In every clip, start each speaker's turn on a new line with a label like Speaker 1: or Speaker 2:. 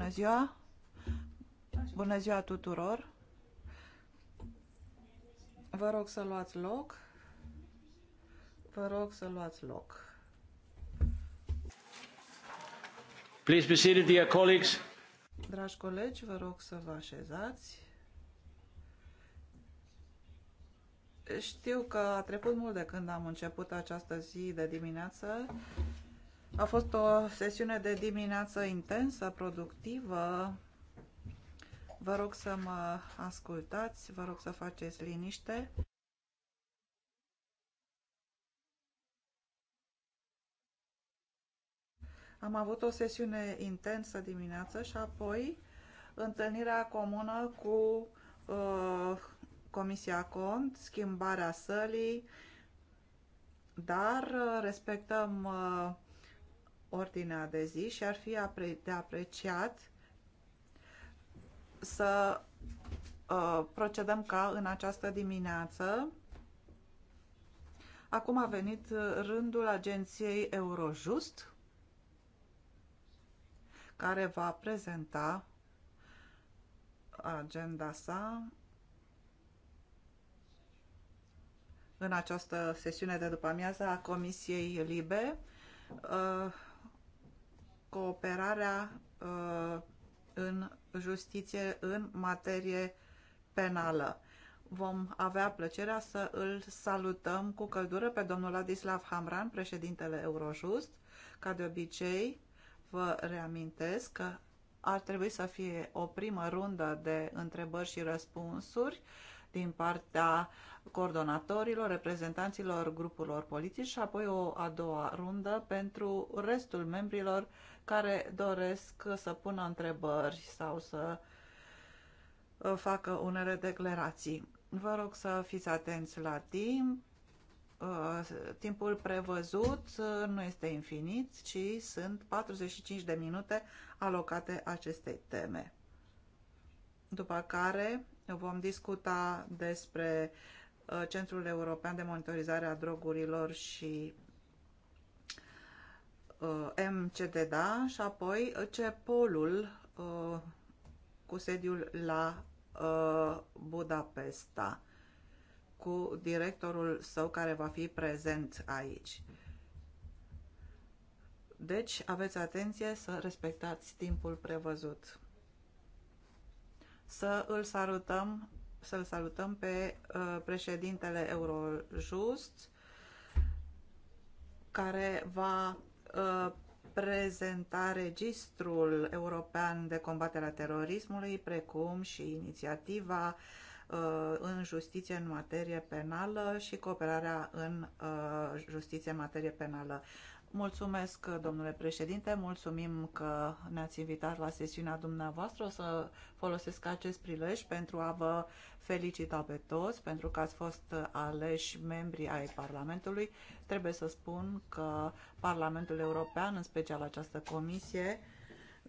Speaker 1: Bună ziua! Bună ziua tuturor! Vă rog să luați loc. Vă rog să luați loc.
Speaker 2: Please be seated, dear
Speaker 1: colleagues. Dragi colegi, vă rog să vă așezați. Știu că a trecut mult de când am început această zi de dimineață a fost o sesiune de dimineață intensă, productivă. Vă rog să mă ascultați, vă rog să faceți liniște. Am avut o sesiune intensă dimineață și apoi întâlnirea comună cu uh, Comisia Cont, schimbarea sălii, dar respectăm uh, ordinea de zi și ar fi de apreciat să uh, procedăm ca în această dimineață. Acum a venit rândul agenției Eurojust, care va prezenta agenda sa în această sesiune de după amiază a Comisiei Libe. Uh, cooperarea uh, în justiție în materie penală. Vom avea plăcerea să îl salutăm cu căldură pe domnul Ladislav Hamran, președintele Eurojust. Ca de obicei, vă reamintesc că ar trebui să fie o primă rundă de întrebări și răspunsuri din partea coordonatorilor, reprezentanților grupurilor politici și apoi o a doua rundă pentru restul membrilor care doresc să pună întrebări sau să uh, facă unele declarații. Vă rog să fiți atenți la timp. Uh, timpul prevăzut uh, nu este infinit, ci sunt 45 de minute alocate acestei teme. După care vom discuta despre uh, Centrul European de Monitorizare a Drogurilor și uh, MCDDA și apoi CEPOL-ul uh, cu sediul la Budapesta cu directorul său care va fi prezent aici. Deci aveți atenție să respectați timpul prevăzut să îl salutăm, să-l salutăm pe uh, președintele Eurojust, care va uh, prezenta registrul european de combatere a terorismului, precum și inițiativa uh, în justiție în materie penală și cooperarea în justiție în materie penală. Mulțumesc, domnule președinte, mulțumim că ne-ați invitat la sesiunea dumneavoastră. O să folosesc acest prilej pentru a vă felicita pe toți pentru că ați fost aleși membri ai Parlamentului. Trebuie să spun că Parlamentul European, în special această comisie,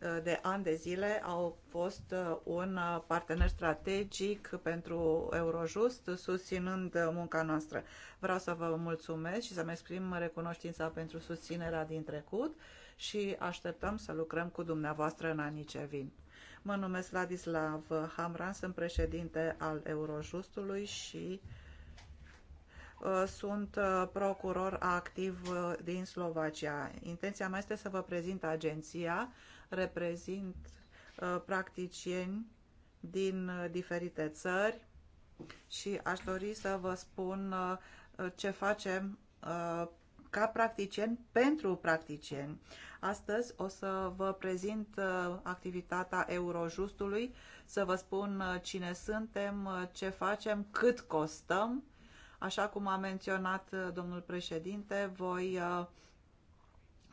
Speaker 1: Uh, de ani de zile au fost uh, un uh, partener strategic pentru Eurojust, susținând munca noastră. Vreau să vă mulțumesc și să-mi exprim recunoștința pentru susținerea din trecut și așteptăm să lucrăm cu dumneavoastră în anii ce vin. Mă numesc Ladislav Hamran, sunt președinte al Eurojustului și sunt procuror activ din Slovacia. Intenția mea este să vă prezint agenția reprezint uh, practicieni din uh, diferite țări și aș dori să vă spun uh, ce facem ca practicieni pentru practicieni. Astăzi o să vă prezint activitatea Eurojustului, să vă spun cine suntem, ce facem, cât costăm. Așa cum a menționat domnul președinte, voi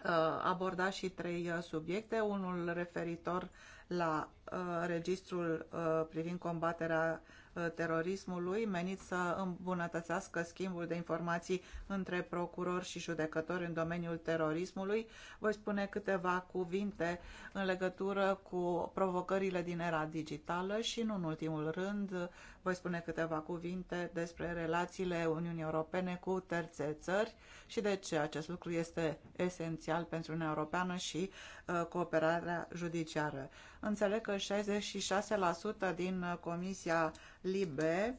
Speaker 1: Uh, aborda și trei uh, subiecte, unul referitor la Uh, registrul uh, privind combaterea uh, terorismului menit să îmbunătățească schimbul de informații între procurori și judecători în domeniul terorismului. Voi spune câteva cuvinte în legătură cu provocările din era digitală și, nu în ultimul rând, voi spune câteva cuvinte despre relațiile Uniunii Europene cu terțe țări și de ce acest lucru este esențial pentru Uniunea Europeană și uh, cooperarea judiciară. Înțeleg că 66% din uh, Comisia LIBE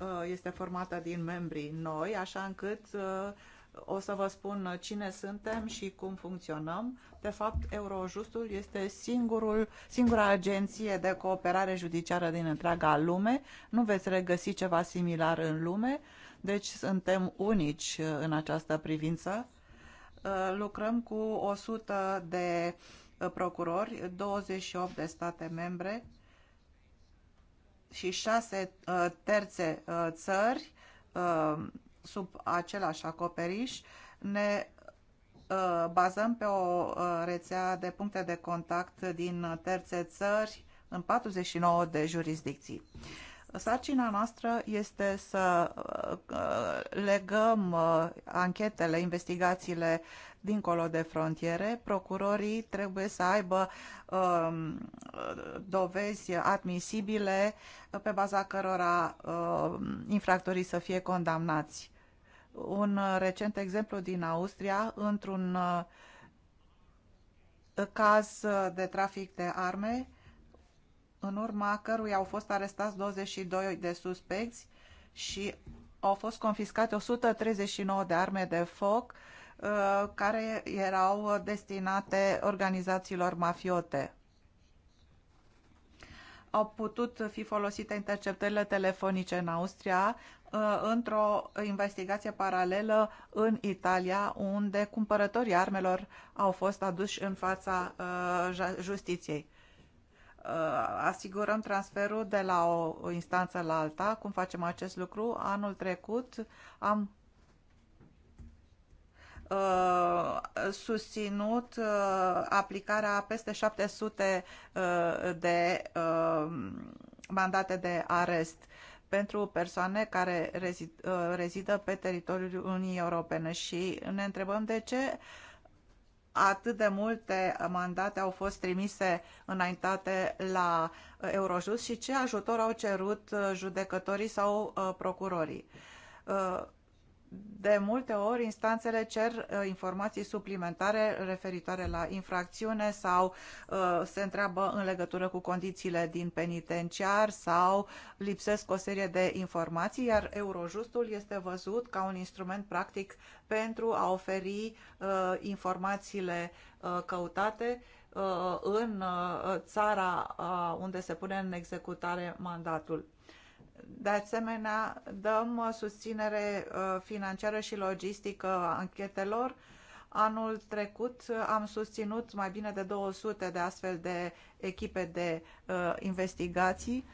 Speaker 1: uh, este formată din membrii noi, așa încât uh, o să vă spun cine suntem și cum funcționăm. De fapt, Eurojustul este singurul, singura agenție de cooperare judiciară din întreaga lume. Nu veți regăsi ceva similar în lume, deci suntem unici în această privință. Lucrăm cu 100 de uh, Uh, procurori, 28 de state membre și 6 uh, terțe uh, țări sub același acoperiș. Ne bazăm pe o rețea de puncte de contact din terțe țări în 49 de jurisdicții. Sarcina noastră este să uh, legăm uh, anchetele, investigațiile dincolo de frontiere. Procurorii trebuie să aibă um, dovezi admisibile pe baza cărora um, infractorii să fie condamnați. Un recent exemplu din Austria, într-un uh, caz de trafic de arme, în urma căruia au fost arestați 22 de suspecți și au fost confiscate 139 de arme de foc uh, care erau destinate organizațiilor mafiote. Au putut fi folosite interceptările telefonice în Austria uh, într-o investigație paralelă în Italia, unde cumpărătorii armelor au fost aduși în fața uh, justiției. Uh, asigurăm transferul de la o, instanță la alta. Cum facem acest lucru? Anul trecut am uh, susținut uh, aplicarea a peste 700 de mandate de arest pentru persoane care rezid, rezidă pe teritoriul Uniunii Europene și ne întrebăm de ce atât de multe mandate au fost trimise înaintate la Eurojust și ce ajutor au cerut judecătorii sau uh, procurorii. Uh, de multe ori instanțele cer uh, informații suplimentare referitoare la infracțiune sau uh, se întreabă în legătură cu condițiile din penitenciar sau lipsesc o serie de informații, iar Eurojustul este văzut ca un instrument practic pentru a oferi uh, informațiile căutate în țara unde se pune în executare mandatul. De asemenea, dăm uh, susținere uh, financiară și logistică anchetelor. Anul trecut uh, am susținut mai bine de 200 de astfel de echipe de investigații.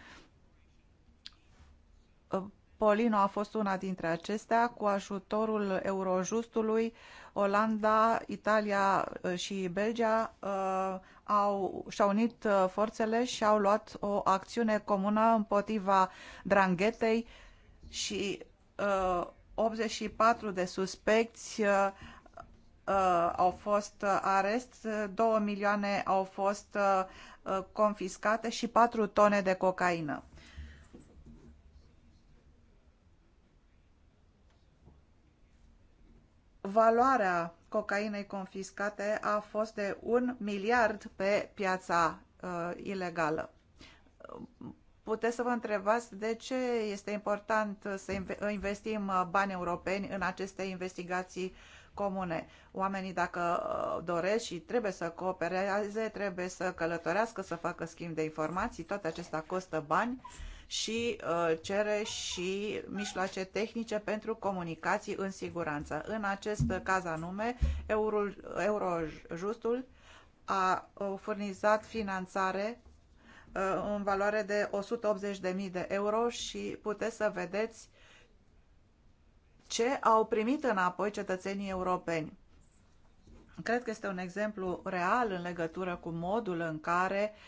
Speaker 1: Polino a fost una dintre acestea, cu ajutorul Eurojustului, Olanda, Italia și Belgia au, și-au unit uh, forțele și au luat o acțiune comună împotriva dranghetei și uh, 84 de suspecți uh, uh, au fost uh, arest, 2 milioane au fost uh, uh confiscate și 4 tone de cocaină. valoarea cocainei confiscate a fost de un miliard pe piața uh, ilegală. Puteți să vă întrebați de ce este important să investim uh, bani europeni în aceste investigații comune. Oamenii, dacă uh, doresc și trebuie să coopereze, trebuie să călătorească, să facă schimb de informații, toate acestea costă bani. Uh, și uh, cere și mijloace tehnice pentru comunicații în siguranță. În acest caz anume, Eurojustul a uh, furnizat finanțare uh, în valoare de 180.000 de euro și puteți să vedeți ce au primit înapoi cetățenii europeni. Cred că este un exemplu real în legătură cu modul în care uh,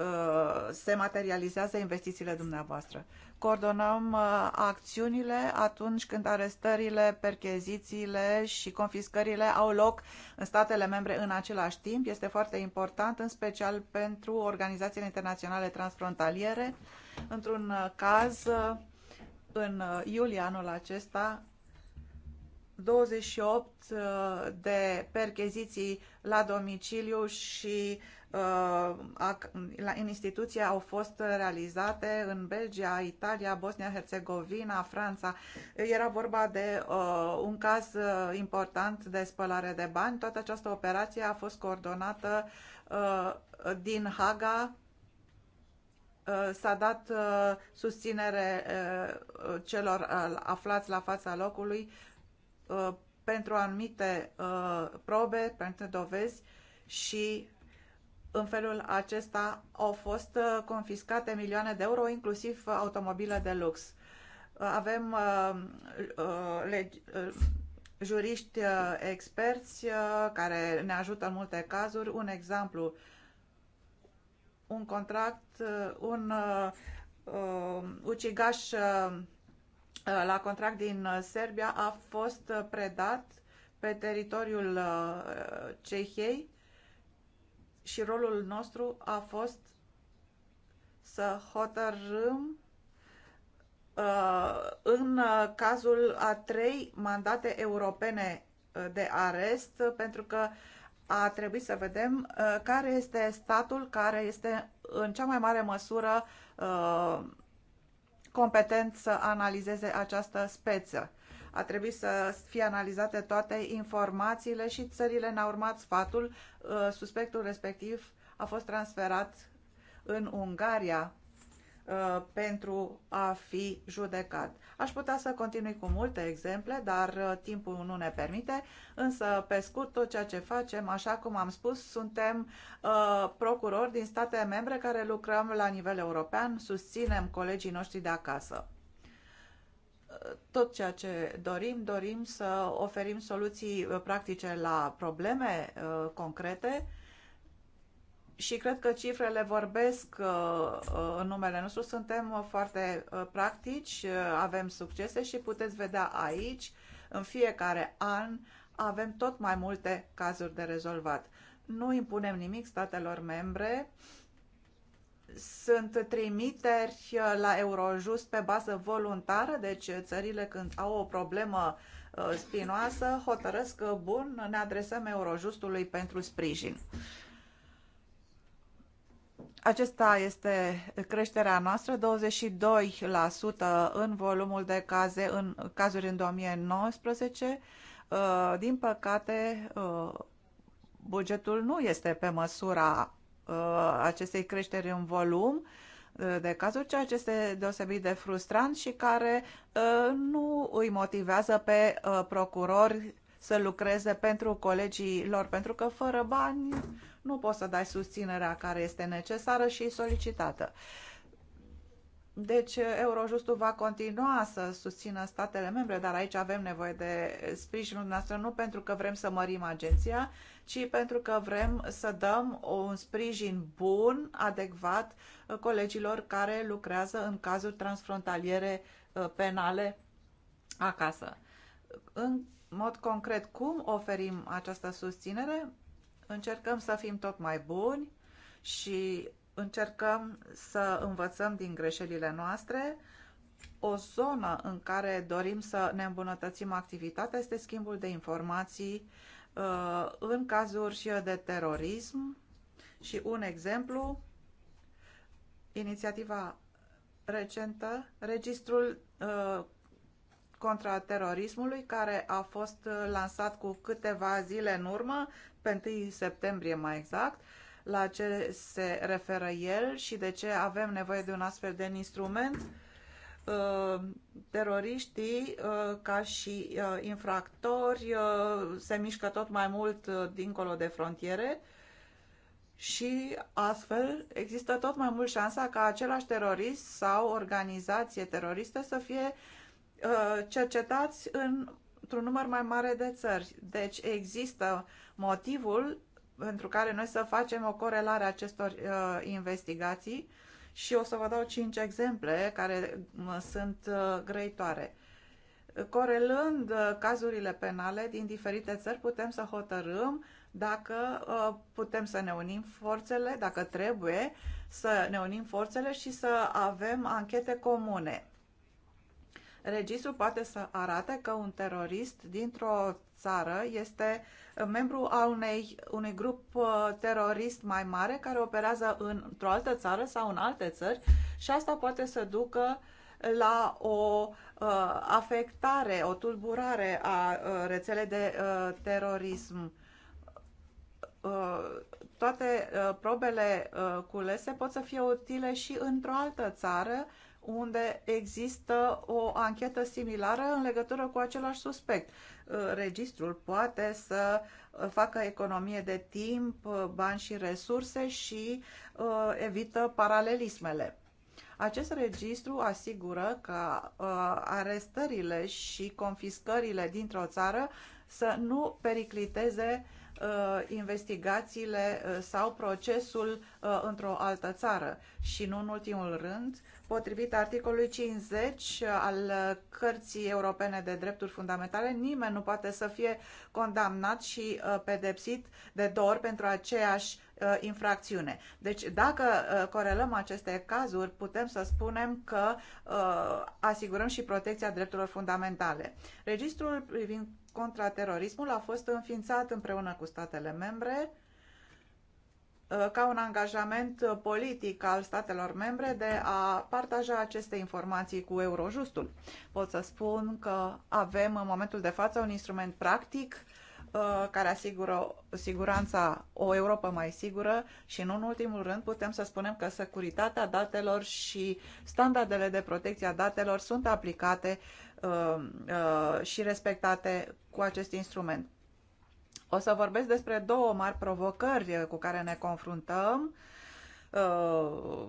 Speaker 1: Uh, se materializează investițiile dumneavoastră. Coordonăm uh, acțiunile atunci când arestările, perchezițiile și confiscările au loc în statele membre în același timp. Este foarte important, în special pentru organizațiile internaționale transfrontaliere. Într-un uh, caz, în iulie anul acesta, 28 de percheziții la domiciliu și Uh, în instituție au fost realizate în Belgia, Italia, Bosnia-Herzegovina, Franța. Era vorba de uh, un caz uh, important de spălare de bani. Toată această operație a fost coordonată din Haga, s-a dat susținere celor aflați la fața locului pentru anumite probe, pentru dovezi și în felul acesta au fost uh, confiscate milioane de euro, inclusiv automobile de lux. Uh, avem uh, uh juriști experți care ne ajută în multe cazuri. Un exemplu, un contract, un uh, ucigaș uh, la contract din Serbia a fost predat pe teritoriul uh, Cehiei și rolul nostru a fost să hotărâm uh, în cazul a trei mandate europene uh, de arest, pentru că a trebuit să vedem uh, care este statul care este în cea mai mare măsură competent să analizeze această speță a trebuit să fie analizate toate informațiile și țările n au urmat sfatul. Uh, suspectul respectiv a fost transferat în Ungaria uh, pentru a fi judecat. Aș putea să continui cu multe exemple, dar uh, timpul nu ne permite, însă pe scurt tot ceea ce facem, așa cum am spus, suntem uh, procurori din state membre care lucrăm la nivel european, susținem colegii noștri de acasă tot ceea ce dorim, dorim să oferim soluții uh, practice la probleme uh, concrete și cred că cifrele vorbesc uh, în numele nostru. Suntem foarte practici, avem succese și puteți vedea aici, în fiecare an, avem tot mai multe cazuri de rezolvat. Nu impunem nimic statelor membre, uh, sunt trimiteri la Eurojust pe bază voluntară, deci țările când au o problemă uh, spinoasă hotărăsc că, uh, bun, ne adresăm Eurojustului pentru sprijin. Acesta este creșterea noastră, 22% în volumul de caze, în cazuri în 2019. Uh, din păcate, bugetul nu este pe măsura Uh, acestei creșteri în volum uh, de cazuri, ceea ce este deosebit de frustrant și care uh, nu îi motivează pe procurori să lucreze pentru colegii lor, pentru că fără bani nu poți să dai susținerea care este necesară și solicitată. Deci uh, Eurojustul va continua să susțină statele membre, dar aici avem nevoie de sprijinul noastră nu pentru că vrem să mărim agenția, ci pentru că vrem să dăm un sprijin bun, adecvat uh, colegilor care lucrează în cazuri transfrontaliere uh, penale acasă. În mod concret, cum oferim această susținere? Încercăm să fim tot mai buni și încercăm să învățăm din greșelile noastre. O zonă în care dorim să ne îmbunătățim activitatea este schimbul de informații uh, în cazuri de terorism. Și un exemplu, inițiativa recentă, registrul uh, contra terorismului, care a fost uh, lansat cu câteva zile în urmă, pe 1 septembrie mai exact, la ce se referă el și de ce avem nevoie de un astfel de instrument. Uh, teroriștii, uh, ca și uh, infractori, se mișcă tot mai mult dincolo de frontiere și astfel există tot mai mult șansa ca același terorist sau organizație teroristă să fie cercetați în într-un număr mai mare de țări. Deci există motivul pentru care noi să facem o corelare a acestor uh, investigații și o să vă dau cinci exemple care uh, sunt uh, grăitoare. Corelând uh, cazurile penale din diferite țări, putem să hotărâm dacă uh, putem să ne unim forțele, dacă trebuie să ne unim forțele și să avem anchete comune. Registrul poate să arate că un terorist dintr-o țară este membru al unei, unui grup uh, terorist mai mare care operează într-o altă țară sau în alte țări și asta poate să ducă la o uh, afectare, o tulburare a uh, rețelei de uh, terorism. Uh, toate uh, probele uh, culese pot să fie utile și într-o altă țară unde există o anchetă similară în legătură cu același suspect. Uh, registrul poate să facă economie de timp, uh, bani și resurse și uh, evită paralelismele. Acest registru asigură că arestările și confiscările dintr-o țară să nu pericliteze uh, Uh, investigațiile uh, sau procesul uh, într-o altă țară. Și nu în ultimul rând, potrivit articolului 50 al Cărții Europene de Drepturi Fundamentale, nimeni nu poate să fie condamnat și pedepsit de două ori pentru aceeași infracțiune. Deci, dacă corelăm aceste cazuri, putem să spunem că asigurăm și protecția drepturilor fundamentale. Registrul privind contraterorismul a fost înființat împreună cu statele membre uh, ca un angajament politic al statelor membre de a partaja aceste informații cu Eurojustul. Pot să spun că avem în momentul de față un instrument practic uh, care asigură siguranța o Europa mai sigură și nu în ultimul rând putem să spunem că securitatea datelor și standardele de protecție a datelor sunt aplicate Um, uh, și respectate cu acest instrument. O să vorbesc despre două mari provocări cu care ne confruntăm uh,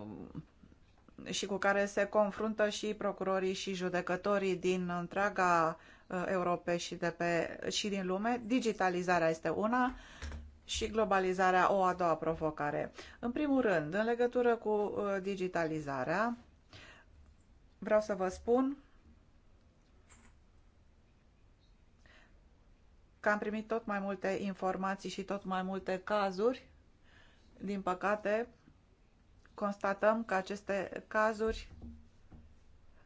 Speaker 1: și cu care se confruntă și procurorii și judecătorii din întreaga uh, Europe și, de pe, și din lume. Digitalizarea este una și globalizarea o a doua provocare. În primul rând, în legătură cu digitalizarea, vreau să vă spun că am primit tot mai multe informații și tot mai multe cazuri. Din păcate, constatăm că aceste cazuri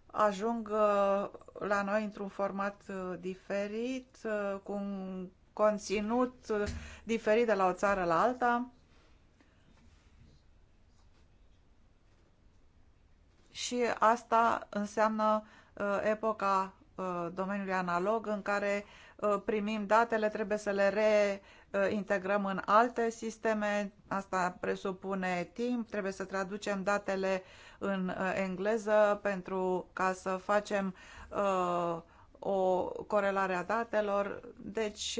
Speaker 1: ajung uh, la noi într-un format uh, diferit, uh, cu un conținut diferit de la o țară la alta. Și asta înseamnă epoca domeniului analog în care uh, Uh, primim datele, trebuie să le reintegrăm în alte sisteme, asta presupune timp, trebuie să traducem datele în uh, engleză pentru ca să facem uh, o corelare a datelor, deci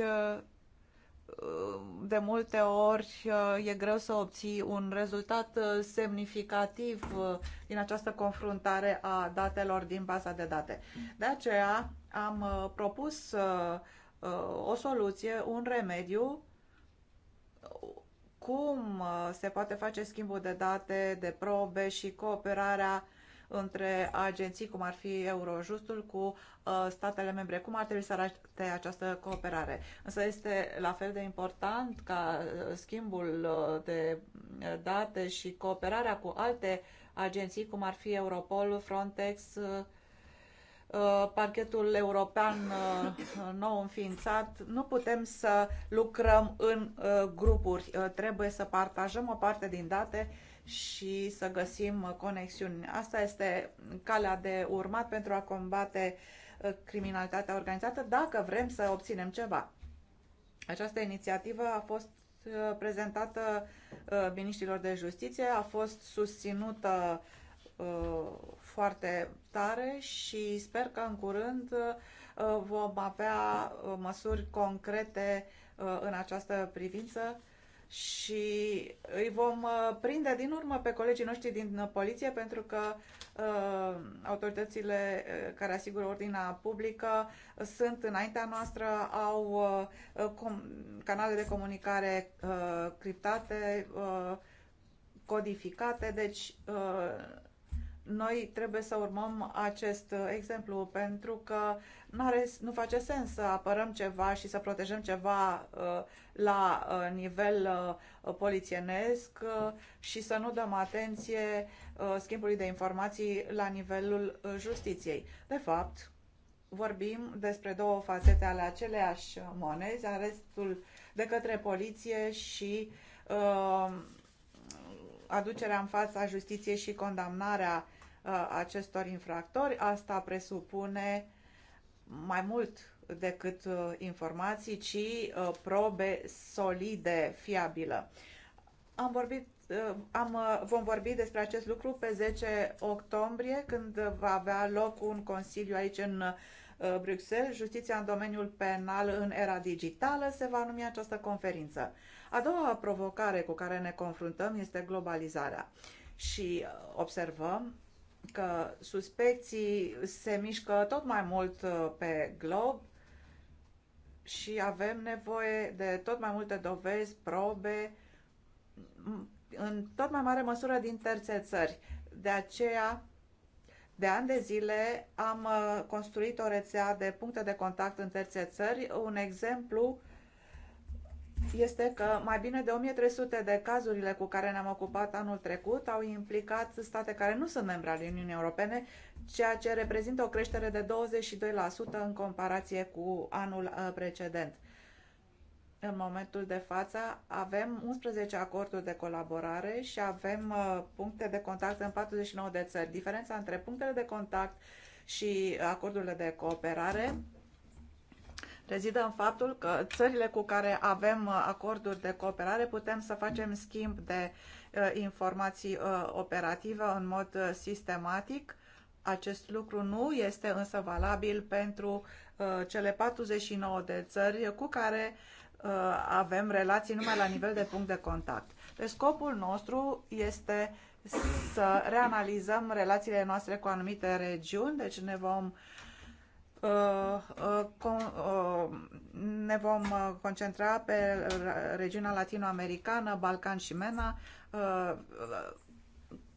Speaker 1: de multe ori e greu să obții un rezultat uh, semnificativ uh, din această confruntare a datelor din baza de date. De aceea am uh, propus o soluție, un remediu cum se poate face schimbul de date, de probe și cooperarea între agenții, cum ar fi Eurojustul, cu uh, statele membre. Cum ar trebui să arate această cooperare? Însă este la fel de important ca uh, schimbul uh, de date și cooperarea cu alte agenții, cum ar fi Europol, Frontex, parchetul european nou înființat, nu putem să lucrăm în grupuri. Trebuie să partajăm o parte din date și să găsim conexiuni. Asta este calea de urmat pentru a combate uh, criminalitatea organizată dacă vrem să obținem ceva. Această inițiativă a fost uh, prezentată uh, miniștrilor de justiție, a fost susținută foarte tare și sper că în curând vom avea măsuri concrete în această privință și îi vom uh, prinde din urmă pe colegii noștri din uh, poliție pentru că uh, autoritățile uh, care asigură ordinea publică sunt înaintea noastră, au uh, canale de comunicare uh, criptate, codificate, deci noi trebuie să urmăm acest uh, exemplu pentru că -are, nu face sens să apărăm ceva și să protejăm ceva uh, la uh, nivel polițienesc și să nu dăm atenție schimbului de informații la nivelul justiției. De fapt, vorbim despre două fațete ale aceleași monezi, arestul de către poliție și aducerea în fața justiției și condamnarea Uh, acestor infractori. Asta presupune mai mult decât uh, informații, ci uh, probe solide, fiabilă. Am vorbit am, vom vorbi despre acest lucru pe 10 octombrie, când va avea loc un consiliu aici în Bruxelles, Justiția în domeniul penal în era digitală, se va numi această conferință. A doua provocare cu care ne confruntăm este globalizarea și observăm că suspecții se mișcă tot mai mult uh, pe glob și avem nevoie de tot mai multe dovezi, probe, în tot mai mare măsură din terțe țări. De aceea, de ani de zile am uh, construit o rețea de puncte de contact în terțe țări. Un exemplu este că mai bine de 1300 de cazurile cu care ne-am ocupat anul trecut au implicat state care nu sunt membre ale Uniunii Europene, ceea ce reprezintă o creștere de 22% în comparație cu anul uh, precedent. În momentul de față avem 11 acorduri de colaborare și avem uh, puncte de contact în 49 de țări. Diferența între punctele de contact și uh, acordurile de cooperare rezidă în faptul că țările cu care avem uh, acorduri de cooperare putem să facem schimb de uh, informații uh, operative în mod sistematic. Acest lucru nu este însă valabil pentru cele 49 de țări cu care avem relații numai la nivel de punct de contact. Deci scopul nostru este să reanalizăm relațiile noastre cu anumite regiuni, deci ne vom Uh, uh, uh, ne vom concentra pe regiunea latinoamericană, Balcan și MENA.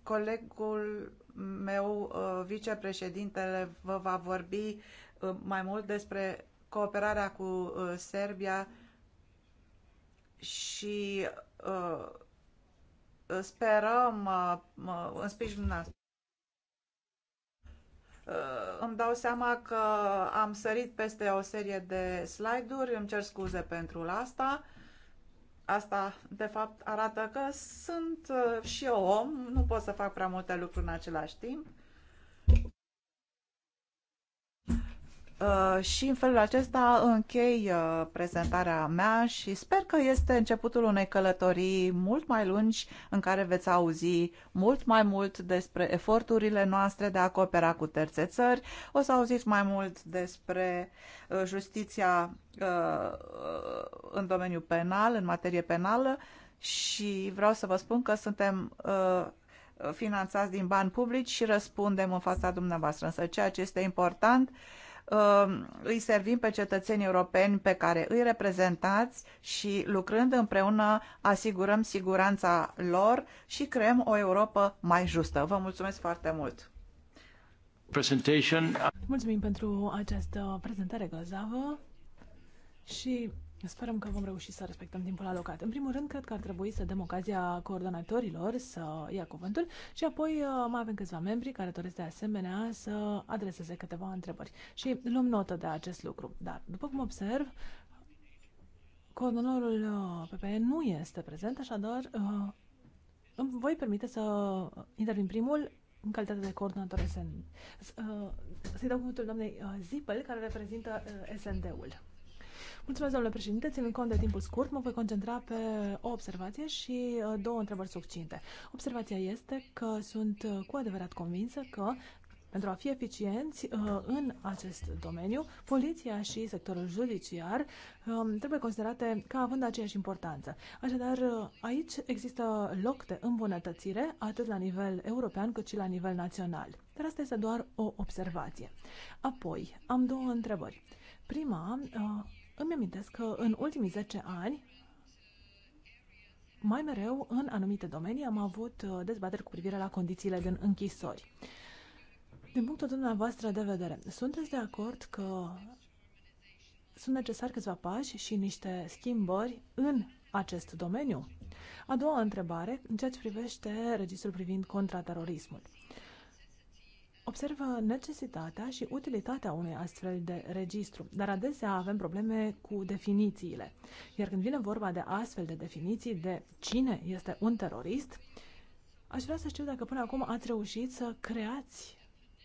Speaker 1: Colegul meu, vicepreședintele, vă va vorbi mai mult despre cooperarea cu Serbia și sperăm în sprijinul nostru. Uh, îmi dau seama că am sărit peste o serie de slide-uri, îmi cer scuze pentru asta. Asta, de fapt, arată că sunt uh, și eu om, nu pot să fac prea multe lucruri în același timp. Uh, și în felul acesta închei uh, prezentarea mea și sper că este începutul unei călătorii mult mai lungi în care veți auzi mult mai mult despre eforturile noastre de a coopera cu terțe țări. O să auziți mai mult despre uh, justiția în domeniul penal, în materie penală și vreau să vă spun că suntem finanțați din bani publici și răspundem în fața dumneavoastră. Însă ceea ce este important Um, îi servim pe cetățenii europeni pe care îi reprezentați și lucrând împreună asigurăm siguranța lor și creăm o Europa mai justă. Vă mulțumesc foarte mult!
Speaker 3: Mulțumim pentru această prezentare grozavă și Sperăm că vom reuși să respectăm timpul alocat. În primul rând, cred că ar trebui să dăm ocazia coordonatorilor să ia cuvântul și apoi uh, mai avem câțiva membri care doresc de asemenea să adreseze câteva întrebări. Și luăm notă de acest lucru. Dar, după cum observ, coordonatorul uh, PPE nu este prezent, așadar uh, îmi voi permite să intervin primul în calitate de coordonator SN. Să-i dau cuvântul doamnei Zipel, care reprezintă SND-ul. Mulțumesc, domnule președinte. Ținând cont de timpul scurt, mă voi concentra pe o observație și uh, două întrebări succinte. Observația este că sunt uh, cu adevărat convinsă că pentru a fi eficienți uh, în acest domeniu, poliția și sectorul judiciar um, trebuie considerate ca având aceeași importanță. Așadar, aici există loc de îmbunătățire atât la nivel european cât și la nivel național. Dar asta este doar o observație. Apoi, am două întrebări. Prima îmi amintesc că în ultimii 10 ani, mai mereu, în anumite domenii, am avut uh, dezbateri cu privire la condițiile din închisori. Din punctul dumneavoastră de vedere, sunteți de acord că sunt necesari câțiva pași și niște schimbări în acest domeniu? A doua întrebare, în ceea ce privește registrul privind contraterorismul observă necesitatea și utilitatea unui astfel de registru, dar adesea avem probleme cu definițiile. Iar când vine vorba de astfel de definiții de cine este un terorist, aș vrea să știu dacă până acum ați reușit să creați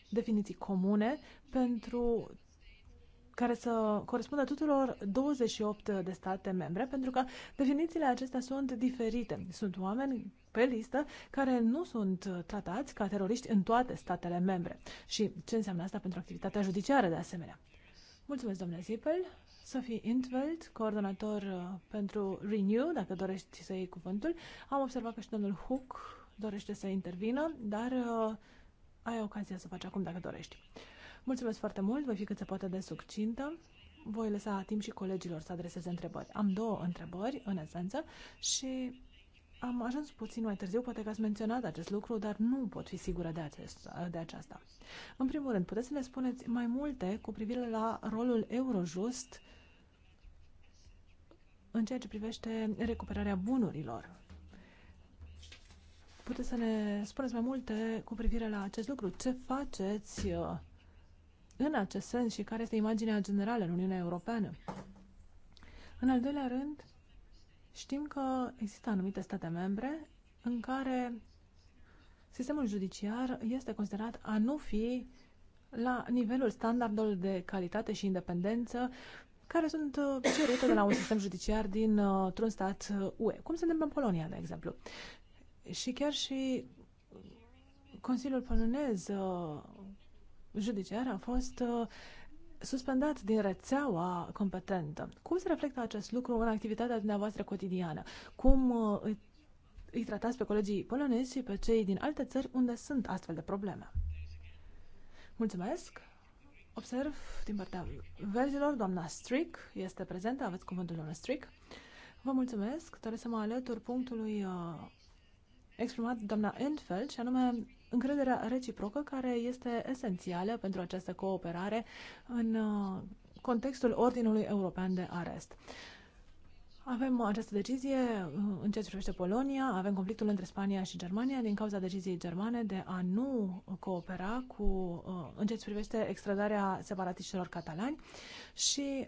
Speaker 3: definiții comune pentru care să corespundă tuturor 28 de state membre, pentru că definițiile acestea sunt diferite. Sunt oameni pe listă care nu sunt tratați ca teroriști în toate statele membre. Și ce înseamnă asta pentru activitatea judiciară de asemenea? Mulțumesc, domnule Zipel. Sophie Intveld, coordonator uh, pentru Renew, dacă dorești să iei cuvântul. Am observat că și domnul Hook dorește să intervină, dar uh, ai ocazia să faci acum dacă dorești. Mulțumesc foarte mult, voi fi cât se poate de succintă. Voi lăsa timp și colegilor să adreseze întrebări. Am două întrebări, în esență, și am ajuns puțin mai târziu, poate că ați menționat acest lucru, dar nu pot fi sigură de, acest, de aceasta. În primul rând, puteți să ne spuneți mai multe cu privire la rolul Eurojust în ceea ce privește recuperarea bunurilor. Puteți să ne spuneți mai multe cu privire la acest lucru. Ce faceți uh, în acest sens și care este imaginea generală în Uniunea Europeană. În al doilea rând, știm că există anumite state membre în care sistemul judiciar este considerat a nu fi la nivelul standardul de calitate și independență care sunt uh, cerute de la un sistem judiciar dintr-un uh, stat UE, uh, cum se întâmplă în Polonia, de exemplu. Și chiar și Consiliul polonez judiciar a fost uh, suspendat din rețeaua competentă. Cum se reflectă acest lucru în activitatea dumneavoastră cotidiană? Cum uh, îi, tratați pe colegii polonezi și pe cei din alte țări unde sunt astfel de probleme? Mulțumesc! Observ din partea verzilor, doamna Strick este prezentă, aveți cuvântul doamna Strick. Vă mulțumesc, doresc să mă alătur punctului uh, exprimat doamna Enfeld și anume încrederea reciprocă care este esențială pentru această cooperare în uh, contextul Ordinului European de Arest. Avem această decizie uh, în ceea ce privește Polonia, avem conflictul între Spania și Germania din cauza deciziei germane de a nu coopera cu, uh, în ceea ce privește extradarea separatiștilor catalani și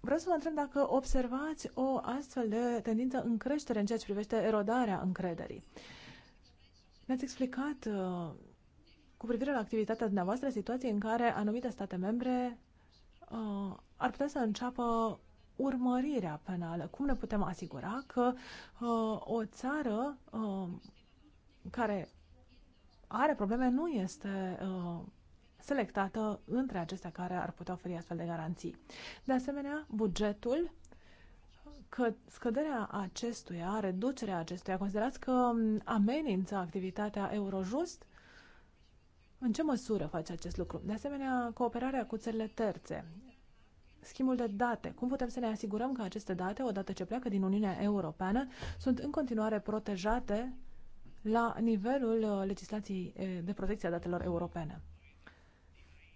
Speaker 3: Vreau să vă întreb dacă observați o astfel de tendință în creștere în ceea ce privește erodarea încrederii. Ne-ați explicat uh, cu privire la activitatea dumneavoastră situații în care anumite state membre uh, ar putea să înceapă urmărirea penală. Cum ne putem asigura că uh, o țară care are probleme nu este selectată între acestea care ar putea oferi astfel de garanții. De asemenea, bugetul că scăderea acestuia, reducerea acestuia, considerați că um, amenință activitatea Eurojust? În ce măsură face acest lucru? De asemenea, cooperarea cu țările terțe, schimbul de date. Cum putem să ne asigurăm că aceste date, odată ce pleacă din Uniunea Europeană, sunt în continuare protejate la nivelul uh, legislației de protecție a datelor europene?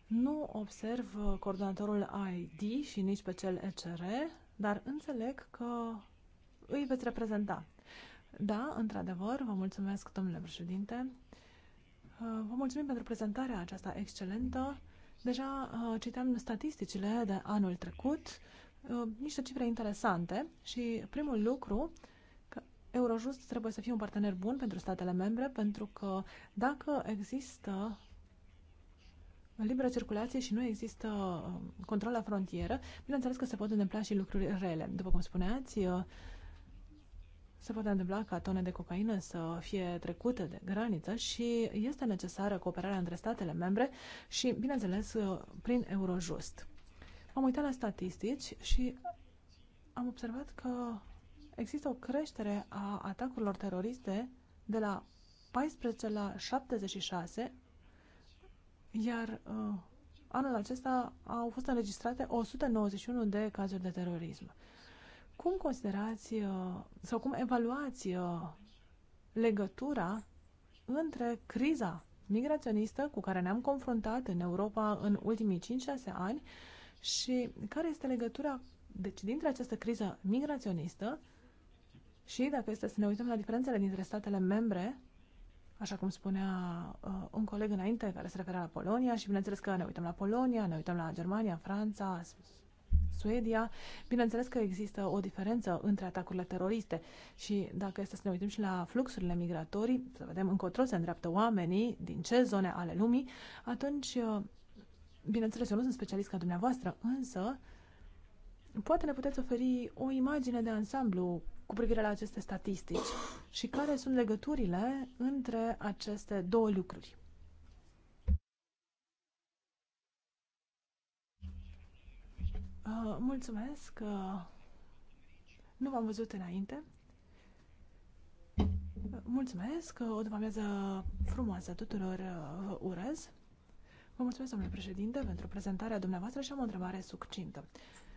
Speaker 3: Nu observ uh, coordonatorul ID și nici pe cel ECR dar înțeleg că îi veți reprezenta. Da, într-adevăr, vă mulțumesc, domnule președinte. Uh, vă mulțumim pentru prezentarea aceasta excelentă. Deja uh, citeam statisticile de anul trecut, uh, niște cifre interesante și primul lucru că Eurojust trebuie să fie un partener bun pentru statele membre, pentru că dacă există liberă circulație și nu există um, control la frontieră, bineînțeles că se pot întâmpla și lucruri rele. După cum spuneați, uh, se poate întâmpla ca tone de cocaină să fie trecute de graniță și este necesară cooperarea între statele membre și, bineînțeles, uh, prin Eurojust. Am uitat la statistici și am observat că există o creștere a atacurilor teroriste de la 14 la 76 iar uh, anul acesta au fost înregistrate 191 de cazuri de terorism. Cum considerați uh, sau cum evaluați uh, legătura între criza migraționistă cu care ne-am confruntat în Europa în ultimii 5-6 ani și care este legătura deci, dintre această criză migraționistă și dacă este să ne uităm la diferențele dintre statele membre, așa cum spunea uh, un coleg înainte care se referea la Polonia și bineînțeles că ne uităm la Polonia, ne uităm la Germania, Franța, Suedia. Bineînțeles că există o diferență între atacurile teroriste și dacă este să ne uităm și la fluxurile migratorii, să vedem încotro se îndreaptă oamenii, din ce zone ale lumii, atunci, uh, bineînțeles, eu nu sunt specialist ca dumneavoastră, însă poate ne puteți oferi o imagine de ansamblu cu privire la aceste statistici și care sunt legăturile între aceste două lucruri. Uh, mulțumesc că nu v-am văzut înainte. mulțumesc că o după-amiază frumoasă tuturor uh, urez. Vă mulțumesc, domnule președinte, pentru prezentarea dumneavoastră și am o întrebare succintă.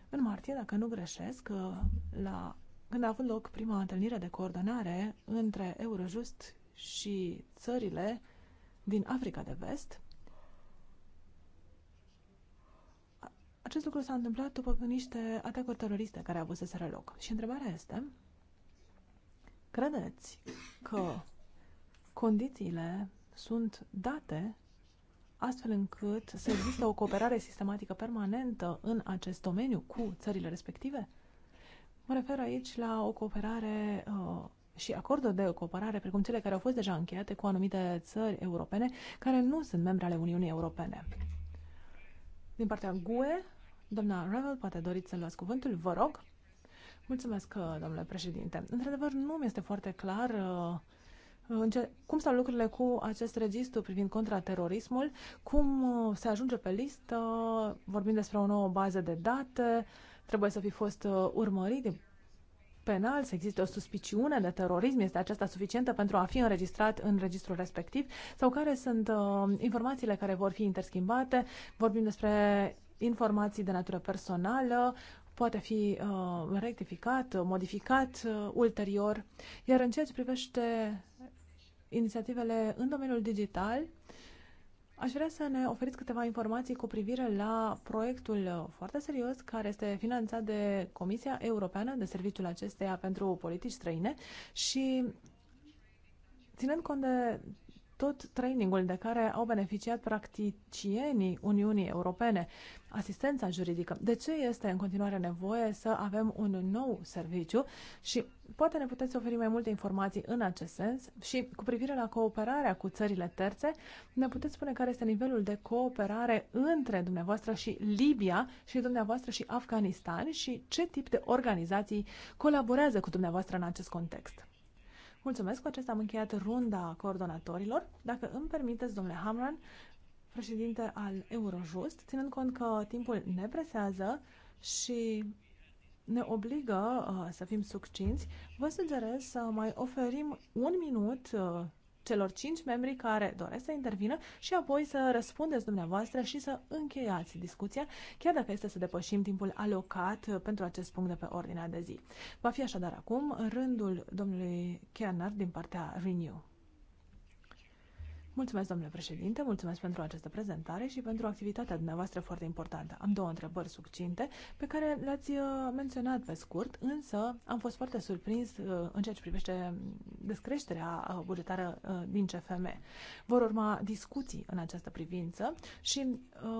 Speaker 3: În martie, dacă nu greșesc, uh, la când a avut loc prima întâlnire de coordonare între Eurojust și țările din Africa de Vest, acest lucru s-a întâmplat după niște atacuri teroriste care au avut avuseseră loc. Și întrebarea este, credeți că condițiile sunt date astfel încât să există o cooperare sistematică permanentă în acest domeniu cu țările respective? Mă refer aici la o cooperare uh, și acorduri de cooperare, precum cele care au fost deja încheiate cu anumite țări europene care nu sunt membre ale Uniunii Europene. Din partea GUE, doamna Revel, poate doriți să luați cuvântul, vă rog. Mulțumesc, uh, domnule președinte. Într-adevăr, nu mi este foarte clar uh, uh cum stau lucrurile cu acest registru privind contraterorismul? Cum uh, se ajunge pe listă? Vorbim despre o nouă bază de date. Uh, trebuie să fi fost uh, urmărit penal, să existe o suspiciune de terorism, este aceasta suficientă pentru a fi înregistrat în registrul respectiv sau care sunt uh, informațiile care vor fi interschimbate. Vorbim despre informații de natură personală, poate fi uh, rectificat, modificat uh, ulterior. Iar în ceea ce privește inițiativele în domeniul digital, uh, Aș vrea să ne oferiți câteva informații cu privire la proiectul uh, foarte serios care este finanțat de Comisia Europeană de Serviciul acesteia pentru politici străine și ținând cont de tot trainingul de care au beneficiat practicienii Uniunii Europene, asistența juridică. De ce este în continuare nevoie să avem un nou serviciu și poate ne puteți oferi mai multe informații în acest sens și cu privire la cooperarea cu țările terțe, ne puteți spune care este nivelul de cooperare între dumneavoastră și Libia și dumneavoastră și Afganistan și ce tip de organizații colaborează cu dumneavoastră în acest context. Mulțumesc, cu acesta am încheiat runda coordonatorilor. Dacă îmi permiteți, domnule Hamran, președinte al Eurojust, ținând cont că timpul ne presează și ne obligă uh, să fim succinți, vă sugerez să mai oferim un minut uh, celor cinci membri care doresc să intervină și apoi să răspundeți dumneavoastră și să încheiați discuția, chiar dacă este să depășim timpul alocat uh, pentru acest punct de pe ordinea de zi. Va fi așadar acum rândul domnului Kerner din partea Renew. Mulțumesc, domnule președinte, mulțumesc pentru această prezentare și pentru activitatea dumneavoastră foarte importantă. Am două întrebări succinte pe care le-ați uh, menționat pe scurt, însă am fost foarte surprins uh, în ceea ce privește descreșterea uh, bugetară din CFM. Vor urma discuții în această privință și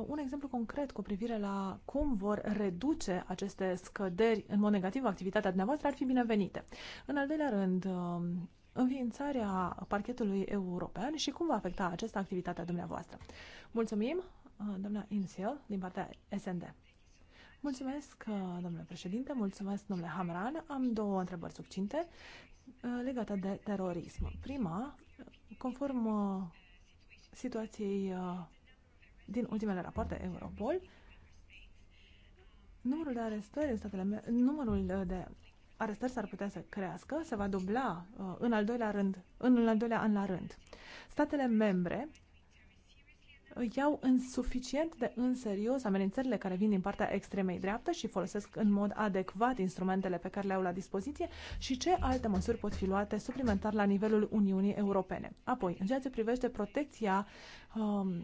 Speaker 3: un exemplu concret cu privire la cum vor reduce aceste scăderi în mod negativ activitatea dumneavoastră ar fi binevenite. În al doilea rând, înființarea parchetului european și cum va afecta acesta activitatea dumneavoastră. Mulțumim, uh, doamna Insel, din partea SND. Mulțumesc, uh, domnule președinte, mulțumesc, domnule Hamran. Am două întrebări succinte uh, legate de terorism. Prima, conform situației din ultimele rapoarte Europol, numărul de arestări în statele numărul de arestări s-ar putea să crească, se va dubla uh, în, al doilea rând, în, în al doilea an la rând. Statele membre iau în suficient de în serios amenințările care vin din partea extremei dreaptă și folosesc în mod adecvat instrumentele pe care le au la dispoziție și ce alte măsuri pot fi luate suplimentar la nivelul Uniunii Europene. Apoi, în ceea ce privește protecția um,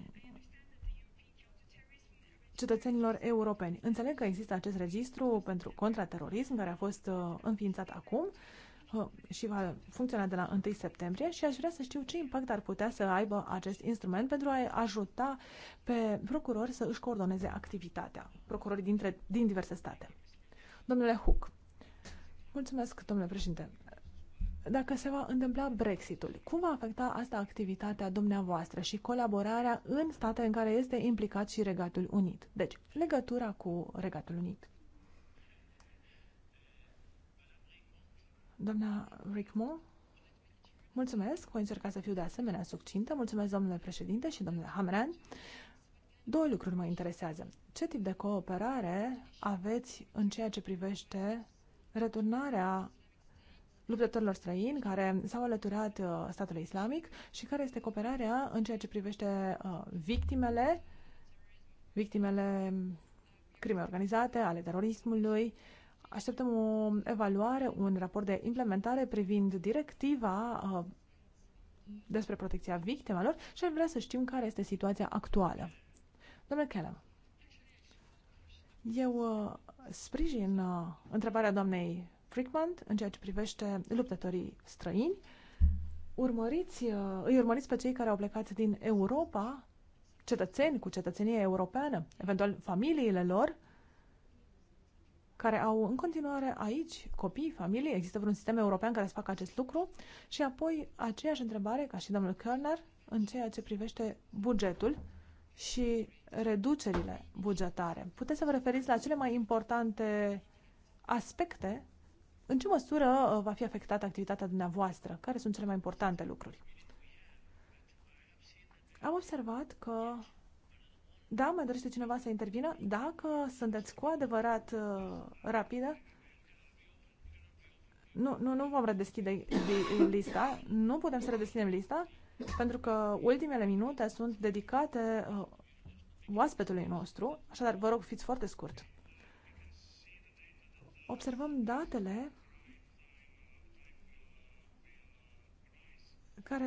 Speaker 3: cetățenilor europeni. Înțeleg că există acest registru pentru contraterorism care a fost uh, înființat acum uh, și va funcționa de la 1 septembrie și aș vrea să știu ce impact ar putea să aibă acest instrument pentru a ajuta pe procurori să își coordoneze activitatea, procurorii dintre, din diverse state. Domnule Huc, mulțumesc, domnule președinte dacă se va întâmpla Brexitul, cum va afecta asta activitatea dumneavoastră și colaborarea în state în care este implicat și Regatul Unit? Deci, legătura cu Regatul Unit. Doamna Rickmo, Mulțumesc, voi încerca să fiu de asemenea succintă. Mulțumesc, domnule președinte și domnule Hamran. Două lucruri mă interesează. Ce tip de cooperare aveți în ceea ce privește returnarea luptătorilor străini care s-au alăturat uh, statului islamic și care este cooperarea în ceea ce privește uh, victimele, victimele crime organizate, ale terorismului. Așteptăm o evaluare, un raport de implementare privind directiva uh, despre protecția victimelor și vrea să știm care este situația actuală. Domnule Kellam, eu sprijin întrebarea doamnei Frickmont în ceea ce privește luptătorii străini. Urmăriți, uh, îi urmăriți pe cei care au plecat din Europa, cetățeni cu cetățenie europeană, eventual familiile lor, care au în continuare aici copii, familii, există vreun sistem european care să facă acest lucru? Și apoi aceeași întrebare, ca și domnul Körner, în ceea ce privește bugetul și reducerile bugetare. Puteți să vă referiți la cele mai importante aspecte în ce măsură uh, va fi afectată activitatea dumneavoastră? Care sunt cele mai importante lucruri? Am observat că da, mai dorește cineva să intervină? Dacă sunteți cu adevărat uh, rapidă, nu, nu, nu vom redeschide lista, nu putem să redeschidem lista, pentru că ultimele minute sunt dedicate uh, oaspetului nostru, așadar vă rog fiți foarte scurt. Observăm datele care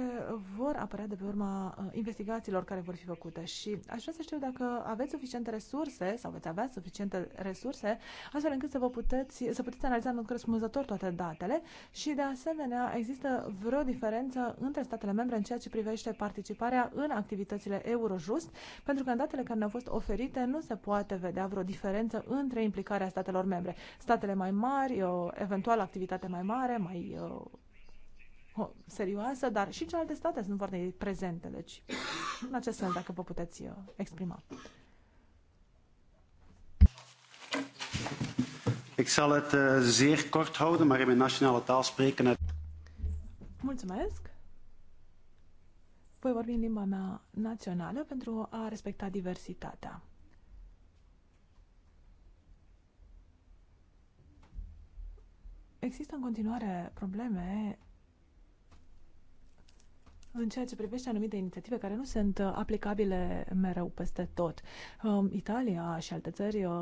Speaker 3: vor apărea de pe urma uh, investigațiilor care vor fi făcute și aș vrea să știu dacă aveți suficiente resurse sau veți avea suficiente resurse astfel încât să vă puteți, să puteți analiza în corespunzător toate datele și de asemenea există vreo diferență între statele membre în ceea ce privește participarea în activitățile Eurojust pentru că în datele care ne-au fost oferite nu se poate vedea vreo diferență între implicarea statelor membre. Statele mai mari, o eventuală activitate mai mare, mai uh, serioasă, dar și celelalte state sunt foarte prezente. Deci, în acest sens, dacă vă puteți uh, exprima.
Speaker 2: Ik zal het uh, zeer kort houden, maar in mijn nationale taal spreken
Speaker 3: Mulțumesc. Voi vorbi în limba mea națională pentru a respecta diversitatea. Există în continuare probleme în ceea ce privește anumite inițiative care nu sunt uh, aplicabile mereu peste tot. Um, Italia și alte țări uh,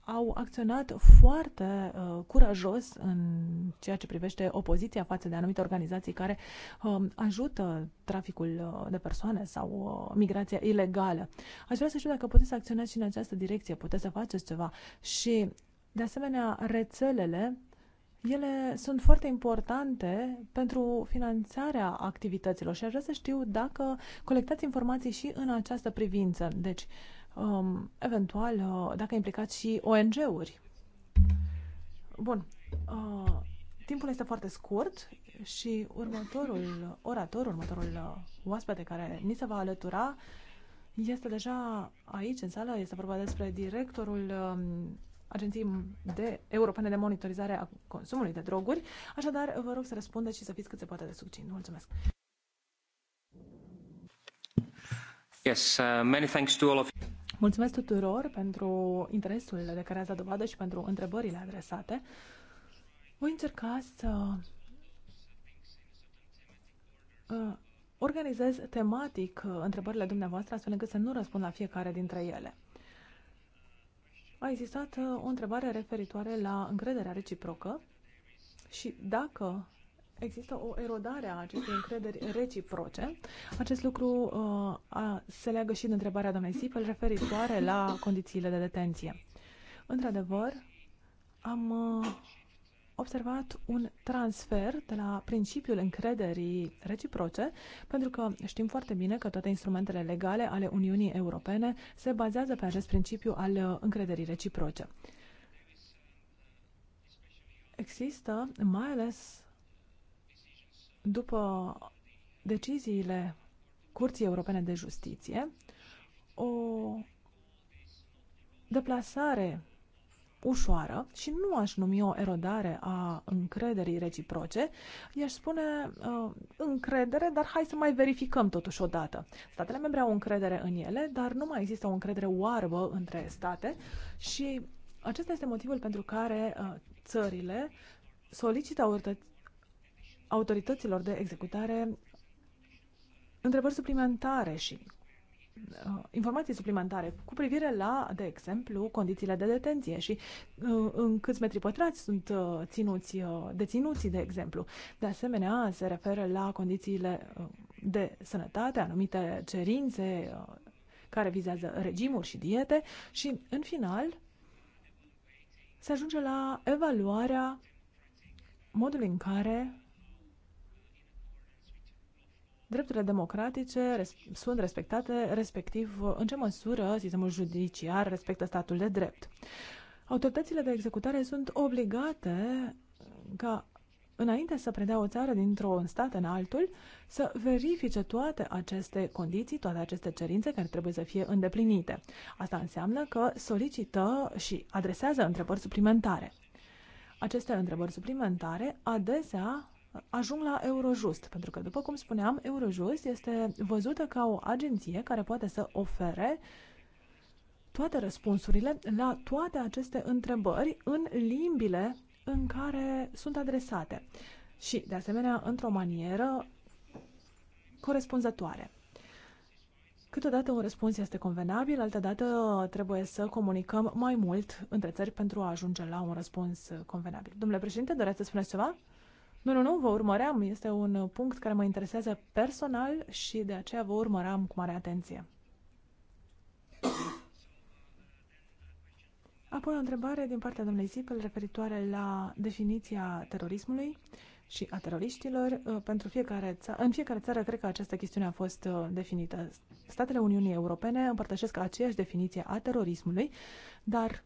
Speaker 3: au acționat foarte uh, curajos în ceea ce privește opoziția față de anumite organizații care um, ajută traficul de persoane sau migrația ilegală. Aș vrea să știu dacă puteți să acționați și în această direcție, puteți să faceți ceva și, de asemenea, rețelele ele sunt foarte importante pentru finanțarea activităților și aș vrea să știu dacă colectați informații și în această privință. Deci, um, eventual, uh, dacă implicați și ONG-uri. Bun. Uh, timpul este foarte scurt și următorul orator, următorul uh, oaspete care ni se va alătura este deja aici, în sală. Este vorba despre directorul um, agenții de, europene de monitorizare a consumului de droguri. Așadar, vă rog să răspundeți și să fiți cât se poate de succint. Mulțumesc!
Speaker 2: Yes, uh, many thanks to all of you.
Speaker 3: Mulțumesc tuturor pentru interesul de care ați dat dovadă și pentru întrebările adresate. Voi încerca să uh, organizez tematic uh, întrebările dumneavoastră astfel încât să nu răspund la fiecare dintre ele a existat uh, o întrebare referitoare la încrederea reciprocă și dacă există o erodare a acestei încrederi reciproce. Acest lucru uh, a, se leagă și de întrebarea doamnei Sipel referitoare la condițiile de detenție. Într-adevăr, am uh, observat un transfer de la principiul încrederii reciproce, pentru că știm foarte bine că toate instrumentele legale ale Uniunii Europene se bazează pe acest principiu al uh, încrederii reciproce. Există, mai ales după deciziile Curții Europene de Justiție, o deplasare ușoară și nu aș numi o erodare a încrederii reciproce, i-aș spune uh, încredere, dar hai să mai verificăm totuși odată. Statele membre au încredere în ele, dar nu mai există o încredere oarbă între state și acesta este motivul pentru care uh, țările solicită autorităților de executare întrebări suplimentare și Uh, informații suplimentare cu privire la, de exemplu, condițiile de detenție și uh, în câți metri pătrați sunt uh, ținuți, deținuții, de exemplu. De asemenea, se referă la condițiile de sănătate, anumite cerințe care vizează regimuri și diete și, în final, se ajunge la evaluarea modului în care drepturile democratice res- sunt respectate, respectiv în ce măsură sistemul judiciar respectă statul de drept. Autoritățile de executare sunt obligate ca înainte să predea o țară dintr-un stat în altul, să verifice toate aceste condiții, toate aceste cerințe care trebuie să fie îndeplinite. Asta înseamnă că solicită și adresează întrebări suplimentare. Aceste întrebări suplimentare adesea ajung la Eurojust, pentru că, după cum spuneam, Eurojust este văzută ca o agenție care poate să ofere toate răspunsurile la toate aceste întrebări în limbile în care sunt adresate și, de asemenea, într-o manieră corespunzătoare. Câteodată un răspuns este convenabil, altădată trebuie să comunicăm mai mult între țări pentru a ajunge la un răspuns convenabil. Domnule președinte, doreați să spuneți ceva? Nu, nu, nu, vă urmăream. Este un punct care mă interesează personal și de aceea vă urmăream cu mare atenție. Apoi o întrebare din partea domnului Zipel referitoare la definiția terorismului și a teroriștilor. Uh, pentru fiecare țară, în fiecare țară, cred că această chestiune a fost uh, definită. Statele Uniunii Europene împărtășesc aceeași definiție a terorismului, dar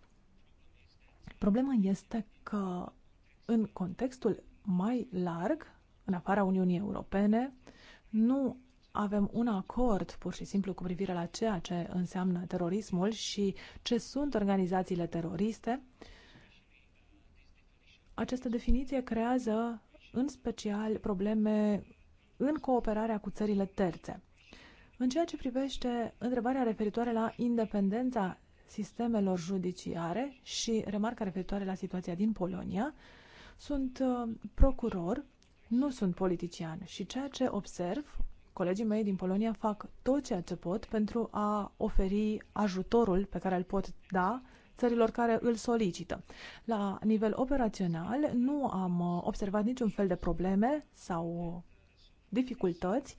Speaker 3: problema este că în contextul mai larg, în afara Uniunii Europene. Nu avem un acord pur și simplu cu privire la ceea ce înseamnă terorismul și ce sunt organizațiile teroriste. Această definiție creează în special probleme în cooperarea cu țările terțe. În ceea ce privește întrebarea referitoare la independența sistemelor judiciare și remarca referitoare la situația din Polonia, sunt uh, procuror, nu sunt politician și ceea ce observ, colegii mei din Polonia fac tot ceea ce pot pentru a oferi ajutorul pe care îl pot da țărilor care îl solicită. La nivel operațional nu am uh, observat niciun fel de probleme sau uh, dificultăți.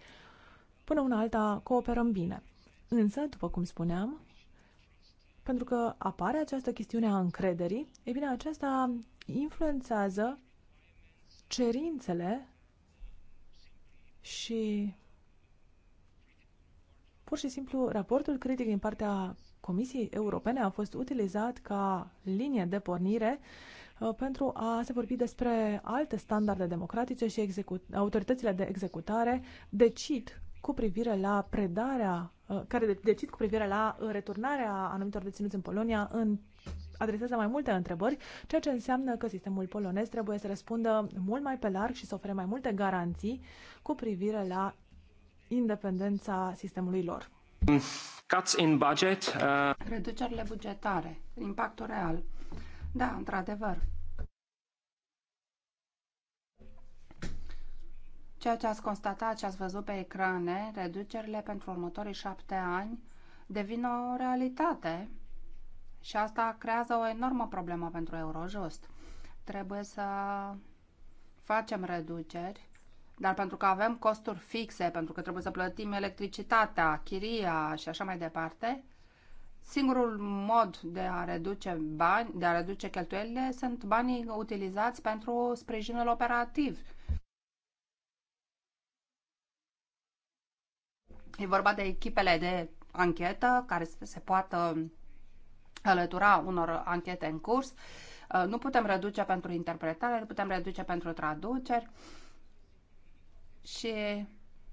Speaker 3: Până una alta cooperăm bine. Însă, după cum spuneam, pentru că apare această chestiune a încrederii, e bine, aceasta influențează cerințele și pur și simplu raportul critic din partea Comisiei Europene a fost utilizat ca linie de pornire uh, pentru a se vorbi despre alte standarde democratice și autoritățile de executare decid cu privire la predarea, uh, care decid cu privire la uh, returnarea anumitor deținuți în Polonia în adresează mai multe întrebări, ceea ce înseamnă că sistemul polonez trebuie să răspundă mult mai pe larg și să ofere mai multe garanții cu privire la
Speaker 4: independența sistemului lor.
Speaker 2: Cuts in budget. Uh...
Speaker 4: Reducerile bugetare, impactul real. Da, într-adevăr. Ceea ce ați constatat și ați văzut pe ecrane, reducerile pentru următorii șapte ani devin o realitate și asta creează o enormă problemă pentru Eurojust. Trebuie să facem reduceri, dar pentru că avem costuri fixe, pentru că trebuie să plătim electricitatea, chiria și așa mai departe, singurul mod de a reduce bani, de a reduce cheltuielile, sunt banii utilizați pentru sprijinul operativ. E vorba de echipele de anchetă care se poată alătura unor anchete în curs. Uh, nu putem reduce pentru interpretare, nu putem reduce pentru traduceri și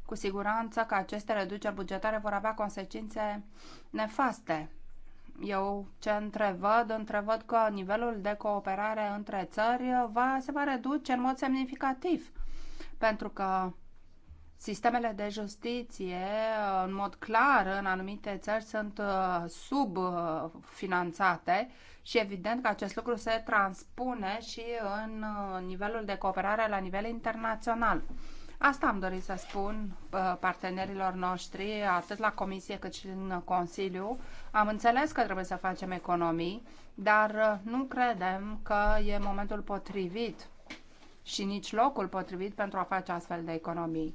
Speaker 4: cu siguranță că aceste reduceri bugetare vor avea consecințe nefaste. Eu ce întrevăd, întrevăd că nivelul de cooperare între țări va, se va reduce în mod semnificativ, pentru că Sistemele de justiție, uh, în mod clar, în anumite țări sunt uh, subfinanțate și evident că acest lucru se transpune și în uh, nivelul de cooperare la nivel internațional. Asta am dorit să spun partenerilor noștri, atât la Comisie cât și în Consiliu. Am înțeles că trebuie să facem economii, dar nu credem că e momentul potrivit și nici locul potrivit pentru a face astfel de economii.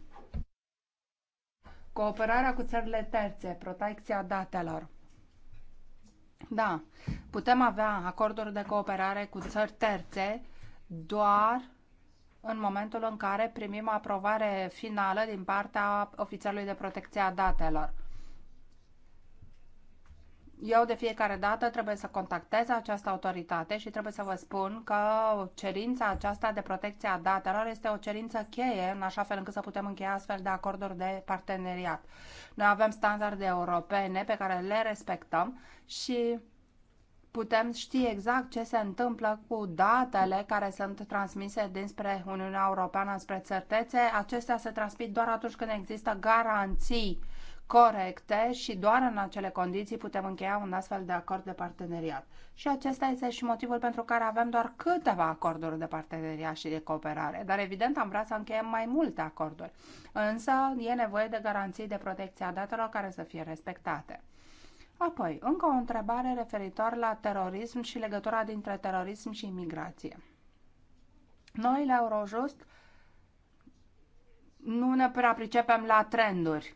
Speaker 4: Cooperarea cu țările terțe, protecția datelor. Da, putem avea acorduri de cooperare cu țări terțe doar în momentul în care primim aprobare finală din partea ofițerului de protecție a datelor. Eu de fiecare dată trebuie să contactez această autoritate și trebuie să vă spun că cerința aceasta de protecție a datelor este o cerință cheie în așa fel încât să putem încheia astfel de acorduri de parteneriat. Noi avem standarde europene pe care le respectăm și putem ști exact ce se întâmplă cu datele care sunt transmise dinspre Uniunea Europeană spre țărtețe. Acestea se transmit doar atunci când există garanții corecte și doar în acele condiții putem încheia un astfel de acord de parteneriat. Și acesta este și motivul pentru care avem doar câteva acorduri de parteneriat și de cooperare, dar evident am vrea să încheiem mai multe acorduri. Însă e nevoie de garanții de protecție a datelor care să fie respectate. Apoi, încă o întrebare referitor la terorism și legătura dintre terorism și imigrație. Noi la Eurojust nu ne prea pricepem la trenduri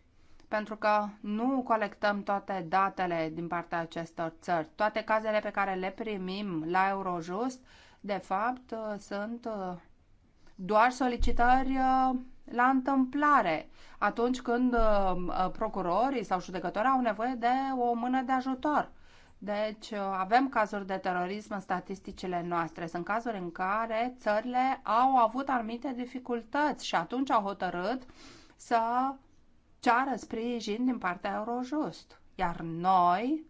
Speaker 4: pentru că nu colectăm toate datele din partea acestor țări. Toate cazele pe care le primim la Eurojust, de fapt, uh, sunt uh, doar solicitări uh, la întâmplare, atunci când procurorii sau judecătorii au nevoie de o mână de ajutor. Deci avem cazuri de terorism în statisticile noastre. Sunt cazuri în care țările au avut anumite dificultăți și atunci au hotărât să ceară sprijin din partea Eurojust. Iar noi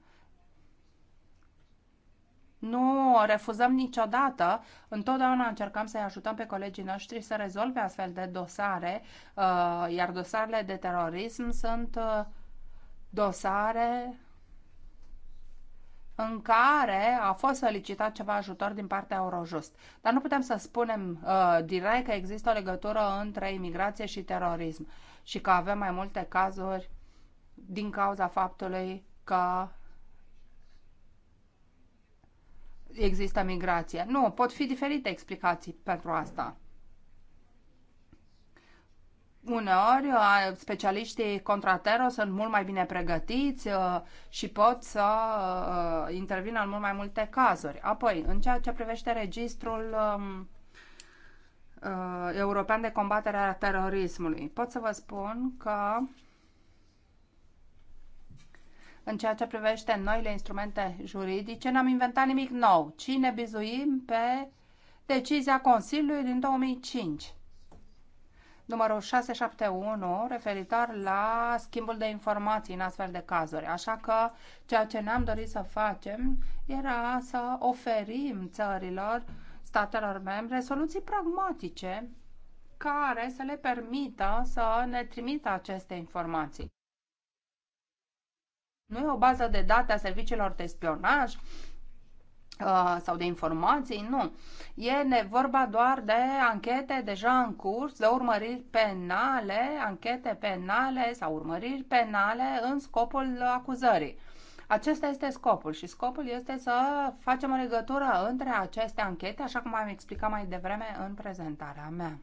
Speaker 4: nu refuzăm niciodată, întotdeauna încercăm să-i ajutăm pe colegii noștri să rezolve astfel de dosare, uh, iar dosarele de terorism sunt uh, dosare în care a fost solicitat ceva ajutor din partea Eurojust. Dar nu putem să spunem uh, direct că există o legătură între imigrație și terorism. Uh, și că avem mai multe cazuri din cauza faptului că există migrație. Nu, pot fi diferite explicații pentru asta. Uneori, specialiștii contratero sunt mult mai bine pregătiți și pot să intervină în mult mai multe cazuri. Apoi, în ceea ce privește registrul uh, European de Combatere a Terorismului. Pot să vă spun că în ceea ce privește noile instrumente juridice, n-am inventat nimic nou, ci ne bizuim pe decizia Consiliului din 2005 numărul 671 referitor la schimbul de informații în astfel de cazuri. Așa că ceea ce ne-am dorit să facem era să oferim țărilor uh, statelor membre soluții pragmatice care să le permită să ne trimită aceste informații. Nu e o bază de date a serviciilor de spionaj uh, sau de informații, nu. E ne vorba doar de anchete deja în curs, de urmăriri penale, anchete penale sau urmăriri penale în scopul acuzării. Acesta este scopul și scopul este să facem o legătură între aceste anchete, așa cum am explicat mai devreme în prezentarea mea.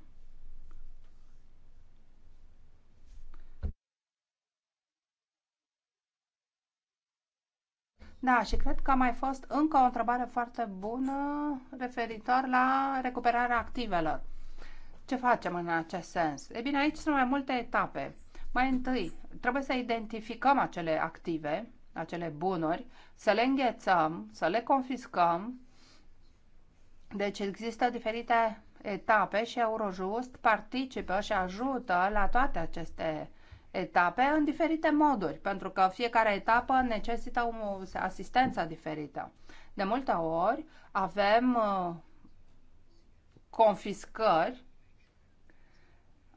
Speaker 4: Da, și cred că a mai fost încă o întrebare foarte bună referitor la recuperarea activelor. Ce facem în acest sens? E bine, aici sunt mai multe etape. Mai întâi, trebuie să identificăm acele active acele bunuri, să le înghețăm, să le confiscăm. Deci există diferite etape și Eurojust participă și ajută la toate aceste etape în diferite moduri, pentru că fiecare etapă necesită o asistență diferită. De multe ori avem uh, confiscări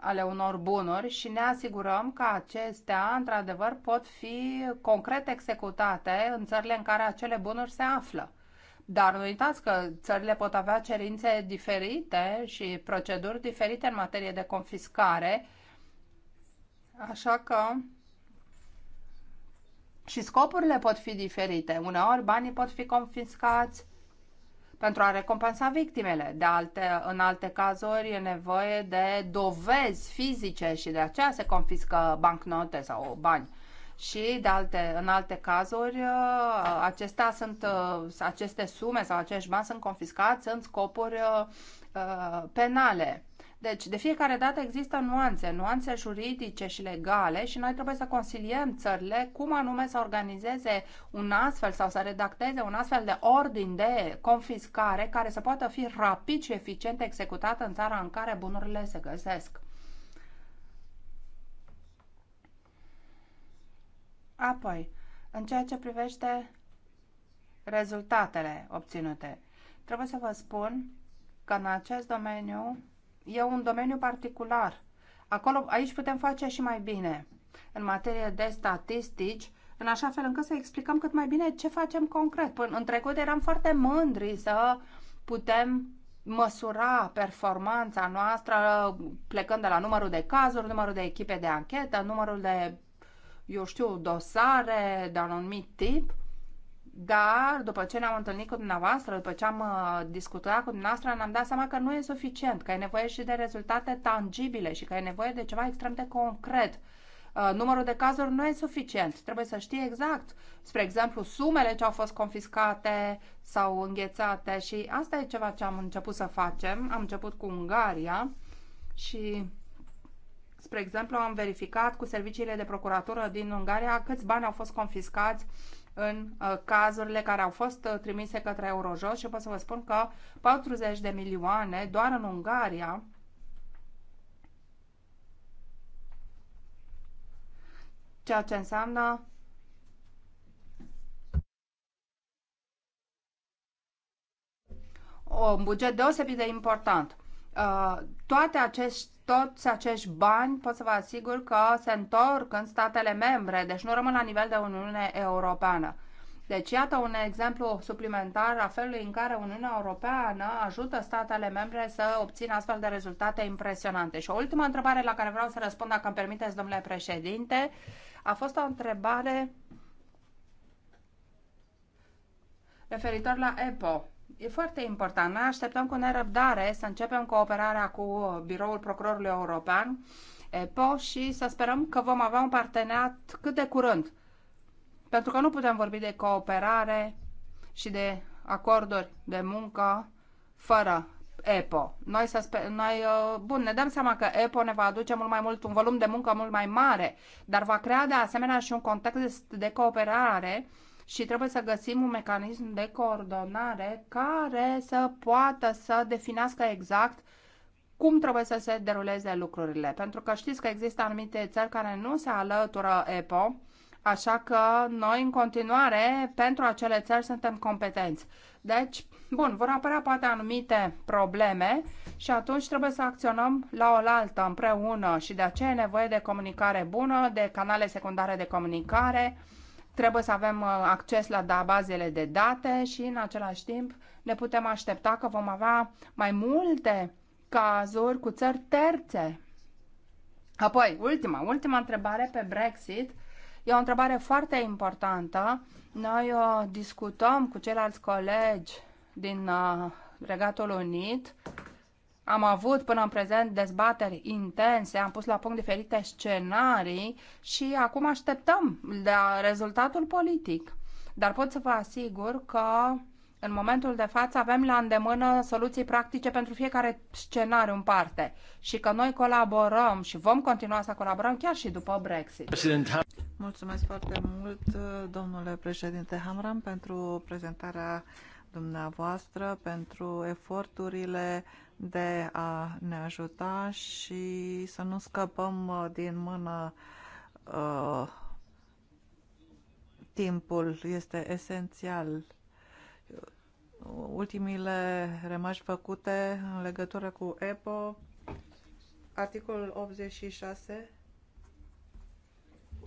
Speaker 4: ale unor bunuri și ne asigurăm că acestea, într-adevăr, pot fi concret executate în țările în care acele bunuri se află. Dar nu uitați că țările pot avea cerințe diferite și proceduri diferite în materie de confiscare, așa că și scopurile pot fi diferite. Uneori banii pot fi confiscați, pentru a recompensa victimele. De alte, în alte cazuri e nevoie de dovezi fizice și de aceea se confiscă bancnote sau bani. Și de alte, în alte cazuri, uh, acestea sunt, uh, aceste sume sau acești bani sunt confiscați în scopuri uh, penale. Deci, de fiecare dată există nuanțe, nuanțe juridice și legale și noi trebuie să consiliem țările cum anume să organizeze un astfel sau să redacteze un astfel de ordin de confiscare care să poată fi rapid și eficient executat în țara în care bunurile se găsesc. Apoi, în ceea ce privește rezultatele obținute, trebuie să vă spun că în acest domeniu e un domeniu particular. Acolo, aici putem face și mai bine în materie de statistici, în așa fel încât să explicăm cât mai bine ce facem concret. Până în trecut eram foarte mândri să putem măsura performanța noastră plecând de la numărul de cazuri, numărul de echipe de anchetă, numărul de, eu știu, dosare de anumit tip – dar după ce ne-am întâlnit cu dumneavoastră, după ce am uh, discutat cu dumneavoastră, ne-am dat seama că nu e suficient, că e nevoie și de rezultate tangibile și că e nevoie de ceva extrem de concret. Uh, numărul de cazuri nu e suficient. Trebuie să știi exact, spre exemplu, sumele ce au fost confiscate sau înghețate și asta e ceva ce am început să facem. Am început cu Ungaria și Spre exemplu, am verificat cu serviciile de procuratură din Ungaria câți bani au fost confiscați în uh, cazurile care au fost uh, trimise către Eurojos și pot să vă spun că 40 de milioane doar în Ungaria ceea ce înseamnă un buget deosebit de important. Uh, toate acești, toți acești bani pot să vă asigur că se întorc în statele membre, deci nu rămân la nivel de Uniune Europeană. Deci iată un exemplu suplimentar a felului în care Uniunea Europeană ajută statele membre să obțină astfel de rezultate impresionante. Și o ultimă întrebare la care vreau să răspund, dacă îmi permiteți, domnule președinte, a fost o întrebare referitor la EPO. E foarte important. Noi așteptăm cu nerăbdare să începem cooperarea cu Biroul Procurorului European, EPO, și să sperăm că vom avea un parteneriat cât de curând. Pentru că nu putem vorbi de cooperare și de acorduri de muncă fără EPO. Noi, să sper, noi, uh, bun, ne dăm seama că EPO ne va aduce mult mai mult, un volum de muncă mult mai mare, dar va crea de asemenea și un context de cooperare și trebuie să găsim un mecanism de coordonare care să poată să definească exact cum trebuie să se deruleze lucrurile. Pentru că știți că există anumite țări care nu se alătură EPO, Așa că noi în continuare pentru acele țări suntem competenți. Deci, bun, vor apărea poate anumite probleme și atunci trebuie să acționăm la oaltă împreună și de aceea e nevoie de comunicare bună, de canale secundare de comunicare, trebuie să avem uh, acces la da, bazele de date și în același timp ne putem aștepta că vom avea mai multe cazuri cu țări terțe. Apoi, ultima, ultima întrebare pe Brexit. E o întrebare foarte importantă. Noi o uh, discutăm cu ceilalți colegi din uh, Regatul Unit am avut până în prezent dezbateri intense, am pus la punct diferite scenarii și acum așteptăm de rezultatul politic. Dar pot să vă asigur că în momentul de față avem la îndemână soluții practice pentru fiecare scenariu în parte și că noi colaborăm și vom continua să colaborăm chiar și după Brexit. Mulțumesc foarte mult, domnule președinte Hamram, pentru
Speaker 1: prezentarea dumneavoastră pentru eforturile de a ne ajuta și să nu scăpăm uh, din mână uh, timpul. Este esențial. Ultimile remași făcute în legătură cu EPO, articolul 86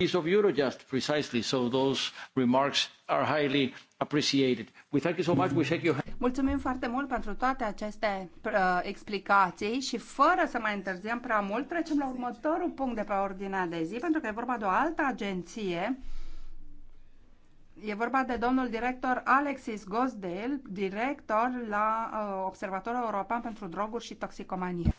Speaker 2: piece of Eurojust, precisely. So those remarks are highly appreciated. We thank you so much. We shake your hand.
Speaker 4: Mulțumim foarte mult pentru toate aceste uh, explicații și fără să mai întârziem prea mult, trecem la următorul punct de pe ordinea de zi, pentru că e vorba de o altă agenție. E vorba de domnul director Alexis Gosdale, director la uh, Observatorul European pentru Droguri și Toxicomanie.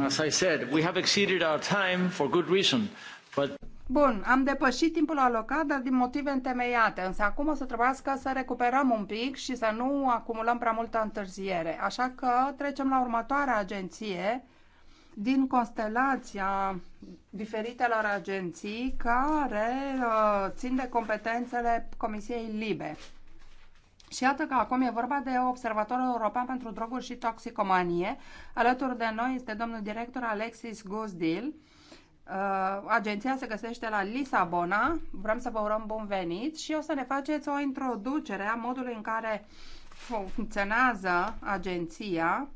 Speaker 2: As I said, we have exceeded our time for good reason, but...
Speaker 4: Bun, am depășit timpul alocat, dar din motive întemeiate. Însă acum o să trebuiască să recuperăm un pic și să nu acumulăm prea multă întârziere. Așa că trecem la următoarea agenție din constelația diferitelor agenții care uh, țin de competențele Comisiei Libe. Și iată că acum e vorba de Observatorul European pentru Droguri și Toxicomanie. Alături de noi este domnul director Alexis Guzdil. Uh, agenția se găsește la Lisabona. Vrem să vă urăm bun venit și o să ne faceți o introducere a modului în care funcționează agenția.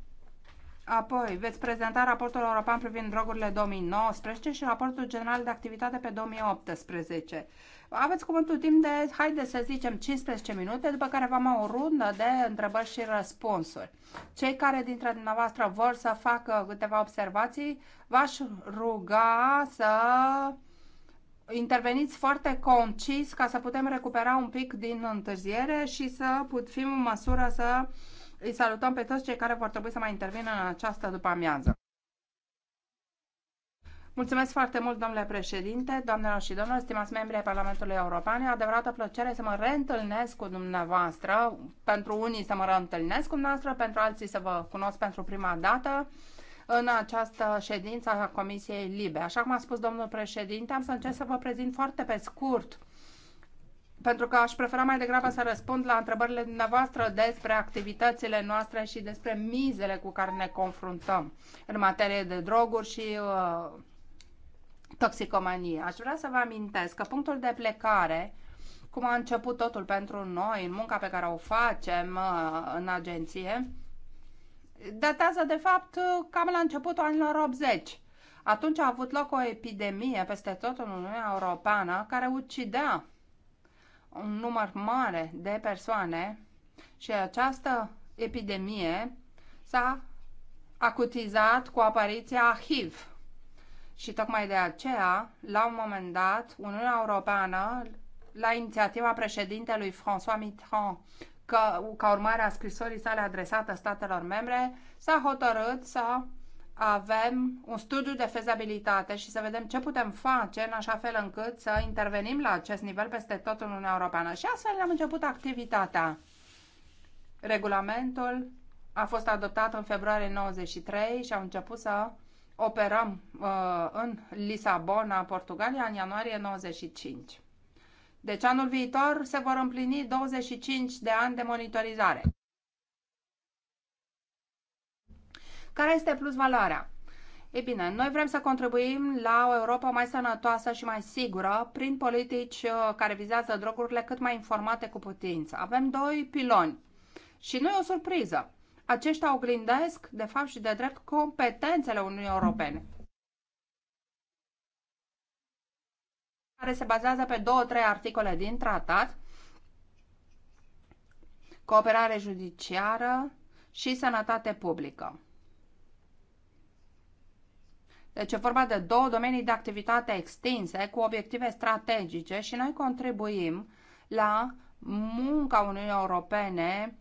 Speaker 4: Apoi veți prezenta raportul european privind drogurile 2019 și raportul general de activitate pe 2018. Aveți cuvântul timp de, haide să zicem, 15 minute, după care vom avea o rundă de întrebări și răspunsuri. Cei care dintre dumneavoastră vor să facă câteva observații, v-aș ruga să interveniți foarte concis ca să putem recupera un pic din întârziere și să fim în măsură să îi salutăm pe toți cei care vor trebui să mai intervină în această după amiază. Mulțumesc foarte mult, domnule președinte, doamnelor și domnilor, stimați membri ai Parlamentului European. E adevărată plăcere să mă reîntâlnesc cu dumneavoastră. Pentru unii să mă reîntâlnesc cu dumneavoastră, pentru alții să vă cunosc pentru prima dată în această ședință a Comisiei Libe. Așa cum a spus domnul președinte, am să încerc să vă prezint foarte pe scurt pentru că aș prefera mai degrabă să răspund la întrebările dumneavoastră despre activitățile noastre și despre mizele cu care ne confruntăm în materie de droguri și uh, toxicomanie. Aș vrea să vă amintesc că punctul de plecare, cum a început totul pentru noi, în munca pe care o facem uh, în agenție, datează de fapt uh, cam la începutul anilor 80. Atunci a avut loc o epidemie peste tot în Uniunea Europeană care ucidea un număr mare de persoane și această epidemie s-a acutizat cu apariția HIV și tocmai de aceea, la un moment dat, Uniunea Europeană, la inițiativa președintelui François Mitterrand, că, ca urmare a scrisorii sale adresată statelor membre, s-a hotărât să avem un studiu de fezabilitate și să vedem ce putem face în așa fel încât să intervenim la acest nivel peste tot în Uniunea Europeană. Și astfel am început activitatea. Regulamentul a fost adoptat în februarie 93 și au început să operăm uh, în Lisabona, Portugalia, în ianuarie 95. Deci anul viitor se vor împlini 25 de ani de monitorizare. Care este plus valoarea? E bine, noi vrem să contribuim la o Europa mai sănătoasă și mai sigură prin politici uh, care vizează drogurile cât mai informate cu putință. Avem doi piloni și nu e o surpriză aceștia oglindesc, de fapt și de drept, competențele Uniunii Europene. care se bazează pe două, trei articole din tratat, cooperare judiciară și sănătate publică. Deci e vorba de două domenii de activitate extinse cu obiective strategice și noi contribuim la munca Uniunii Europene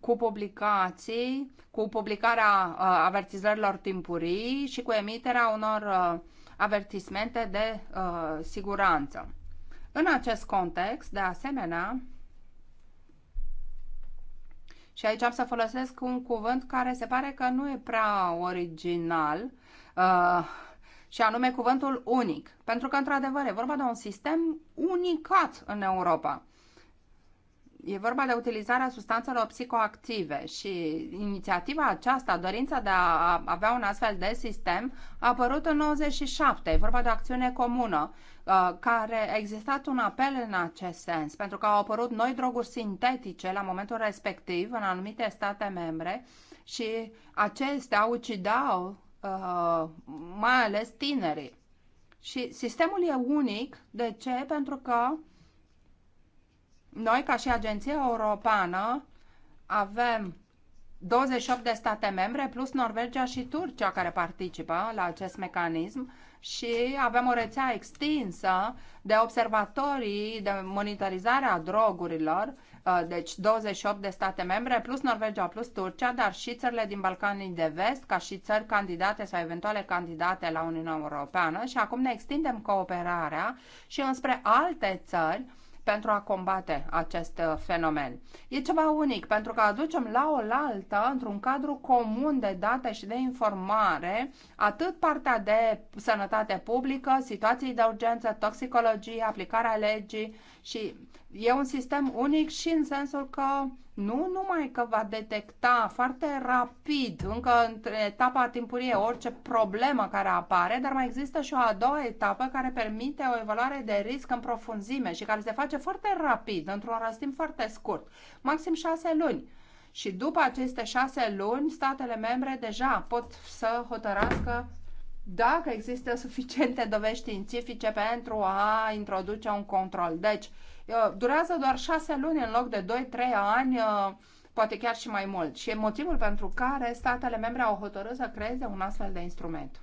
Speaker 4: cu publicații, cu publicarea uh, avertizărilor timpurii și cu emiterea unor uh, avertismente de uh, siguranță. În acest context, de asemenea, și aici am să folosesc un cuvânt care se pare că nu e prea original, uh, și anume cuvântul unic. Pentru că, într-adevăr, e vorba de un sistem unicat în Europa. E vorba de utilizarea substanțelor psicoactive și inițiativa aceasta, dorința de a avea un astfel de sistem, a apărut în 97. E vorba de o acțiune comună uh, care a existat un apel în acest sens, pentru că au apărut noi droguri sintetice la momentul respectiv în anumite state membre și acestea ucidau uh, mai ales tinerii. Și sistemul e unic, de ce? Pentru că noi, ca și Agenția Europeană, avem 28 de state membre plus Norvegia și Turcia care participă la acest mecanism și avem o rețea extinsă de observatorii de monitorizare a drogurilor, uh, deci 28 de state membre, plus Norvegia, plus Turcia, dar și țările din Balcanii de Vest, ca și țări candidate sau eventuale candidate la Uniunea Europeană și acum ne extindem cooperarea și înspre alte țări pentru a combate acest uh, fenomen. E ceva unic, pentru că aducem la oaltă, într-un cadru comun de date și de informare, atât partea de sănătate publică, situații de urgență, toxicologie, aplicarea legii, și e un sistem unic și în sensul că nu numai că va detecta foarte rapid, încă între etapa timpurie, orice problemă care apare, dar mai există și o a doua etapă care permite o evaluare de risc în profunzime și care se face foarte rapid, într-un timp foarte scurt, maxim șase luni. Și după aceste șase luni, statele membre deja pot să hotărască dacă există suficiente dovezi științifice pentru a introduce un control. Deci, uh, durează doar șase luni în loc de 2-3 ani, uh, poate chiar și mai mult. Și e motivul pentru care statele membre au hotărât să creeze un astfel de instrument.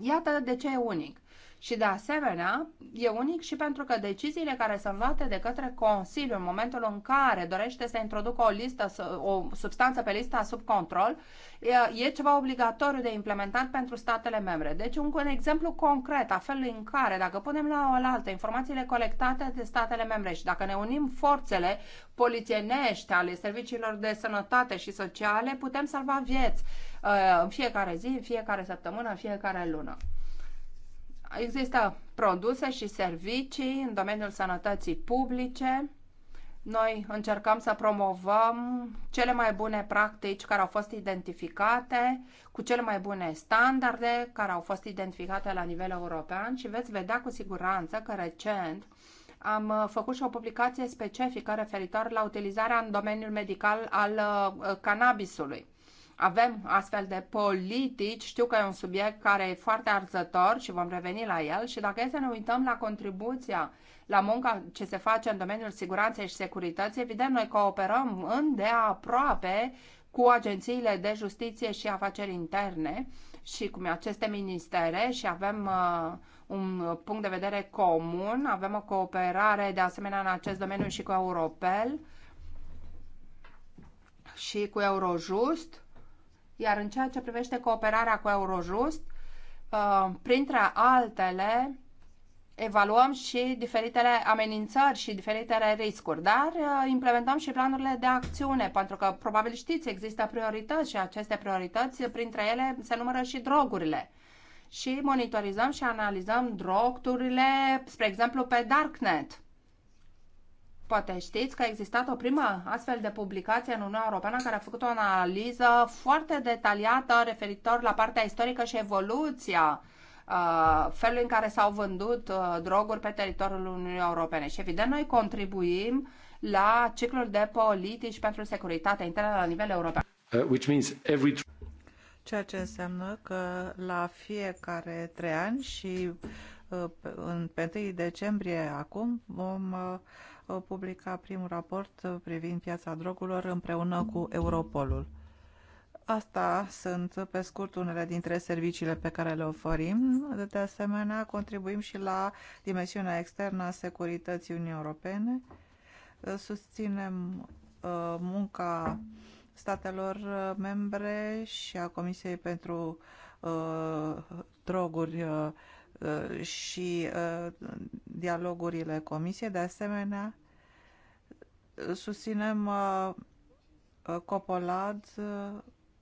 Speaker 4: Iată de ce e unic. Și de asemenea, e unic și pentru că deciziile care sunt luate de către Consiliu în momentul în care dorește să introducă o listă, o substanță pe lista sub control, e ceva obligatoriu de implementat pentru statele membre. Deci un, un exemplu concret a felului în care, dacă punem la oaltă informațiile colectate de statele membre și dacă ne unim forțele polițienești ale serviciilor de sănătate și sociale, putem salva vieți în fiecare zi, în fiecare săptămână, în fiecare lună. Există produse și servicii în domeniul sănătății publice. Noi încercăm să promovăm cele mai bune practici care au fost identificate, cu cele mai bune standarde care au fost identificate la nivel european și veți vedea cu siguranță că recent am făcut și o publicație specifică referitoare la utilizarea în domeniul medical al uh, cannabisului avem astfel de politici, știu că e un subiect care e foarte arzător și vom reveni la el și dacă e să ne uităm la contribuția la munca ce se face în domeniul siguranței și securității, evident noi cooperăm îndeaproape cu agențiile de justiție și afaceri interne și cu aceste ministere și avem uh, un punct de vedere comun, avem o cooperare de asemenea în acest domeniu și cu Europel și cu Eurojust iar în ceea ce privește cooperarea cu Eurojust, uh, printre altele, evaluăm și diferitele amenințări și diferitele riscuri, dar uh, implementăm și planurile de acțiune, pentru că probabil știți, există priorități și aceste priorități, printre ele se numără și drogurile. Și monitorizăm și analizăm drogurile, spre exemplu, pe Darknet Poate știți că a existat o primă astfel de publicație în Uniunea Europeană care a făcut o analiză foarte detaliată referitor la partea istorică și evoluția uh, felul în care s-au vândut uh, droguri pe teritoriul Uniunii Europene. Și evident, noi contribuim la ciclul de politici pentru securitatea internă la nivel european.
Speaker 2: Uh, which means every...
Speaker 4: Ceea ce înseamnă că la fiecare trei ani și
Speaker 1: uh, în, pe 1 decembrie acum vom uh, Uh, publica primul raport uh, privind piața drogurilor împreună cu Europolul. Asta sunt, uh, pe scurt, unele dintre serviciile pe care le oferim. De asemenea, contribuim și la dimensiunea externă a securității Uniunii Europene. Susținem munca statelor membre și a Comisiei pentru droguri uh, Uh, și uh, dialogurile comisiei. De asemenea, susținem uh, Copolad,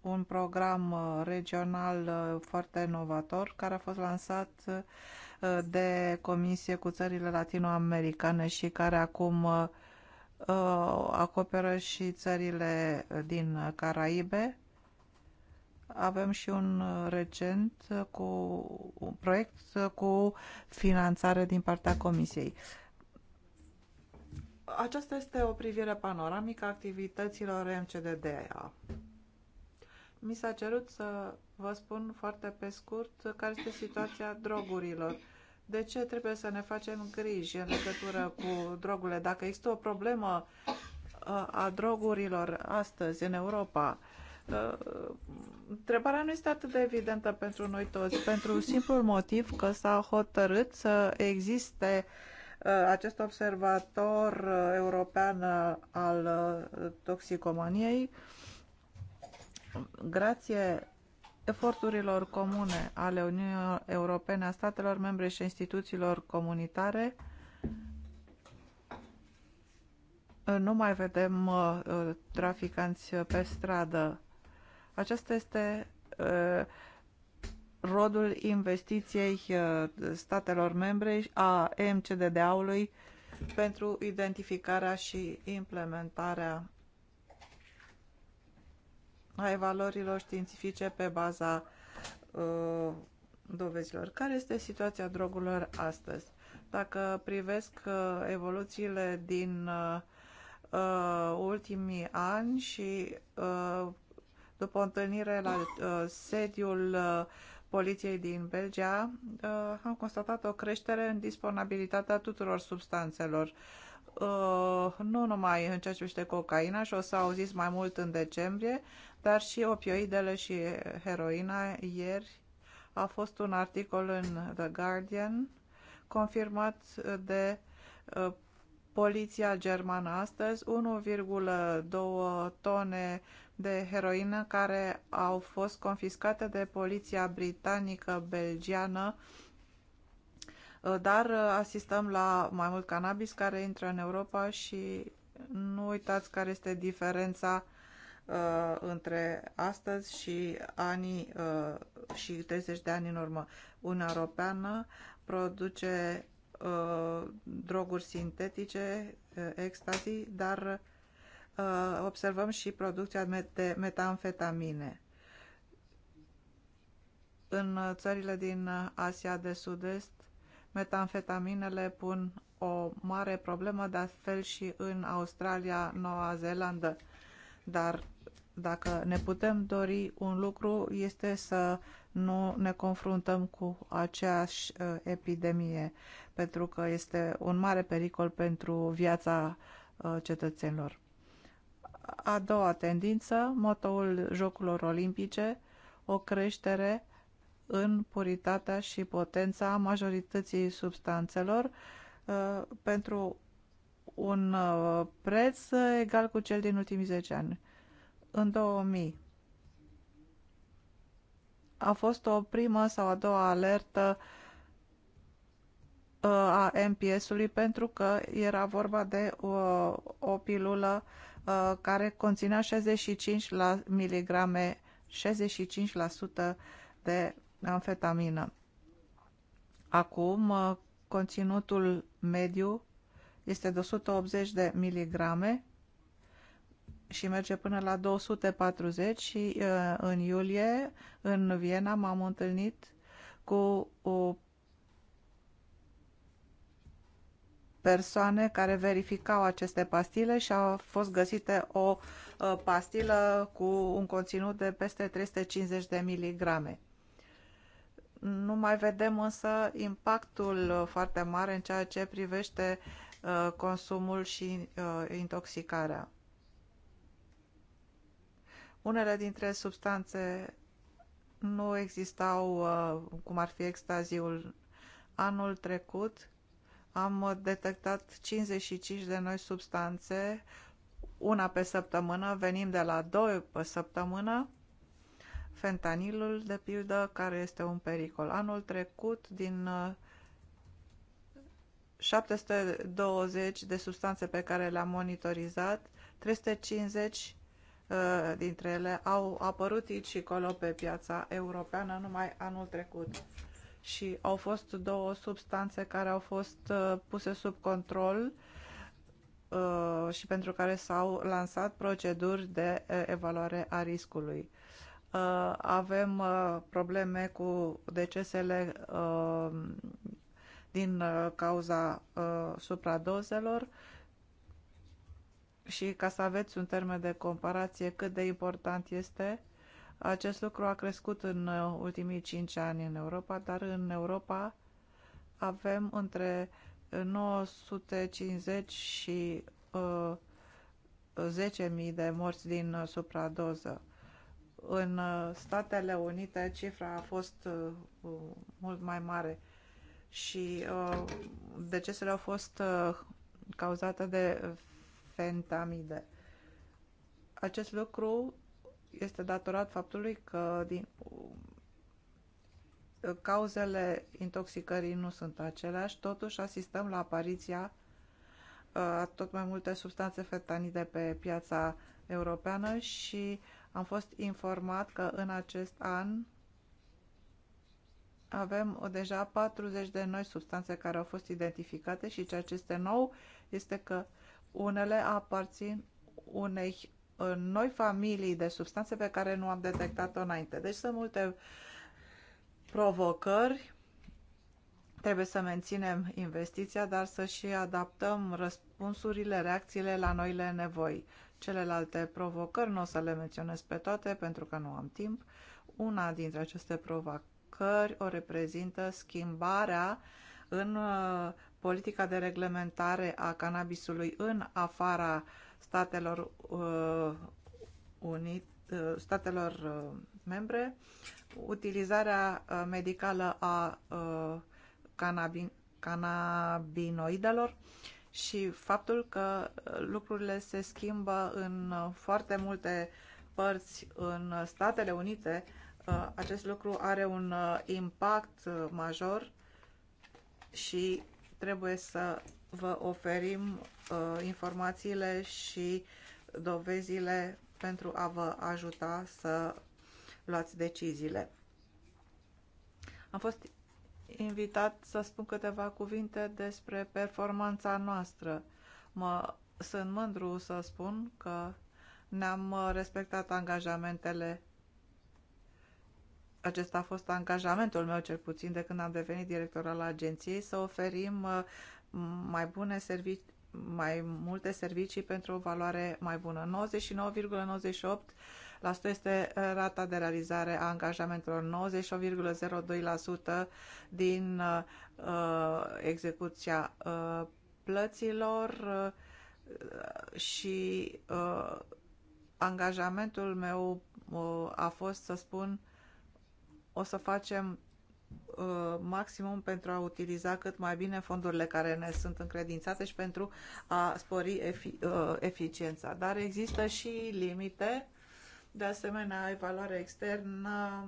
Speaker 1: un program regional foarte inovator care a fost lansat de comisie cu țările latinoamericane și care acum acoperă și țările din Caraibe avem și un uh, recent uh, cu un proiect uh, cu finanțare din partea Comisiei. Aceasta este o privire panoramică a activităților MCDDA. Mi s-a cerut să vă spun foarte pe scurt care este situația drogurilor. De ce trebuie să ne facem griji în legătură cu drogurile? Dacă există o problemă a drogurilor astăzi în Europa, Uh, întrebarea nu este atât de evidentă pentru noi toți, pentru simplul motiv că s-a hotărât să existe uh, acest observator uh, european al toxicomaniei grație eforturilor comune ale Uniunii Europene, a statelor membre și a instituțiilor comunitare, nu mai vedem traficanți pe stradă. Aceasta este uh, rodul investiției uh, statelor membre a MCDDA-ului pentru identificarea și implementarea a evaluărilor științifice pe baza uh, dovezilor. Care este situația drogurilor astăzi? Dacă privesc uh, evoluțiile din uh, uh ultimii ani și uh, după o întâlnire la uh, sediul uh, poliției din Belgia, uh, am constatat o creștere în disponibilitatea tuturor substanțelor. Uh, nu numai în ceea ce privește cocaina și o să auziți mai mult în decembrie, dar și opioidele și heroina ieri a fost un articol în The Guardian confirmat de uh, poliția germană astăzi 1,2 tone de heroină care au fost confiscate de poliția britanică, belgiană, uh, dar uh, asistăm la mai mult cannabis care intră în Europa și nu uitați care este diferența uh, între astăzi și anii uh, și 30 de ani în urmă. Uniunea Europeană produce uh, droguri sintetice, uh, ecstasy, dar Uh, observăm și producția de metamfetamine. În țările din Asia de Sud-Est, metamfetaminele pun o mare problemă, de fel și în Australia, Noua Zeelandă. Dar dacă ne putem dori un lucru, este să nu ne confruntăm cu aceeași uh, epidemie, pentru că este un mare pericol pentru viața uh, cetățenilor a doua tendință, motoul Jocurilor Olimpice, o creștere în puritatea și potența majorității substanțelor uh, pentru un uh, preț egal cu cel din ultimii 10 ani. În 2000 a fost o primă sau a doua alertă uh, a MPS-ului pentru că era vorba de o pilulă Uh, care conținea 65 la miligrame, 65% de amfetamină. Acum, uh, conținutul mediu este de 180 de miligrame și merge până la 240 și uh, în iulie în Viena m-am întâlnit cu o persoane care verificau aceste pastile și a fost găsită o uh, pastilă cu un conținut de peste 350 de miligrame. Nu mai vedem însă impactul uh, foarte mare în ceea ce privește uh, consumul și intoxicarea. Unele dintre substanțe nu existau, cum ar fi extaziul anul trecut, am detectat 55 de noi substanțe, una pe săptămână, venim de la două pe săptămână, fentanilul, de pildă, care este un pericol. Anul trecut, din 720 uh, de substanțe pe care le-am monitorizat, 350 uh, dintre ele au apărut aici și colo pe piața europeană numai anul trecut și au fost două substanțe care au fost uh, puse sub control uh, și pentru care s-au lansat proceduri de uh, evaluare a riscului. Avem probleme cu decesele din cauza supradozelor și ca să aveți un termen de comparație cât de important este acest lucru a crescut în uh, ultimii cinci ani în Europa, dar în Europa avem între 950 și uh, 10.000 de morți din uh, supradoză. În uh, Statele Unite cifra a fost uh, mult mai mare și uh, decesele au fost uh, cauzate de fentamide. Acest lucru este datorat faptului că din, cauzele intoxicării nu sunt aceleași, totuși asistăm la apariția a uh, tot mai multe substanțe fentanide pe piața europeană și am fost informat că în acest an avem deja 40 de noi substanțe care au fost identificate și ceea ce este nou este că unele aparțin unei noi familii de substanțe pe care nu am detectat-o înainte. Deci sunt multe provocări. Trebuie să menținem investiția, dar să și adaptăm răspunsurile, reacțiile la noile nevoi. Celelalte provocări nu o să le menționez pe toate pentru că nu am timp. Una dintre aceste provocări o reprezintă schimbarea în uh, politica de reglementare a cannabisului în afara uh, Statelor uh, Unite, uh, statelor uh, membre, utilizarea medicală a canabin, canabinoidelor și faptul că lucrurile se schimbă în foarte multe părți în Statele Unite, acest lucru are un impact major și trebuie să vă oferim uh, informațiile și dovezile pentru a vă ajuta să luați deciziile. Am fost invitat să spun câteva cuvinte despre performanța noastră. Mă, sunt mândru să spun că ne-am uh, respectat angajamentele. Acesta a fost angajamentul meu, cel puțin, de când am devenit director al agenției, să oferim uh, mai bune servicii mai multe servicii pentru o valoare mai bună. 99,98% este uh, rata de realizare a angajamentelor, 98,02% din uh, uh, execuția uh, plăților uh, și uh, angajamentul meu uh, a fost să spun o să facem Uh, maximum pentru a utiliza cât mai bine fondurile care ne sunt încredințate și pentru a spori efic uh, eficiența. Dar există și limite. De asemenea, evaluarea externă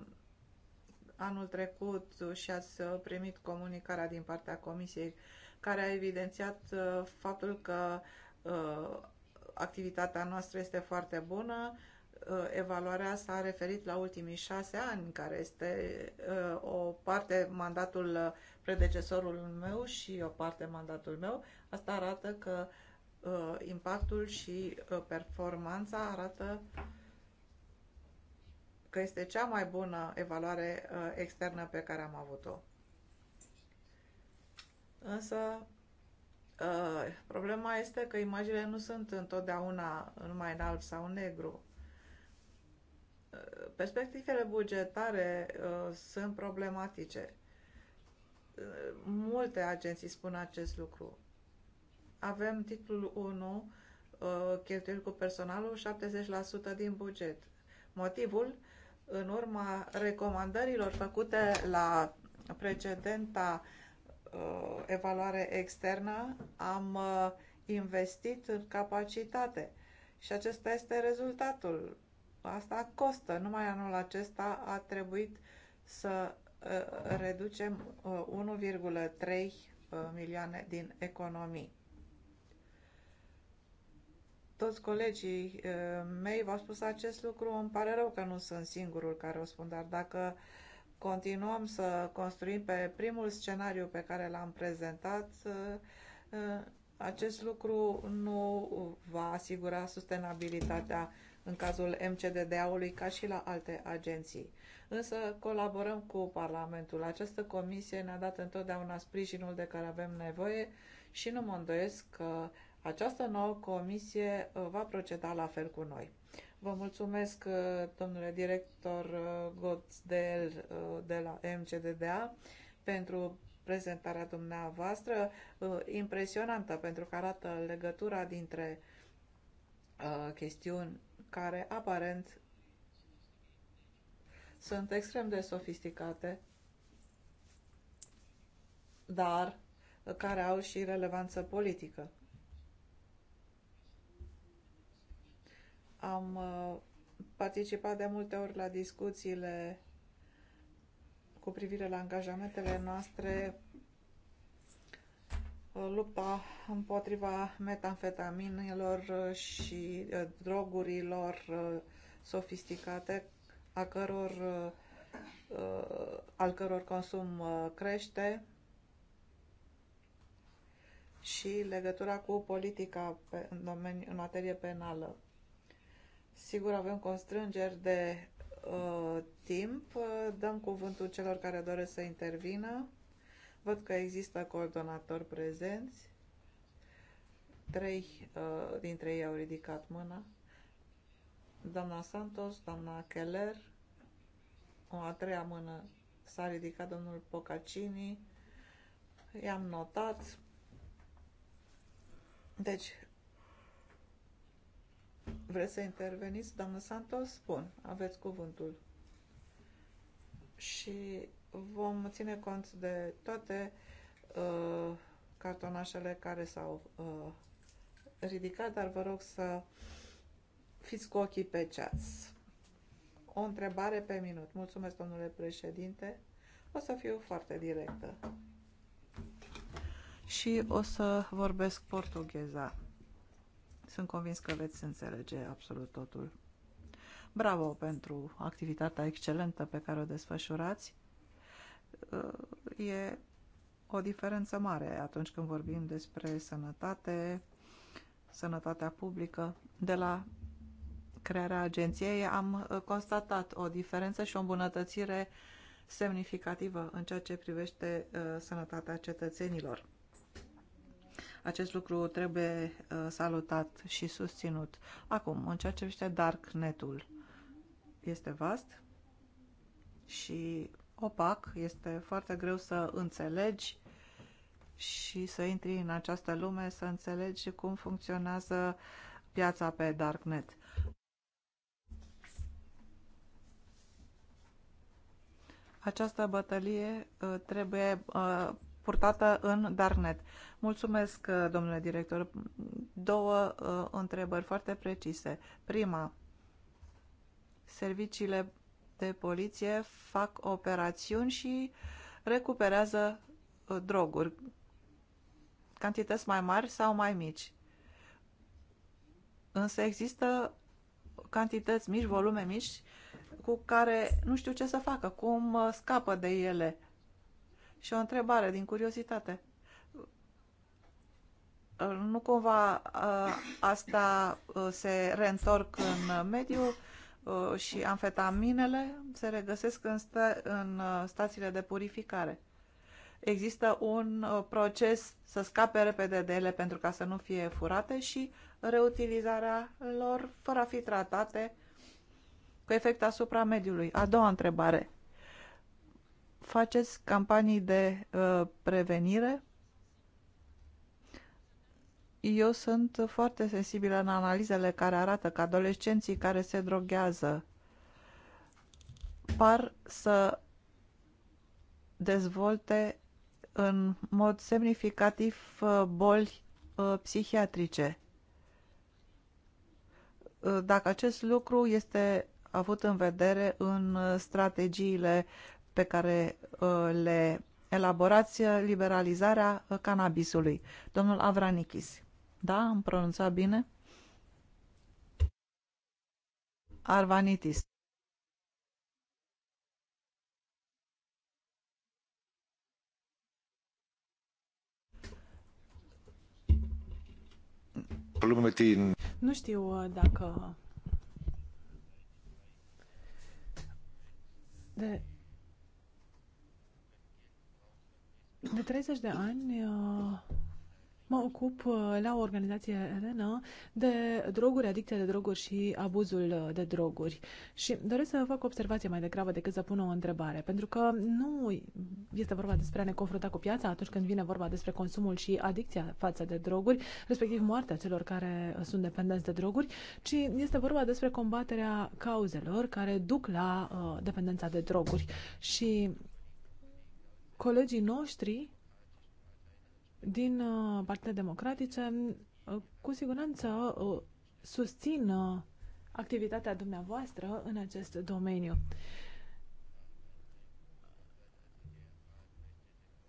Speaker 1: anul trecut și ați primit comunicarea din partea Comisiei care a evidențiat uh, faptul că activitatea noastră este foarte bună, Uh, evaluarea s-a referit la ultimii șase ani, care este uh, o parte mandatul uh, predecesorul meu și o parte mandatul meu. Asta arată că impactul și performanța arată că este cea mai bună evaluare externă pe care am avut-o. Însă, problema este că imaginele nu sunt întotdeauna numai în alb sau în negru perspectivele bugetare uh, sunt problematice. Uh, multe agenții spun acest lucru. Avem titlul 1, uh, cheltuieli cu personalul, 70% din buget. Motivul, în urma recomandărilor făcute la precedenta uh, evaluare externă, am investit în capacitate. Și acesta este rezultatul asta costă. Numai anul acesta a trebuit să uh, reducem 1,3 uh, uh, milioane din economii. Toți colegii mei v-au spus acest lucru, îmi pare rău că nu sunt singurul care o spun, dar dacă continuăm să construim pe primul scenariu pe care l-am prezentat, acest lucru nu va asigura sustenabilitatea în cazul MCDDA-ului ca și la alte agenții. Însă colaborăm cu Parlamentul. Această comisie ne-a dat întotdeauna sprijinul de care avem nevoie și nu mă îndoiesc că această nouă comisie uh, va proceda la fel cu noi. Vă mulțumesc, uh, domnule director uh, Godzdel de la MCDDA, pentru prezentarea dumneavoastră, impresionantă pentru că arată legătura dintre chestiuni care aparent sunt extrem de sofisticate, dar care au și relevanță politică. Am uh, participat de multe ori la discuțiile cu privire la angajamentele noastre lupta împotriva metanfetaminelor și uh, drogurilor uh, sofisticate a căror, uh, al căror consum crește și legătura cu politica pe, în, domeniu, în materie penală. Sigur, avem constrângeri de uh, timp. Dăm cuvântul celor care doresc să intervină. Văd că există coordonatori prezenți. Trei uh, dintre ei au ridicat mâna. Doamna Santos, doamna Keller, o a treia mână s-a ridicat domnul Pocacini. I-am notat. Deci, vreți să interveniți, doamna Santos? Bun, aveți cuvântul și vom ține cont de toate uh, cartonașele care s-au uh, ridicat, dar vă rog să fiți cu ochii pe ceas. O întrebare pe minut. Mulțumesc, domnule președinte. O să fiu foarte directă. Și o să vorbesc portugheza. Sunt convins că veți înțelege absolut totul. Bravo pentru activitatea excelentă pe care o desfășurați. E o diferență mare atunci când vorbim despre sănătate, sănătatea publică. De la crearea agenției am constatat o diferență și o îmbunătățire semnificativă în ceea ce privește uh, sănătatea cetățenilor. Acest lucru trebuie uh, salutat și susținut. Acum, în ceea ce privește darknet-ul, este vast și opac, este foarte greu să înțelegi și să intri în această lume, să înțelegi cum funcționează piața pe Darknet. Această bătălie uh, trebuie uh, purtată în Darknet. Mulțumesc, uh, domnule director. Două întrebări foarte precise. Prima, serviciile de poliție fac operațiuni și recuperează uh, droguri, cantități mai mari sau mai mici. Însă există cantități mici, volume mici, cu care nu știu ce să facă, cum uh, scapă de ele. Și o întrebare din curiozitate. Uh, nu cumva asta se reîntorc în mediu? Uh, și amfetaminele se regăsesc în, sta în uh, stațiile de purificare. Există un uh, proces să scape repede de ele pentru ca să nu fie furate și reutilizarea lor fără a fi tratate cu efect asupra mediului. A doua întrebare. Faceți campanii de uh, prevenire eu sunt foarte sensibilă în analizele care arată că adolescenții care se droghează par să dezvolte în mod semnificativ uh, boli uh, psihiatrice. Uh, dacă acest lucru este avut în vedere în strategiile pe care le elaborați, liberalizarea cannabisului. Domnul Avranikis. Da, am pronunțat bine? Arvanitis.
Speaker 3: Nu știu uh, dacă... De... De 30 de ani... Uh... Mă ocup uh, la o organizație Elena de droguri, adicția de droguri și abuzul uh, de droguri. Și doresc să fac o observație mai degrabă decât să pun o întrebare, pentru că nu este vorba despre a ne confrunta cu piața atunci când vine vorba despre consumul și adicția față de droguri, respectiv moartea celor care uh, sunt dependenți de droguri, ci este vorba despre combaterea cauzelor care duc la uh, dependența de droguri. Și colegii noștri din uh, partea democratice uh, cu siguranță uh, susțin activitatea dumneavoastră în acest domeniu.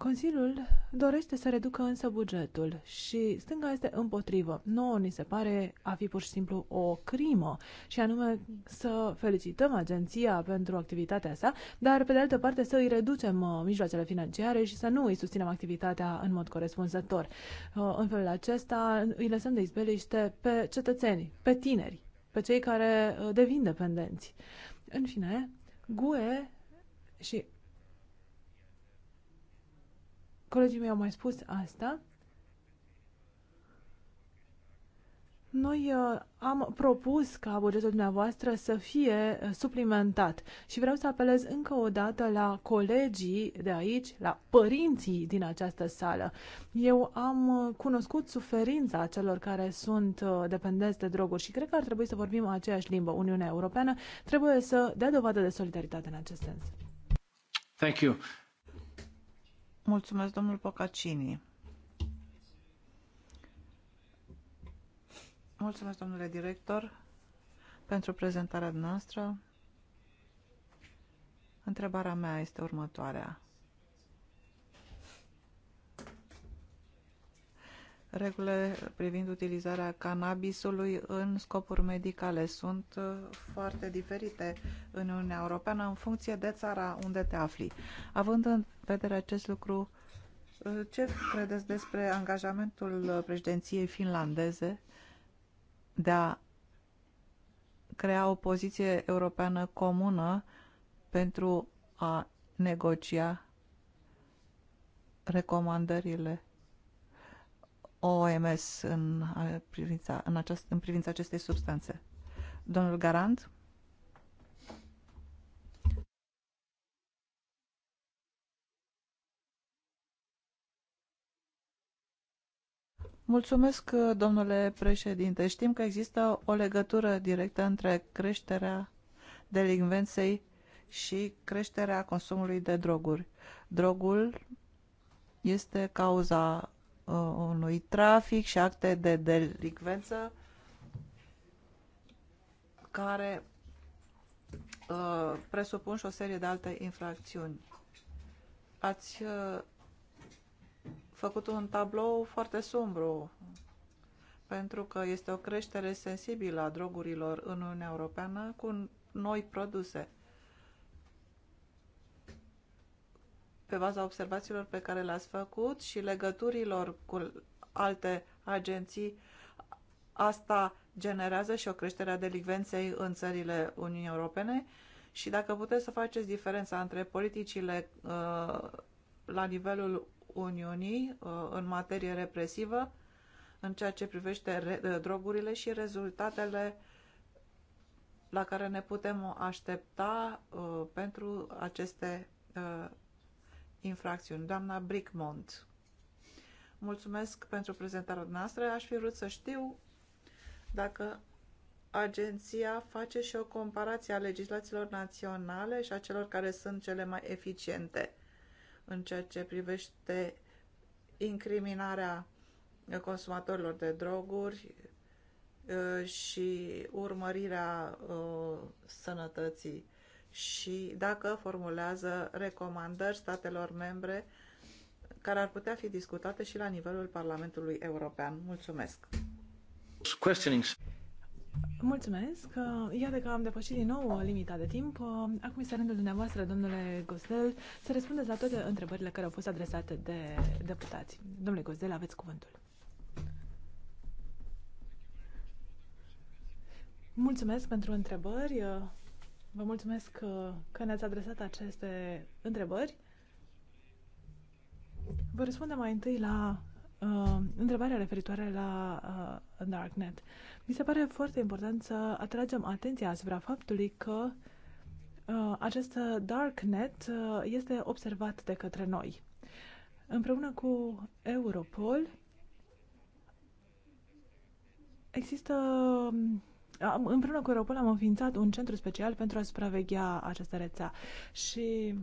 Speaker 3: Consiliul dorește să reducă însă bugetul și stânga este împotrivă. Nouă ni se pare a fi pur și simplu o crimă și anume să felicităm agenția pentru activitatea sa, dar pe de altă parte să îi reducem uh, mijloacele financiare și să nu îi susținem activitatea în mod corespunzător. Uh, în felul acesta îi lăsăm de izbeliște pe cetățeni, pe tineri, pe cei care uh, devin dependenți. În fine, GUE și Colegii mei au mai spus asta. Noi uh, am propus ca bugetul dumneavoastră să fie uh, suplimentat și vreau să apelez încă o dată la colegii de aici, la părinții din această sală. Eu am uh, cunoscut suferința celor care sunt uh, dependenți de droguri și cred că ar trebui să vorbim aceeași limbă. Uniunea Europeană trebuie să dea dovadă de solidaritate în acest sens.
Speaker 1: Thank you. Mulțumesc, domnul Pocacini. Mulțumesc, domnule director, pentru prezentarea noastră. Întrebarea mea este următoarea. regulile privind utilizarea cannabisului în scopuri medicale sunt uh, foarte diferite în Uniunea Europeană în funcție de țara unde te afli. Având în vedere acest lucru, uh, ce credeți despre angajamentul uh, președinției finlandeze de a crea o poziție europeană comună pentru a negocia recomandările OMS în privința, în, această, în privința acestei substanțe. Domnul Garant? Mulțumesc, domnule președinte. Știm că există o legătură directă între creșterea delinvenței și creșterea consumului de droguri. Drogul este cauza Uh, unui trafic și acte de delicvență care uh, presupun și o serie de alte infracțiuni. Ați uh, făcut un tablou foarte sombru pentru că este o creștere sensibilă a drogurilor în Uniunea Europeană cu noi produse. pe baza observațiilor pe care le-ați făcut și legăturilor cu alte agenții, asta generează și o creștere a delicvenței în țările Uniunii Europene și dacă puteți să faceți diferența între politicile uh, la nivelul Uniunii uh, în materie represivă, în ceea ce privește uh, drogurile și rezultatele la care ne putem aștepta uh, pentru aceste uh, infracțiuni. Doamna Brickmont, mulțumesc pentru prezentarea noastră. Aș fi vrut să știu dacă agenția face și o comparație a legislațiilor naționale și a celor care sunt cele mai eficiente în ceea ce privește incriminarea consumatorilor de droguri uh, și urmărirea uh, sănătății și dacă formulează recomandări statelor membre care ar putea fi discutate și la nivelul Parlamentului European. Mulțumesc!
Speaker 3: Mulțumesc! Iată că am depășit din nou limita de timp. Acum este rândul dumneavoastră, domnule Gosdel, să răspundeți la toate întrebările care au fost adresate de deputați. Domnule Gosdel, aveți cuvântul. Mulțumesc pentru întrebări. Vă mulțumesc uh, că ne-ați adresat aceste întrebări. Vă răspundem mai întâi la uh, întrebarea referitoare la uh, Darknet. Mi se pare foarte important să atragem atenția asupra faptului că uh, acest Darknet uh, este observat de către noi. Împreună cu Europol există um, am, împreună cu Europol am înființat un centru special pentru a supraveghea această rețea și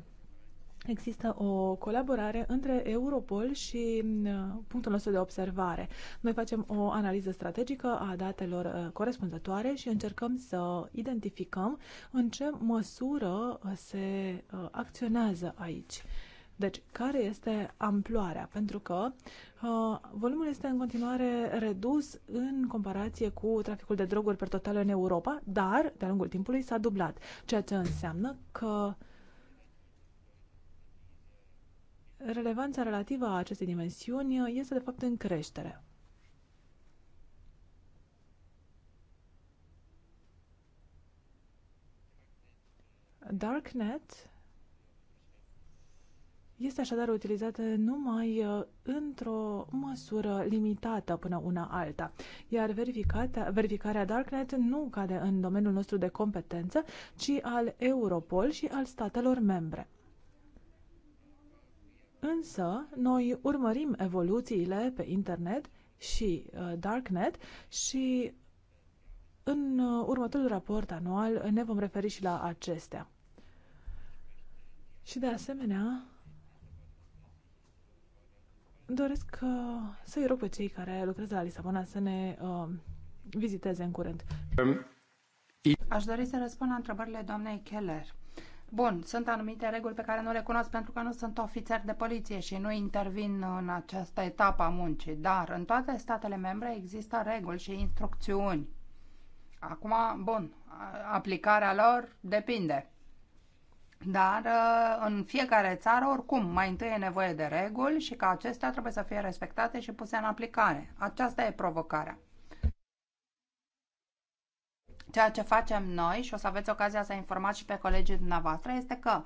Speaker 3: Există o colaborare între Europol și mm, punctul nostru de observare. Noi facem o analiză strategică a datelor uh, corespunzătoare și încercăm să identificăm în ce măsură se uh, acționează aici. Deci, care este amploarea? Pentru că uh, volumul este în continuare redus în comparație cu traficul de droguri per total în Europa, dar de-a lungul timpului s-a dublat, ceea ce înseamnă că relevanța relativă a acestei dimensiuni este de fapt în creștere. Darknet este așadar utilizată numai uh, într-o măsură limitată până una alta, iar verificarea Darknet nu cade în domeniul nostru de competență, ci al Europol și al statelor membre. Însă, noi urmărim evoluțiile pe internet și uh, Darknet și în uh, următorul raport anual ne vom referi și la acestea. Și de asemenea, doresc uh, să-i rog pe cei care lucrează la Lisabona să ne uh, viziteze în curând.
Speaker 2: Um,
Speaker 4: Aș dori să răspund la întrebările doamnei Keller. Bun, sunt anumite reguli pe care nu le cunosc pentru că nu sunt ofițer de poliție și nu intervin în această etapă a muncii, dar în toate statele membre există reguli și instrucțiuni. Acum, bun, aplicarea lor depinde. Dar uh, în fiecare țară, oricum, mai întâi e nevoie de reguli și că acestea trebuie să fie respectate și puse în aplicare. Aceasta e provocarea. Ceea ce facem noi, și o să aveți ocazia să informați și pe colegii dumneavoastră, este că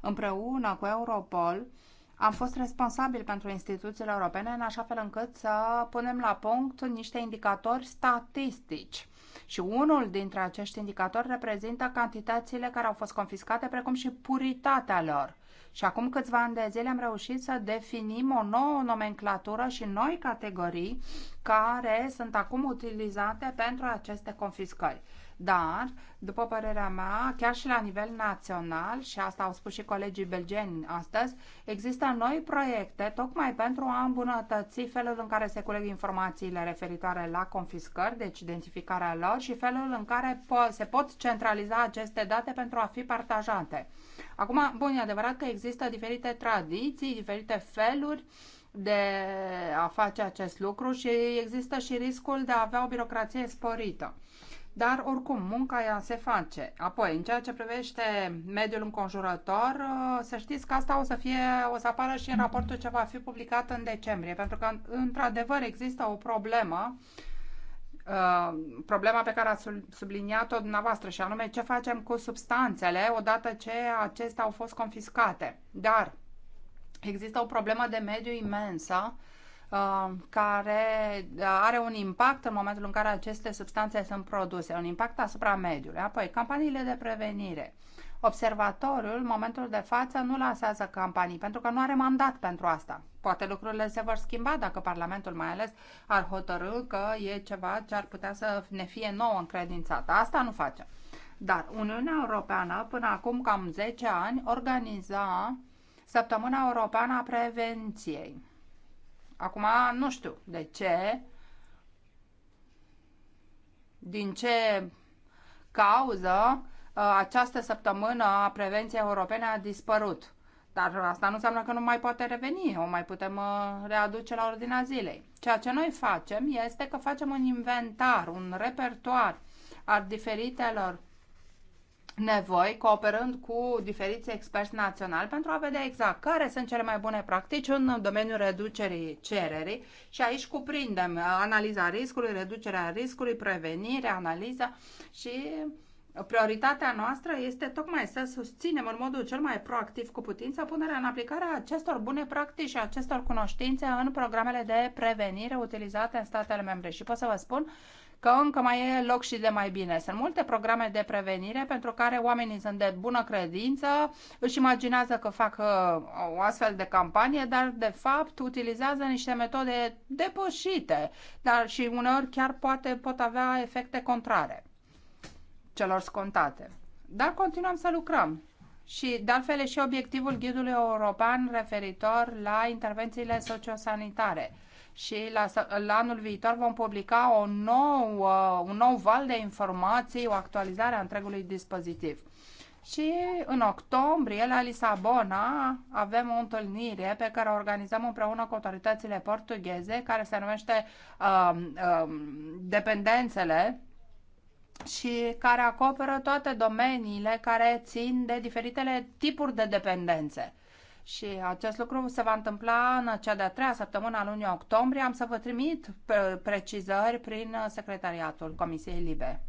Speaker 4: împreună cu Europol am fost responsabili pentru instituțiile europene în așa fel încât să punem la punct niște indicatori statistici și unul dintre acești indicatori reprezintă cantitățile care au fost confiscate, precum și puritatea lor. Și acum câțiva ani de zile am reușit să definim o nouă nomenclatură și noi categorii care sunt acum utilizate pentru aceste confiscări. Dar, după părerea mea, chiar și la nivel național, și asta au spus și colegii belgeni astăzi, există noi proiecte tocmai pentru a îmbunătăți felul în care se culeg informațiile referitoare la confiscări, deci identificarea lor și felul în care po- se pot centraliza aceste date pentru a fi partajate. Acum, bun, e adevărat că există diferite tradiții, diferite feluri de a face acest lucru și există și riscul de a avea o birocrație sporită dar oricum munca ea se face. Apoi, în ceea ce privește mediul înconjurător, uh, să știți că asta o să, fie, o să apară și în raportul ce va fi publicat în decembrie, pentru că într-adevăr există o problemă uh, problema pe care ați subliniat-o dumneavoastră și anume ce facem cu substanțele odată ce acestea au fost confiscate. Dar există o problemă de mediu imensă Um, care uh, are un impact în momentul în care aceste substanțe sunt produse, un impact asupra mediului. Apoi, campaniile de prevenire. Observatorul, în momentul de față, nu lansează campanii pentru că nu are mandat pentru asta. Poate lucrurile se vor schimba dacă Parlamentul mai ales ar hotărâ că e ceva ce ar putea să ne fie nouă încredințată. Asta nu facem. Dar Uniunea Europeană, până acum cam 10 ani, organiza Săptămâna Europeană a Prevenției Acum nu știu de ce, din ce cauză uh, această săptămână a prevenției europene a dispărut. Dar asta nu înseamnă că nu mai poate reveni, o mai putem uh, readuce la ordinea zilei. Ceea ce noi facem este că facem un inventar, un repertoar al diferitelor nevoi, cooperând cu diferiți experți naționali pentru a vedea exact care sunt cele mai bune practici în domeniul reducerii cererii și aici cuprindem analiza riscului, reducerea riscului, prevenire, analiza și prioritatea noastră este tocmai să susținem în modul cel mai proactiv cu putință punerea în aplicare a acestor bune practici și acestor cunoștințe în programele de prevenire utilizate în statele membre. Și pot să vă spun că încă mai e loc și de mai bine. Sunt multe programe de prevenire pentru care oamenii sunt de bună credință, își imaginează că fac uh, o astfel de campanie, dar de fapt utilizează niște metode depășite, dar și uneori chiar poate pot avea efecte contrare celor scontate. Dar continuăm să lucrăm. Și, de altfel, e și obiectivul ghidului european referitor la intervențiile sociosanitare și la, la anul viitor vom publica o nouă, un nou val de informații, o actualizare a întregului dispozitiv. Și în octombrie, la Lisabona, avem o întâlnire pe care o organizăm împreună cu autoritățile portugheze, care se numește uh, uh, Dependențele și care acoperă toate domeniile care țin de diferitele tipuri de dependențe. Și acest lucru se va întâmpla în cea de-a treia săptămână a lunii octombrie. Am să vă trimit precizări prin secretariatul Comisiei Libe.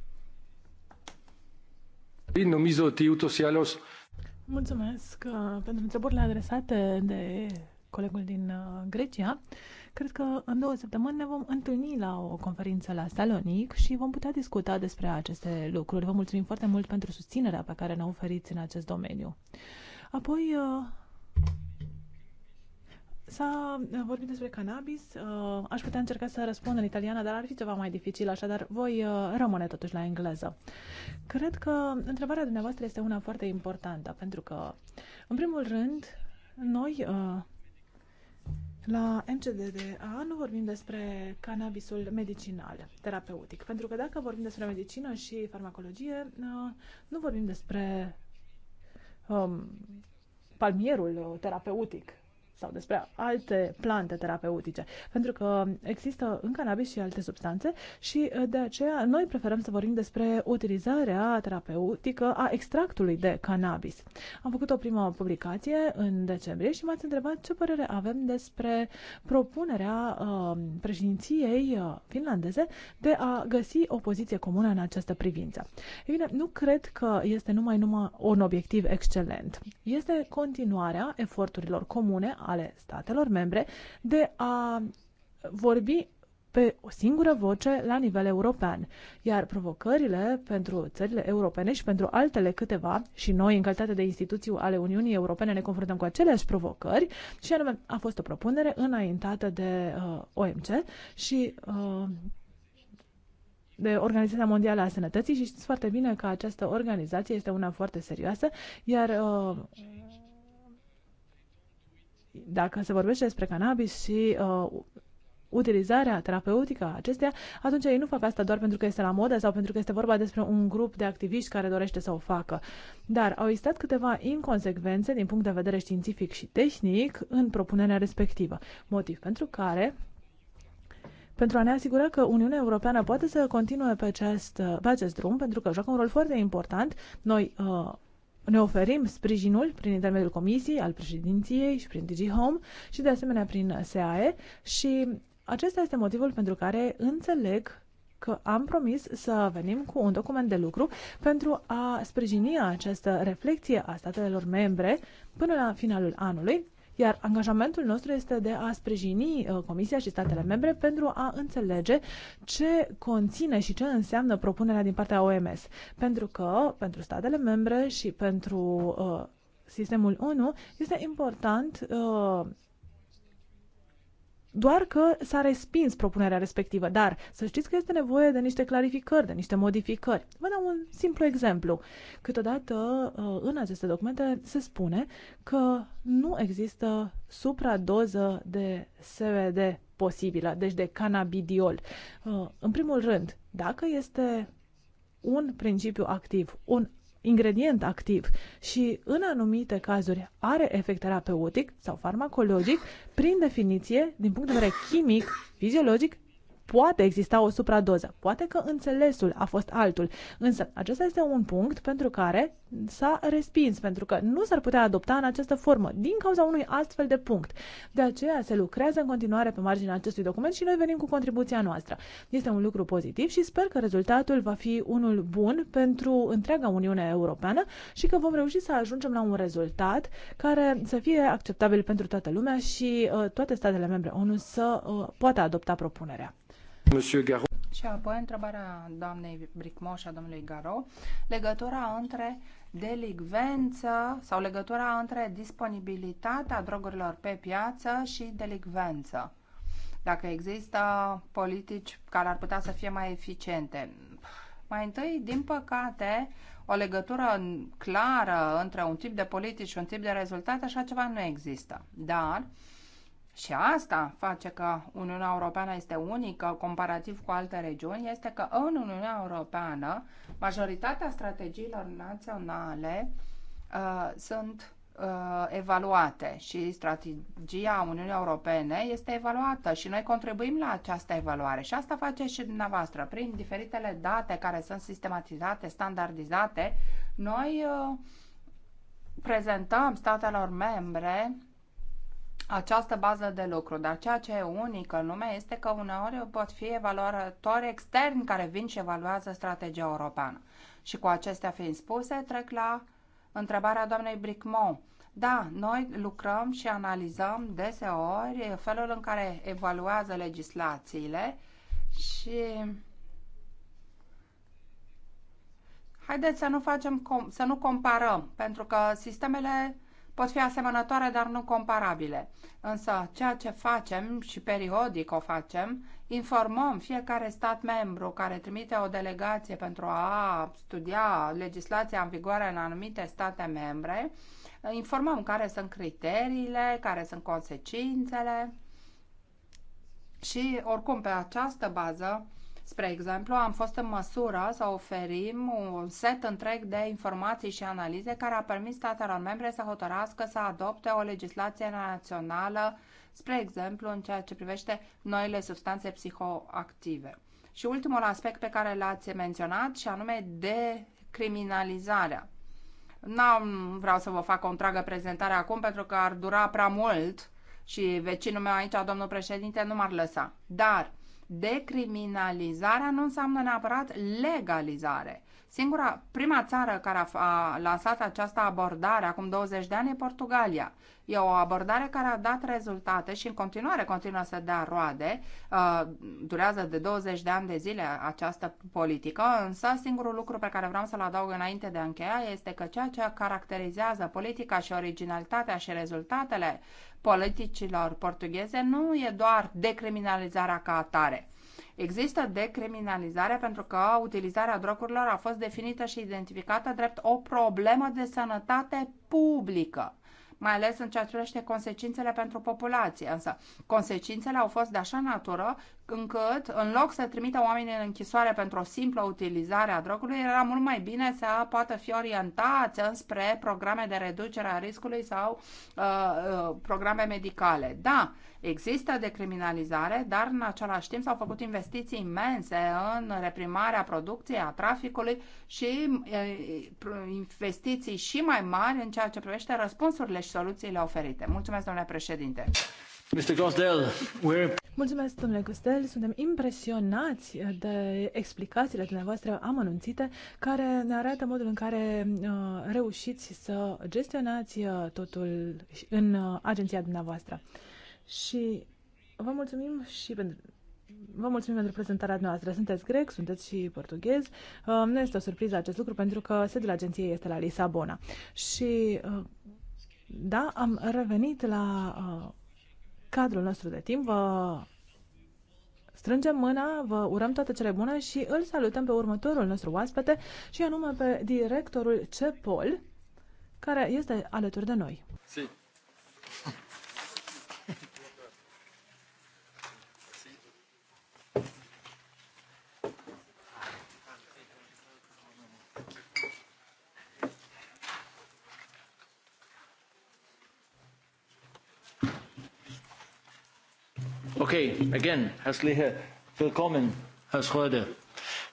Speaker 3: Mulțumesc uh, pentru întrebările adresate de colegul din uh, Grecia. Cred că în două săptămâni ne vom întâlni la o conferință la Salonic și vom putea discuta despre aceste lucruri. Vă mulțumim foarte mult pentru susținerea pe care ne a oferit în acest domeniu. Apoi, uh, S-a eh, vorbit despre cannabis. Eh, aș putea încerca să răspund în italiană, dar ar fi ceva mai dificil, așadar voi eh, rămâne totuși la engleză. Cred că întrebarea dumneavoastră este una foarte importantă, pentru că, în primul rând, noi la MCDDA nu vorbim despre cannabisul medicinal, terapeutic, pentru că dacă vorbim despre medicină și farmacologie, nu vorbim despre um, palmierul uh, terapeutic sau despre alte plante terapeutice, pentru că există în cannabis și alte substanțe și uh, de aceea noi preferăm să vorbim despre utilizarea terapeutică a extractului de cannabis. Am făcut o primă publicație în decembrie și m-ați întrebat ce părere avem despre propunerea uh, președinției uh, finlandeze de a găsi o poziție comună în această privință. Ei bine, nu cred că este numai numai un obiectiv excelent. Este continuarea eforturilor comune ale statelor membre de a vorbi pe o singură voce la nivel european. Iar provocările pentru țările europene și pentru altele câteva, și noi în calitate de instituții ale Uniunii Europene ne confruntăm cu aceleași provocări, și anume a fost o propunere înaintată de uh, OMC și uh, de Organizația Mondială a Sănătății și știți foarte bine că această organizație este una foarte serioasă, iar uh, dacă se vorbește despre cannabis și uh, utilizarea terapeutică a acesteia, atunci ei nu fac asta doar pentru că este la modă sau pentru că este vorba despre un grup de activiști care dorește să o facă. Dar au existat câteva inconsecvențe din punct de vedere științific și tehnic în propunerea respectivă, motiv pentru care pentru a ne asigura că Uniunea Europeană poate să continue pe acest, pe acest drum, pentru că joacă un rol foarte important. Noi uh, ne oferim sprijinul prin intermediul comisiei, al președinției și prin DigiHome și de asemenea prin SAE și acesta este motivul pentru care înțeleg că am promis să venim cu un document de lucru pentru a sprijini această reflecție a statelor membre până la finalul anului iar angajamentul nostru este de a sprijini uh, Comisia și statele membre pentru a înțelege ce conține și ce înseamnă propunerea din partea OMS. Pentru că pentru statele membre și pentru uh, sistemul 1 este important uh, doar că s-a respins propunerea respectivă, dar să știți că este nevoie de niște clarificări, de niște modificări. Vă dau un simplu exemplu. Câteodată uh, în aceste documente se spune că nu există supradoză de CBD posibilă, deci de cannabidiol. Uh, în primul rând, dacă este un principiu activ, un ingredient activ și în anumite cazuri are efect terapeutic sau farmacologic, prin definiție, din punct de vedere chimic, fiziologic, poate exista o supradoză. Poate că înțelesul a fost altul, însă acesta este un punct pentru care s-a respins, pentru că nu s-ar putea adopta în această formă, din cauza unui astfel de punct. De aceea se lucrează în continuare pe marginea acestui document și noi venim cu contribuția noastră. Este un lucru pozitiv și sper că rezultatul va fi unul bun pentru întreaga Uniune Europeană și că vom reuși să ajungem la un rezultat care să fie acceptabil pentru toată lumea și uh, toate statele membre ONU să uh, poată
Speaker 4: adopta propunerea. Și apoi întrebarea doamnei Bricmo și a domnului Garo, legătura între delicvență sau legătura între disponibilitatea drogurilor pe piață și delicvență. Dacă există politici care ar putea să fie mai eficiente. Mai întâi, din păcate, o legătură clară între un tip de politici și un tip de rezultat, așa ceva nu există. Dar și asta face că Uniunea Europeană este unică comparativ cu alte regiuni, este că în Uniunea Europeană majoritatea strategiilor naționale uh, sunt uh, evaluate și strategia Uniunii Europene este evaluată și noi contribuim la această evaluare și asta face și dumneavoastră prin diferitele date care sunt sistematizate, standardizate, noi uh, prezentăm statelor membre această bază de lucru, dar ceea ce e unic în lume este că uneori pot fi evaluatori externi care vin și evaluează strategia europeană. Și cu acestea fiind spuse, trec la întrebarea doamnei Bricmont. Da, noi lucrăm și analizăm deseori felul în care evaluează legislațiile și haideți să nu facem, să nu comparăm, pentru că sistemele pot fi asemănătoare, dar nu comparabile. Însă, ceea ce facem și periodic o facem, informăm fiecare stat membru care trimite o delegație pentru a studia legislația în vigoare în anumite state membre, informăm care sunt criteriile, care sunt consecințele și, oricum, pe această bază, Spre exemplu, am fost în măsură să oferim un set întreg de informații și analize care a permis statelor membre să hotărască să adopte o legislație națională, spre exemplu, în ceea ce privește noile substanțe psihoactive. Și ultimul aspect pe care l-ați menționat, și anume decriminalizarea. Nu vreau să vă fac o întreagă prezentare acum pentru că ar dura prea mult și vecinul meu aici, domnul președinte, nu m-ar lăsa. Dar decriminalizarea nu înseamnă neapărat legalizare. Singura, prima țară care a, a lansat această abordare acum 20 de ani e Portugalia E o abordare care a dat rezultate și în continuare continuă să dea roade. Uh, durează de 20 de ani de zile această politică, însă singurul lucru pe care vreau să-l adaug înainte de a încheia este că ceea ce caracterizează politica și originalitatea și rezultatele politicilor portugheze nu e doar decriminalizarea ca atare. Există decriminalizare pentru că utilizarea drogurilor a fost definită și identificată drept o problemă de sănătate publică mai ales în ceea ce privește consecințele pentru populație. Însă, consecințele au fost de așa natură încât, în loc să trimită oamenii în închisoare pentru o simplă utilizare a drogului, era mult mai bine să poată fi orientați înspre programe de reducere a riscului sau uh, uh, programe medicale. Da, există decriminalizare, dar în același timp s-au făcut investiții imense în reprimarea producției, a traficului și uh, investiții și mai mari în ceea ce privește răspunsurile și soluțiile oferite. Mulțumesc, domnule președinte!
Speaker 2: Mr. Gosdell, we're...
Speaker 4: Mulțumesc, domnule
Speaker 3: Gosdell. Suntem impresionați de explicațiile dumneavoastră amănunțite care ne arată modul în care uh, reușiți să gestionați uh, totul în uh, agenția dumneavoastră. Și vă mulțumim și pentru Vă mulțumim pentru prezentarea noastră. Sunteți grec, sunteți și portughez. Uh, nu este o surpriză acest lucru pentru că sediul agenției este la Lisabona. Și uh, da, am revenit la cadrul nostru de timp. Vă strângem mâna, vă urăm toate cele bune și îl salutăm pe următorul nostru oaspete și anume pe directorul CEPOL, care este alături de noi.
Speaker 2: Si. Okay, again, herzliche Willkommen, Herr Schröder.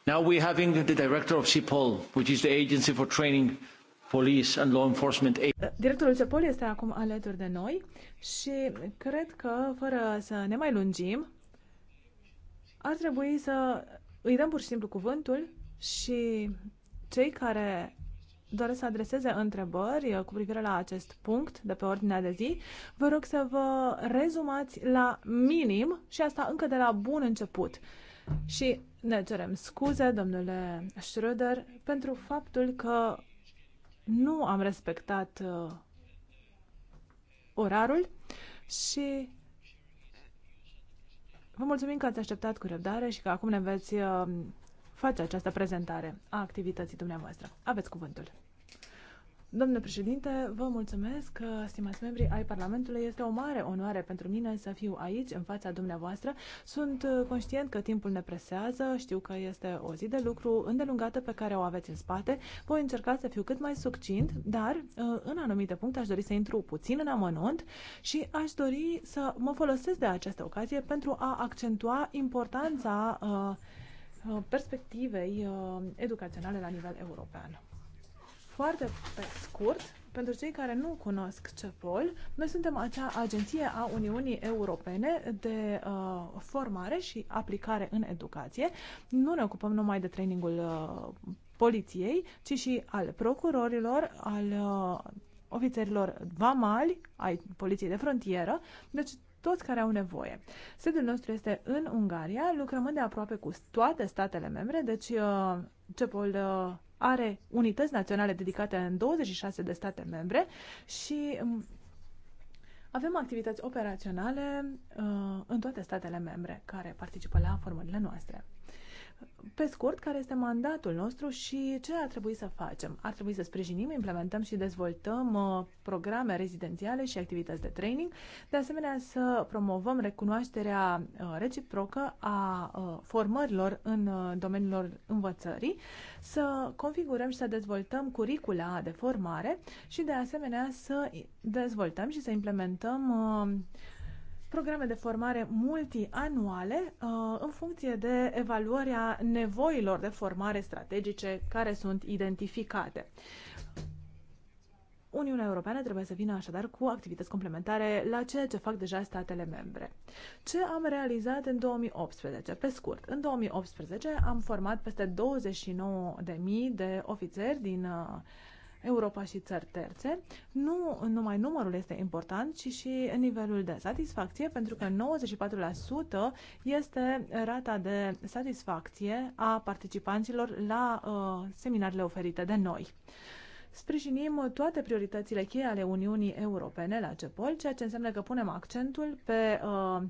Speaker 2: Now we're having the director of CIPOL, which is the agency for training police and law enforcement.
Speaker 3: Directorul CIPOL este acum alături de noi și cred că, fără să ne mai lungim, ar trebui să îi dăm pur și simplu cuvântul și cei care doresc să adreseze întrebări uh, cu privire la acest punct de pe ordinea de zi, vă rog să vă rezumați la minim și asta încă de la bun început. Și ne cerem scuze, domnule Schröder, pentru faptul că nu am respectat uh, orarul și vă mulțumim că ați așteptat cu răbdare și că acum ne veți uh, face această prezentare a activității dumneavoastră. Aveți cuvântul. Domnule președinte, vă mulțumesc, stimați membri ai Parlamentului. Este o mare onoare pentru mine să fiu aici, în fața dumneavoastră. Sunt uh, conștient că timpul ne presează, știu că este o zi de lucru îndelungată pe care o aveți în spate. Voi încerca să fiu cât mai succint, dar uh, în anumite puncte aș dori să intru puțin în amănunt și aș dori să mă folosesc de această ocazie pentru a accentua importanța uh, Uh, perspectivei uh, educaționale la nivel european. Foarte pe scurt, pentru cei care nu cunosc CEPOL, noi suntem acea agenție a Uniunii Europene de uh, formare și aplicare în educație. Nu ne ocupăm numai de trainingul uh, poliției, ci și al procurorilor, al uh, ofițerilor vamali, ai poliției de frontieră. Deci toți care au nevoie. Sediul nostru este în Ungaria, lucrăm de aproape cu toate statele membre, deci uh, CEPOL uh, are unități naționale dedicate în 26 de state membre și um, avem activități operaționale uh, în toate statele membre care participă la formările noastre. Pe scurt, care este mandatul nostru și ce ar trebui să facem? Ar trebui să sprijinim, implementăm și dezvoltăm uh, programe rezidențiale și activități de training, de asemenea să promovăm recunoașterea uh, reciprocă a uh, formărilor în domeniul învățării, să configurăm și să dezvoltăm curicula de formare și de asemenea să dezvoltăm și să implementăm programe de formare multianuale uh, în funcție de evaluarea nevoilor de formare strategice care sunt identificate. Uniunea Europeană trebuie să vină așadar cu activități complementare la ceea ce fac deja statele membre. Ce am realizat în 2018? Pe scurt, în 2018 am format peste 29.000 de ofițeri din uh, Europa și țări terțe, nu numai numărul este important, ci și nivelul de satisfacție, pentru că 94% este rata de satisfacție a participanților la uh, seminarele oferite de noi. Sprijinim toate prioritățile cheie ale Uniunii Europene la CEPOL, ceea ce înseamnă că punem accentul pe uh,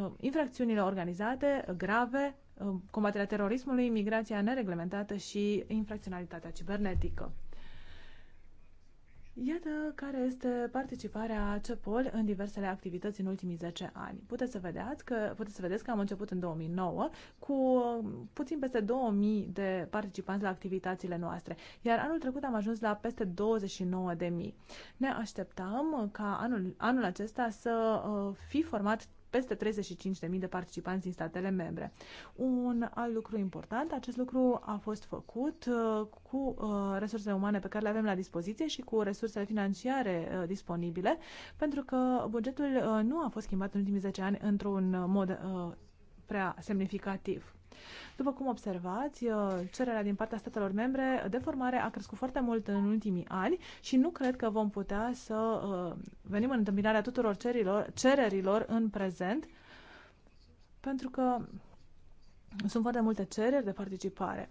Speaker 3: uh infracțiunile organizate grave, uh, combaterea terorismului, migrația nereglementată și infracționalitatea cibernetică. Iată care este participarea CEPOL în diversele activități în ultimii 10 ani. Puteți să, vedeați că, puteți să vedeți că am început în 2009 cu puțin peste 2000 de participanți la activitățile noastre, iar anul trecut am ajuns la peste 29.000. Ne așteptam ca anul, anul acesta să uh, fi format peste 35.000 de participanți din statele membre. Un alt lucru important, acest lucru a fost făcut uh, cu uh, resursele umane pe care le avem la dispoziție și cu resursele financiare uh, disponibile, pentru că bugetul nu a fost schimbat în ultimii 10 ani într-un mod prea semnificativ. După cum observați, uh, cererea din partea statelor membre de formare a crescut foarte mult în ultimii ani și nu cred că vom putea să uh, venim în întâmpinarea tuturor cerilor, cererilor în prezent, pentru că sunt foarte multe cereri de participare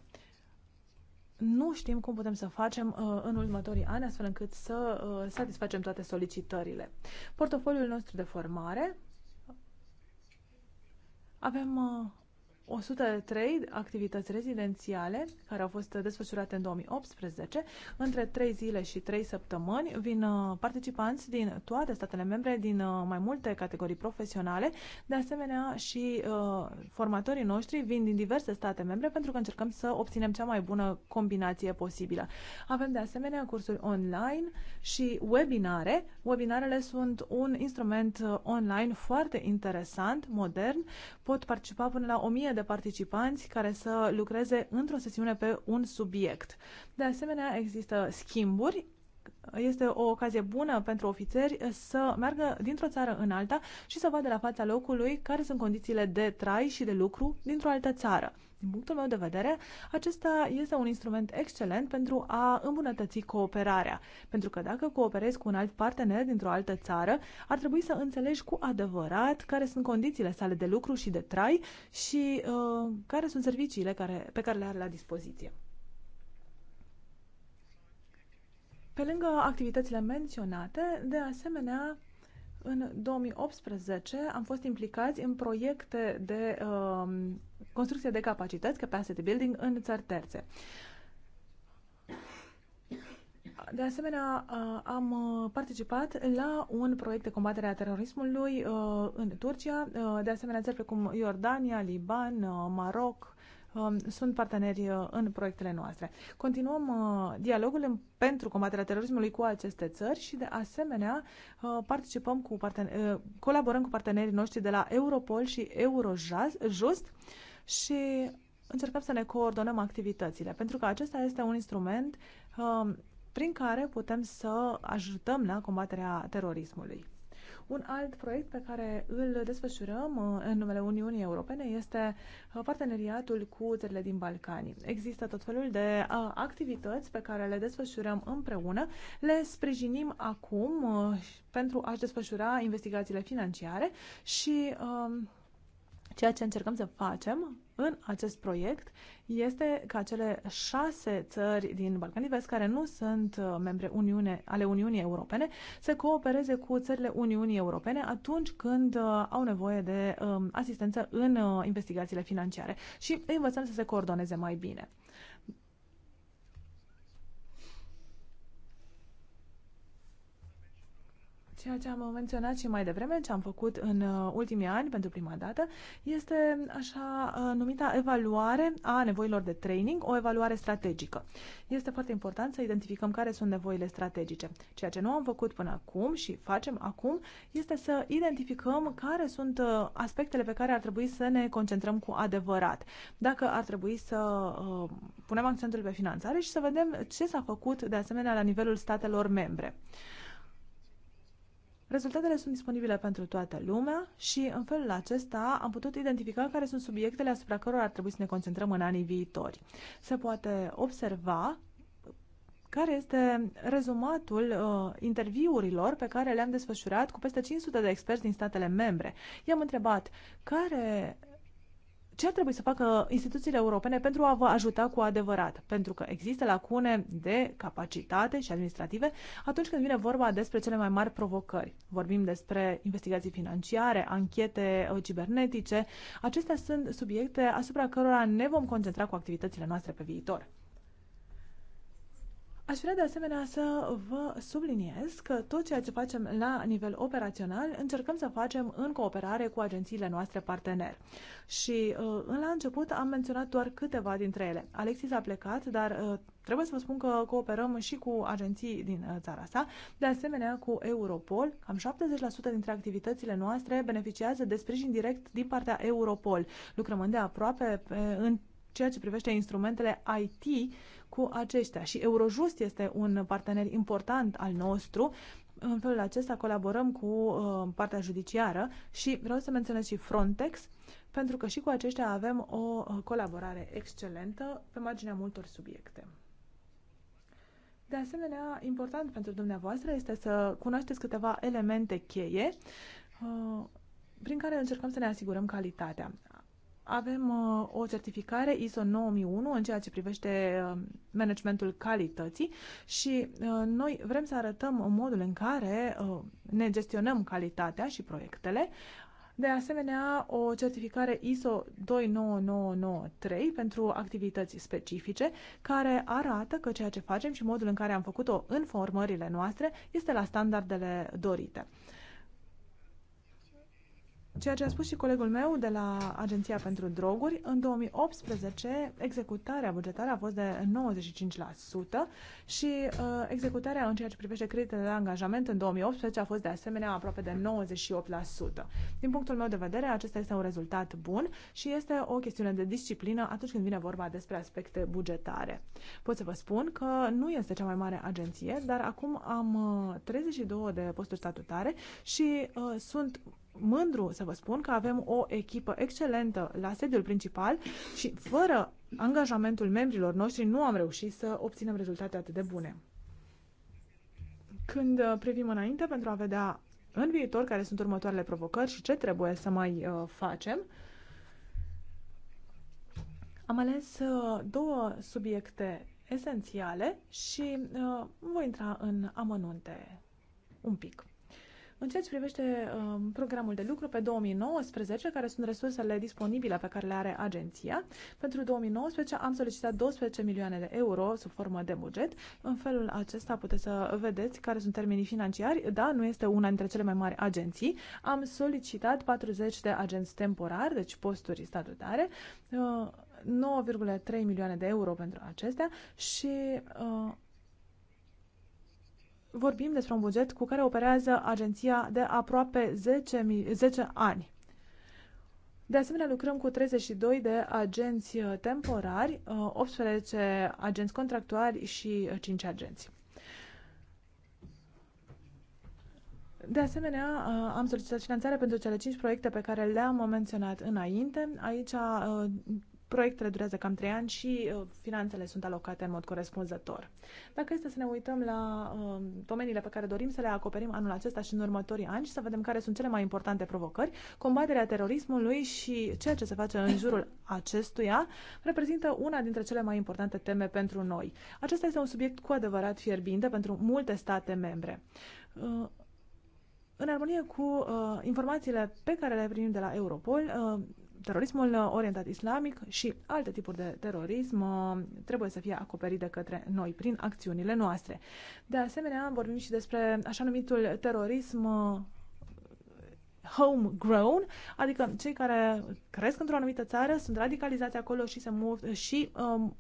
Speaker 3: nu știm cum putem să facem uh, în următorii ani, astfel încât să uh, satisfacem toate solicitările. Portofoliul nostru de formare avem uh, 103 activități rezidențiale care au fost desfășurate în 2018. Între 3 zile și 3 săptămâni vin uh, participanți din toate statele membre, din uh, mai multe categorii profesionale. De asemenea, și uh, formatorii noștri vin din diverse state membre pentru că încercăm să obținem cea mai bună combinație posibilă. Avem de asemenea cursuri online și webinare. Webinarele sunt un instrument uh, online foarte interesant, modern. Pot participa până la 1000 de de participanți care să lucreze într-o sesiune pe un subiect. De asemenea, există schimburi este o ocazie bună pentru ofițeri să meargă dintr-o țară în alta și să vadă la fața locului care sunt condițiile de trai și de lucru dintr-o altă țară. Din punctul meu de vedere, acesta este un instrument excelent pentru a îmbunătăți cooperarea. Pentru că dacă cooperezi cu un alt partener dintr-o altă țară, ar trebui să înțelegi cu adevărat care sunt condițiile sale de lucru și de trai și uh, care sunt serviciile care, pe care le are la dispoziție. Pe lângă activitățile menționate, de asemenea, în 2018 am fost implicați în proiecte de uh, construcție de capacități, capacity building, în țări terțe. De asemenea, uh, am uh, participat la un proiect de combatere a terorismului uh, în Turcia, de asemenea țări precum Iordania, Liban, Maroc, Um, sunt parteneri uh, în proiectele noastre. Continuăm uh, dialogul pentru combaterea terorismului cu aceste țări și, de asemenea, uh, participăm cu colaborăm cu partenerii noștri de la Europol și Eurojust și încercăm să ne coordonăm activitățile, pentru că acesta este un instrument um, prin care putem să ajutăm la combaterea terorismului. Un alt proiect pe care îl desfășurăm uh, în numele Uniunii Europene este uh, parteneriatul cu țările din Balcani. Există tot felul de uh, activități pe care le desfășurăm împreună. Le sprijinim acum pentru a-și desfășura investigațiile financiare și um, ceea ce încercăm să facem în acest proiect este că cele șase țări din Balcanii Vest care nu sunt uh, membre Uniune, ale Uniunii Europene să coopereze cu țările Uniunii Europene atunci când uh, au nevoie de um, asistență în uh, investigațiile financiare și îi învățăm să se coordoneze mai bine. Ceea ce am menționat și mai devreme, ce am făcut în uh, ultimii ani pentru prima dată, este așa uh, numita evaluare a nevoilor de training, o evaluare strategică. Este foarte important să identificăm care sunt nevoile strategice. Ceea ce nu am făcut până acum și facem acum este să identificăm care sunt uh, aspectele pe care ar trebui să ne concentrăm cu adevărat. Dacă ar trebui să punem accentul pe finanțare și să vedem ce s-a făcut de asemenea la nivelul statelor membre. Rezultatele sunt disponibile pentru toată lumea și în felul acesta am putut identifica care sunt subiectele asupra cărora ar trebui să ne concentrăm în anii viitori. Se poate observa care este rezumatul uh, interviurilor pe care le-am desfășurat cu peste 500 de experți din statele membre. I-am întrebat care ce ar trebui să facă instituțiile europene pentru a vă ajuta cu adevărat? Pentru că există lacune de capacitate și administrative atunci când vine vorba despre cele mai mari provocări. Vorbim despre investigații financiare, anchete uh, cibernetice. Acestea sunt subiecte asupra cărora ne vom concentra cu activitățile noastre pe viitor. Aș vrea de asemenea să vă subliniez că tot ceea ce facem la nivel operațional încercăm să facem în cooperare cu agențiile noastre partener. Și uh, la început am menționat doar câteva dintre ele. Alexis a plecat, dar uh, trebuie să vă spun că cooperăm și cu agenții din uh, țara sa, de asemenea cu Europol. Cam 70% dintre activitățile noastre beneficiază de sprijin direct din partea Europol. Lucrăm îndeaproape în ceea ce privește instrumentele IT cu aceștia. Și Eurojust este un partener important al nostru. În felul acesta colaborăm cu uh, partea judiciară și vreau să menționez și Frontex, pentru că și cu aceștia avem o uh, colaborare excelentă pe marginea multor subiecte. De asemenea, important pentru dumneavoastră este să cunoașteți câteva elemente cheie uh, prin care încercăm să ne asigurăm calitatea avem uh, o certificare ISO 9001 în ceea ce privește uh, managementul calității și uh, noi vrem să arătăm modul în care uh, ne gestionăm calitatea și proiectele. De asemenea, o certificare ISO 29993 pentru activități specifice, care arată că ceea ce facem și modul în care am făcut-o în formările noastre este la standardele dorite. Uh, ceea ce a spus și colegul meu de la Agenția pentru Droguri, în 2018 executarea bugetară a fost de 95% și uh, executarea în ceea ce privește creditele de angajament în 2018 a fost de asemenea aproape de 98%. Din punctul meu de vedere, acesta este un rezultat bun și este o chestiune de disciplină atunci când vine vorba despre aspecte bugetare. Pot să vă spun că nu este cea mai mare agenție, dar acum am 32 uh, de posturi statutare și uh, sunt mândru să vă spun că avem o echipă excelentă la sediul principal și fără angajamentul membrilor noștri nu am reușit să obținem rezultate atât de bune. Când uh, privim înainte pentru a vedea în viitor care sunt următoarele provocări și ce trebuie să mai uh, facem, am ales uh, două subiecte esențiale și uh, voi intra în amănunte un pic. În ceea ce privește um, programul de lucru pe 2019, care sunt resursele disponibile pe care le are agenția, pentru 2019 am solicitat 12 milioane de euro sub formă de buget. În felul acesta puteți să vedeți care sunt termenii financiari. Da, nu este una dintre cele mai mari agenții. Am solicitat 40 de agenți temporari, deci posturi statutare. Uh, 9,3 milioane de euro pentru acestea și uh, vorbim despre un buget cu care operează agenția de aproape 10, 10 ani. De asemenea, lucrăm cu 32 de agenți uh, temporari, 18 uh, agenți contractuari și 5 uh, agenți. De asemenea, am solicitat finanțare pentru cele 5 proiecte pe care le-am menționat înainte. Aici proiectele durează cam 3 ani și uh, finanțele sunt alocate în mod corespunzător. Dacă este să ne uităm la um, domeniile pe care dorim să le acoperim anul acesta și în următorii ani și să vedem care sunt cele mai importante provocări, combaterea terorismului și ceea ce se face în jurul acestuia reprezintă una dintre cele mai importante teme pentru noi. Acesta este un subiect cu adevărat fierbinte pentru multe state membre uh, în armonie cu uh, informațiile pe care le primim de la Europol, uh, terorismul uh, orientat islamic și alte tipuri de terorism uh, trebuie să fie acoperit de către noi prin acțiunile noastre. De asemenea, vorbim și despre așa numitul terorism uh, homegrown, adică cei care cresc într-o anumită țară, sunt radicalizați acolo și se mut și um,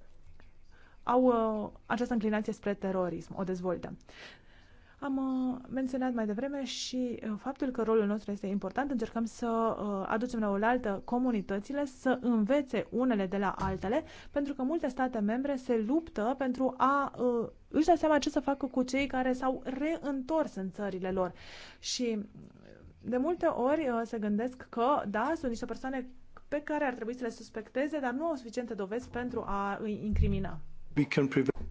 Speaker 3: au uh, această înclinație spre terorism, o dezvoltă. Am uh, menționat mai devreme și uh, faptul că rolul nostru este important. Încercăm să uh, aducem la oaltă comunitățile, să învețe unele de la altele, pentru că multe state membre se luptă pentru a își da seama ce să facă cu cei care s-au reîntors în țările lor. Și de multe ori se gândesc că, da, sunt niște persoane pe care ar trebui
Speaker 4: să le suspecteze, dar nu au suficiente dovezi pentru a îi incrimina.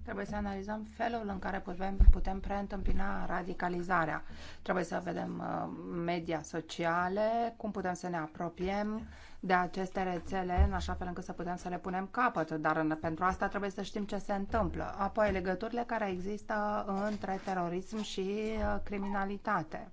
Speaker 4: Trebuie să analizăm felul în care putem, putem preîntâmpina radicalizarea. Trebuie să vedem uh, media sociale, cum putem să ne apropiem de aceste rețele, în așa fel încât să putem să le punem capăt, dar în, pentru asta trebuie să știm ce se întâmplă. Apoi, legăturile care există între terorism și uh, criminalitate.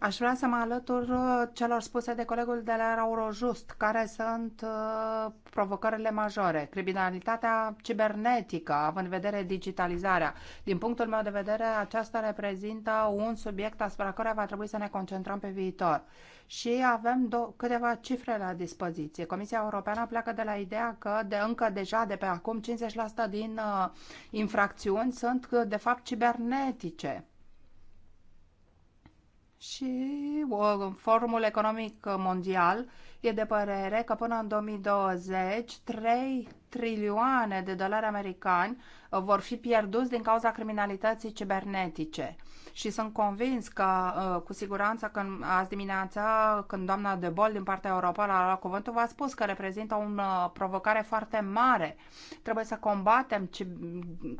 Speaker 4: Aș vrea să mă alătur uh, celor spuse de colegul de la Eurojust, care sunt uh, provocările majore. Criminalitatea cibernetică, având în vedere digitalizarea. Din punctul meu de vedere, aceasta reprezintă un subiect asupra care va trebui să ne concentrăm pe viitor. Și avem câteva cifre la dispoziție. Comisia Europeană pleacă de la ideea că de încă deja de pe acum 50% din uh, infracțiuni sunt uh, de fapt cibernetice și uh, Forumul Economic Mondial e de părere că până în 2020 3 trilioane de dolari americani uh, vor fi pierduți din cauza criminalității cibernetice și sunt convins că uh, cu siguranță când azi dimineața, când doamna de bol din partea europeană a luat cuvântul, v-a spus că reprezintă o uh, provocare foarte mare. Trebuie să combatem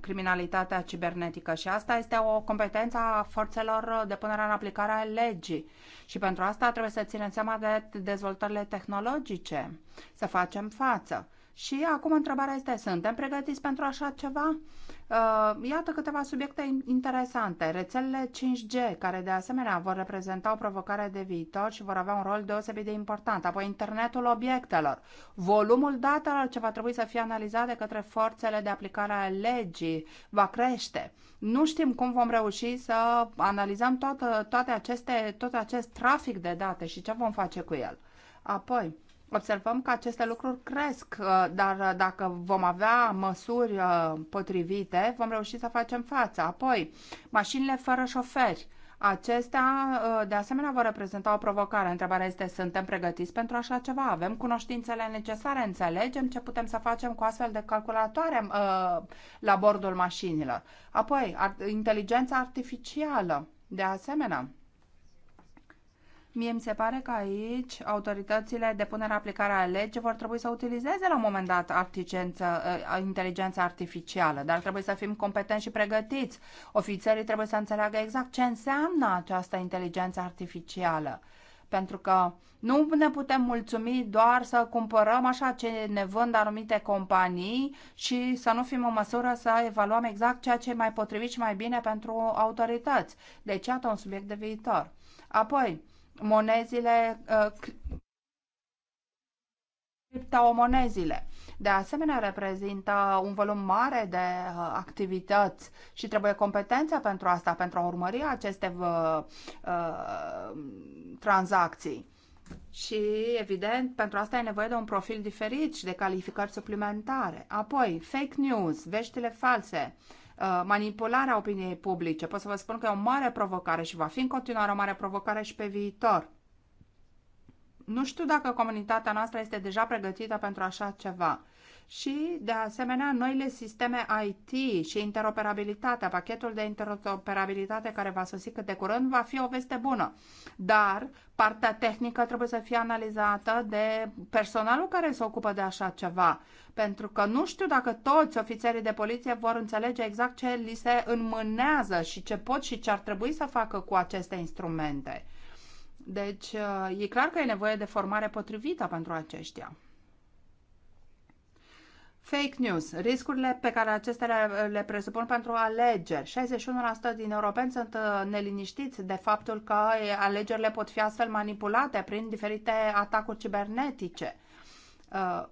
Speaker 4: criminalitatea cibernetică și asta este o competență a forțelor uh, de punere în aplicare a legii. Și pentru asta trebuie să ținem seama de dezvoltările tehnologice, să facem față. Și acum întrebarea este, suntem pregătiți pentru așa ceva? Uh, iată câteva subiecte interesante. Rețelele 5G, care de asemenea vor reprezenta o provocare de viitor și vor avea un rol deosebit de important. Apoi internetul obiectelor. Volumul datelor ce va trebui să fie analizat de către forțele de aplicare a legii va crește. Nu știm cum vom reuși să analizăm tot, toate aceste, tot acest trafic de date și ce vom face cu el. Apoi, observăm că aceste lucruri cresc, uh, dar uh, dacă vom avea măsuri uh, potrivite, vom reuși să facem față. Apoi, mașinile fără șoferi. Acestea, de asemenea, vor reprezenta o provocare. Întrebarea este, suntem pregătiți pentru așa ceva? Avem cunoștințele necesare? Înțelegem ce putem să facem cu astfel de calculatoare la bordul mașinilor? Apoi, inteligența artificială, de asemenea. Mie mi se pare că aici autoritățile de punere aplicare a legii vor trebui să utilizeze la un moment dat eh, inteligența artificială, dar trebuie să fim competenți și pregătiți. Ofițerii trebuie să înțeleagă exact ce înseamnă această inteligență artificială. Pentru că nu ne putem mulțumi doar să cumpărăm așa ce ne vând anumite companii și să nu fim în măsură să evaluăm exact ceea ce e mai potrivit și mai bine pentru autorități. Deci, iată un subiect de viitor. Apoi, monezile, uh, criptomonezile. De asemenea, reprezintă un volum mare de uh, activități și trebuie competență pentru asta, pentru a urmări aceste uh, tranzacții. Și, evident, pentru asta e nevoie de un profil diferit și de calificări suplimentare. Apoi, fake news, veștile false. Uh, Uh, manipularea opiniei publice. Pot să vă spun că e o mare provocare și va fi în continuare o mare provocare și pe viitor. Nu știu dacă comunitatea noastră este deja pregătită pentru așa ceva și, de asemenea, noile sisteme IT și interoperabilitatea, pachetul de interoperabilitate care va sosi cât de curând, va fi o veste bună. Dar partea tehnică trebuie să fie analizată de personalul care se ocupă de așa ceva, pentru că nu știu dacă toți ofițerii de poliție vor înțelege exact ce li se înmânează și ce pot și ce ar trebui să facă cu aceste instrumente. Deci, e clar că e nevoie de formare potrivită pentru aceștia. Fake news, riscurile pe care acestea le, le presupun pentru alegeri. 61% din europeni sunt uh, neliniștiți de faptul că alegerile pot fi astfel manipulate prin diferite atacuri cibernetice. Uh,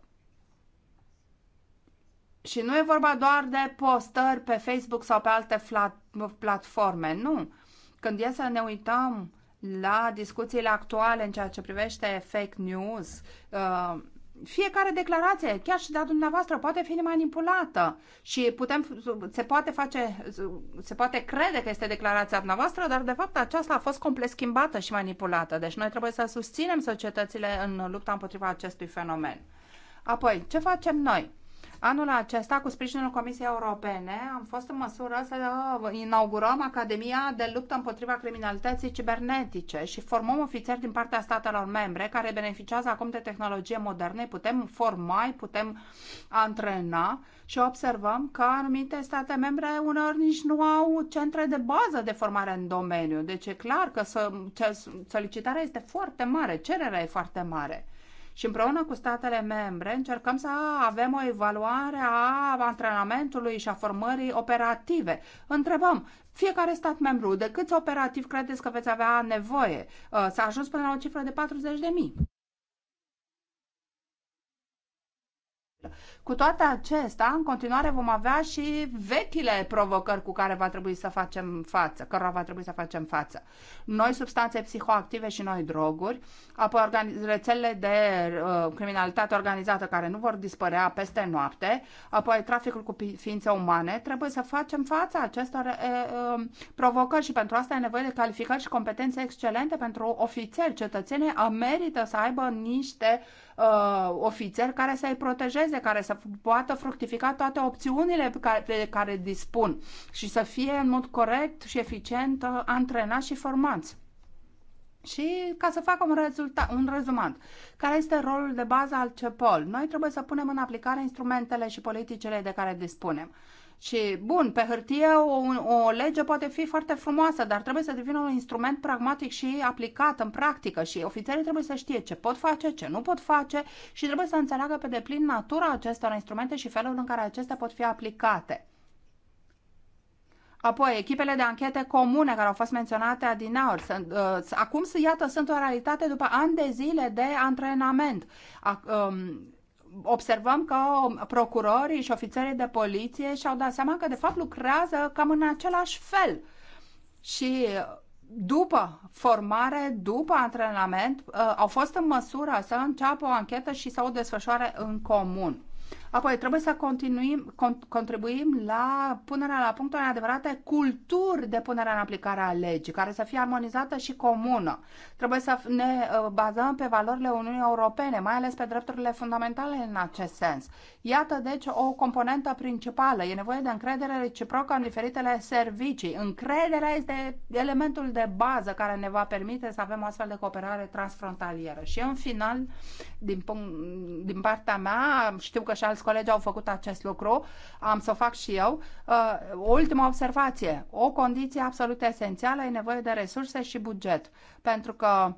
Speaker 4: și nu e vorba doar de postări pe Facebook sau pe alte platforme, nu. Când e să ne uităm la discuțiile actuale în ceea ce privește fake news, uh, fiecare declarație, chiar și de a dumneavoastră, poate fi manipulată și putem, se, poate face, se poate crede că este declarația dumneavoastră, dar de fapt aceasta a fost complet schimbată și manipulată. Deci noi trebuie să susținem societățile în lupta împotriva acestui fenomen. Apoi, ce facem noi? Anul acesta, cu sprijinul Comisiei Europene, am fost în măsură să inaugurăm Academia de luptă împotriva criminalității cibernetice și formăm ofițeri din partea statelor membre care beneficiază acum de tehnologie moderne. Putem forma, putem antrena și observăm că anumite state membre uneori nici nu au centre de bază de formare în domeniu. Deci e clar că solicitarea este foarte mare, cererea e foarte mare și împreună cu statele membre încercăm să avem o evaluare a antrenamentului și a formării operative. Întrebăm fiecare stat membru de câți operativ credeți că veți avea nevoie. Uh, S-a ajuns până la o cifră de 40 de mii. Cu toate acestea, în continuare vom avea și vechile provocări cu care va trebui să facem față, cărora va trebui să facem față. Noi substanțe psihoactive și noi droguri, apoi rețelele de uh, criminalitate organizată care nu vor dispărea peste noapte, apoi traficul cu ființe umane, trebuie să facem față acestor uh, provocări și pentru asta e nevoie de calificări și competențe excelente pentru ofițeri. Cetățenii merită să aibă niște uh, uh, ofițeri care să-i protejeze, care să poată fructifica toate opțiunile pe care, de care dispun și să fie în mod corect și eficient uh, antrenați și formați. Și ca să facă un, rezultat, un rezumat, care este rolul de bază al CEPOL? Noi trebuie să punem în aplicare instrumentele și politicile de care dispunem. Și, bun, pe hârtie o, o lege poate fi foarte frumoasă, dar trebuie să devină un instrument pragmatic și aplicat în practică și ofițerii trebuie să știe ce pot face, ce nu pot face și trebuie să înțeleagă pe deplin natura acestor instrumente și felul în care acestea pot fi aplicate. Apoi, echipele de anchete comune care au fost menționate adinaori. Sunt, uh, acum, iată, sunt o realitate după ani de zile de antrenament. A, um, observăm că procurorii și ofițerii de poliție și-au dat seama că de fapt lucrează cam în același fel. Și după formare, după antrenament, uh, au fost în măsură să înceapă o anchetă și să o desfășoare în comun. Apoi trebuie să continuim, contribuim la punerea la punct în adevărate culturi de punere în aplicare a legii, care să fie armonizată și comună. Trebuie să ne uh, bazăm pe valorile Uniunii Europene, mai ales pe drepturile fundamentale în acest sens. Iată, deci, o componentă principală. E nevoie de încredere reciprocă în diferitele servicii. Încrederea este elementul de bază care ne va permite să avem o astfel de cooperare transfrontalieră. Și, în final, din, punct, din partea mea, știu că și alți colegi au făcut acest lucru, am să o fac și eu. O uh, ultimă observație. O condiție absolut esențială e nevoie de resurse și buget, pentru că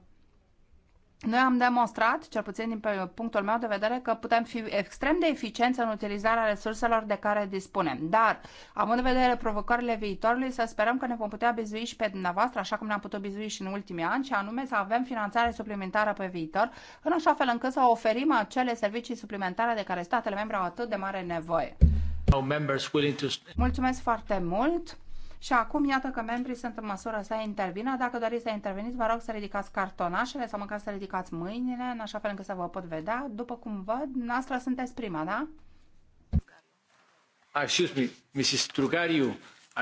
Speaker 4: noi am demonstrat, cel puțin din punctul meu de vedere, că putem fi extrem de eficienți în utilizarea resurselor de care dispunem. Dar, având în vedere provocările viitorului, să sperăm că ne vom putea bizui și pe dumneavoastră, așa cum ne-am putut bizui și în ultimii ani, și anume să avem finanțare suplimentară pe viitor, în așa fel încât să oferim acele servicii suplimentare de care statele membre au atât de mare nevoie. Mulțumesc foarte mult! Și acum iată că membrii sunt în măsură să intervină. Dacă doriți să interveniți, vă rog să ridicați cartonașele sau măcar să ridicați mâinile, în așa fel încât să vă pot vedea. După cum văd, noastră sunteți prima, da?
Speaker 2: Ah, excuse me, Mrs. Strugariu.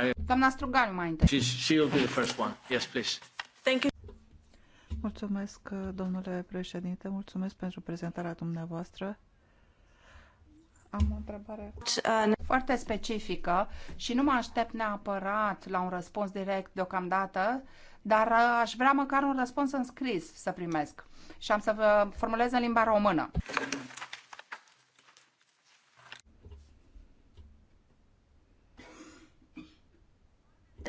Speaker 2: I...
Speaker 4: Doamna Strugariu mai
Speaker 2: întâi. she will be the first one. Yes, please.
Speaker 4: Thank you.
Speaker 1: Mulțumesc, domnule președinte, mulțumesc pentru prezentarea dumneavoastră.
Speaker 4: Am o întrebare foarte specifică și nu mă aștept neapărat la un răspuns direct deocamdată, dar uh, aș vrea măcar un răspuns în scris să primesc și am să vă formulez în limba română.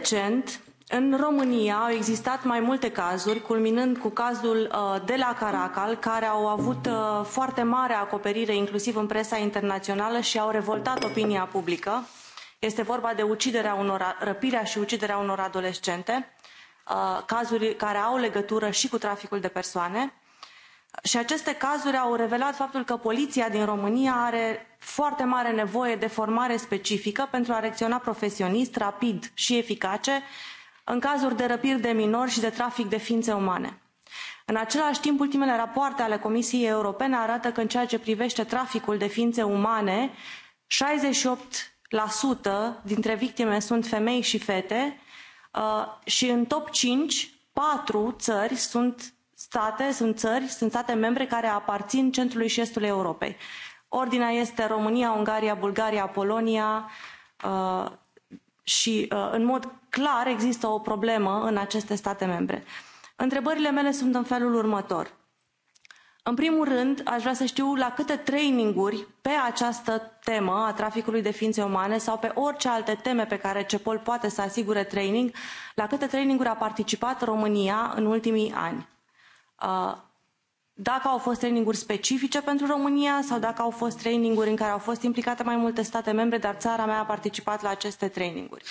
Speaker 5: Cent în România au existat mai multe cazuri, culminând cu cazul uh, de la Caracal, care au avut uh, foarte mare acoperire inclusiv în presa internațională și au revoltat opinia publică. Este vorba de uciderea unor, răpirea și uciderea unor adolescente, uh, cazuri care au legătură și cu traficul de persoane. Și aceste cazuri au revelat faptul că poliția din România are foarte mare nevoie de formare specifică pentru a reacționa profesionist, rapid și eficace în cazuri de răpiri de minori și de trafic de ființe umane. În același timp, ultimele rapoarte ale Comisiei Europene arată că în ceea ce privește traficul de ființe umane, 68% dintre victime sunt femei și fete uh, și în top 5, patru țări sunt state, sunt țări, sunt state membre care aparțin centrului și estului Europei. Ordinea este România, Ungaria, Bulgaria, Polonia uh, și uh, în mod clar există o problemă în aceste state membre. Întrebările mele sunt în felul următor. În primul rând, aș vrea să știu la câte traininguri pe această temă a traficului de ființe umane sau pe orice alte teme pe care CEPOL poate să asigure training, la câte traininguri a participat România în ultimii ani. Uh, dacă au fost traininguri specifice pentru România sau dacă au fost traininguri în care au fost implicate mai multe state membre, dar țara mea a participat la aceste traininguri.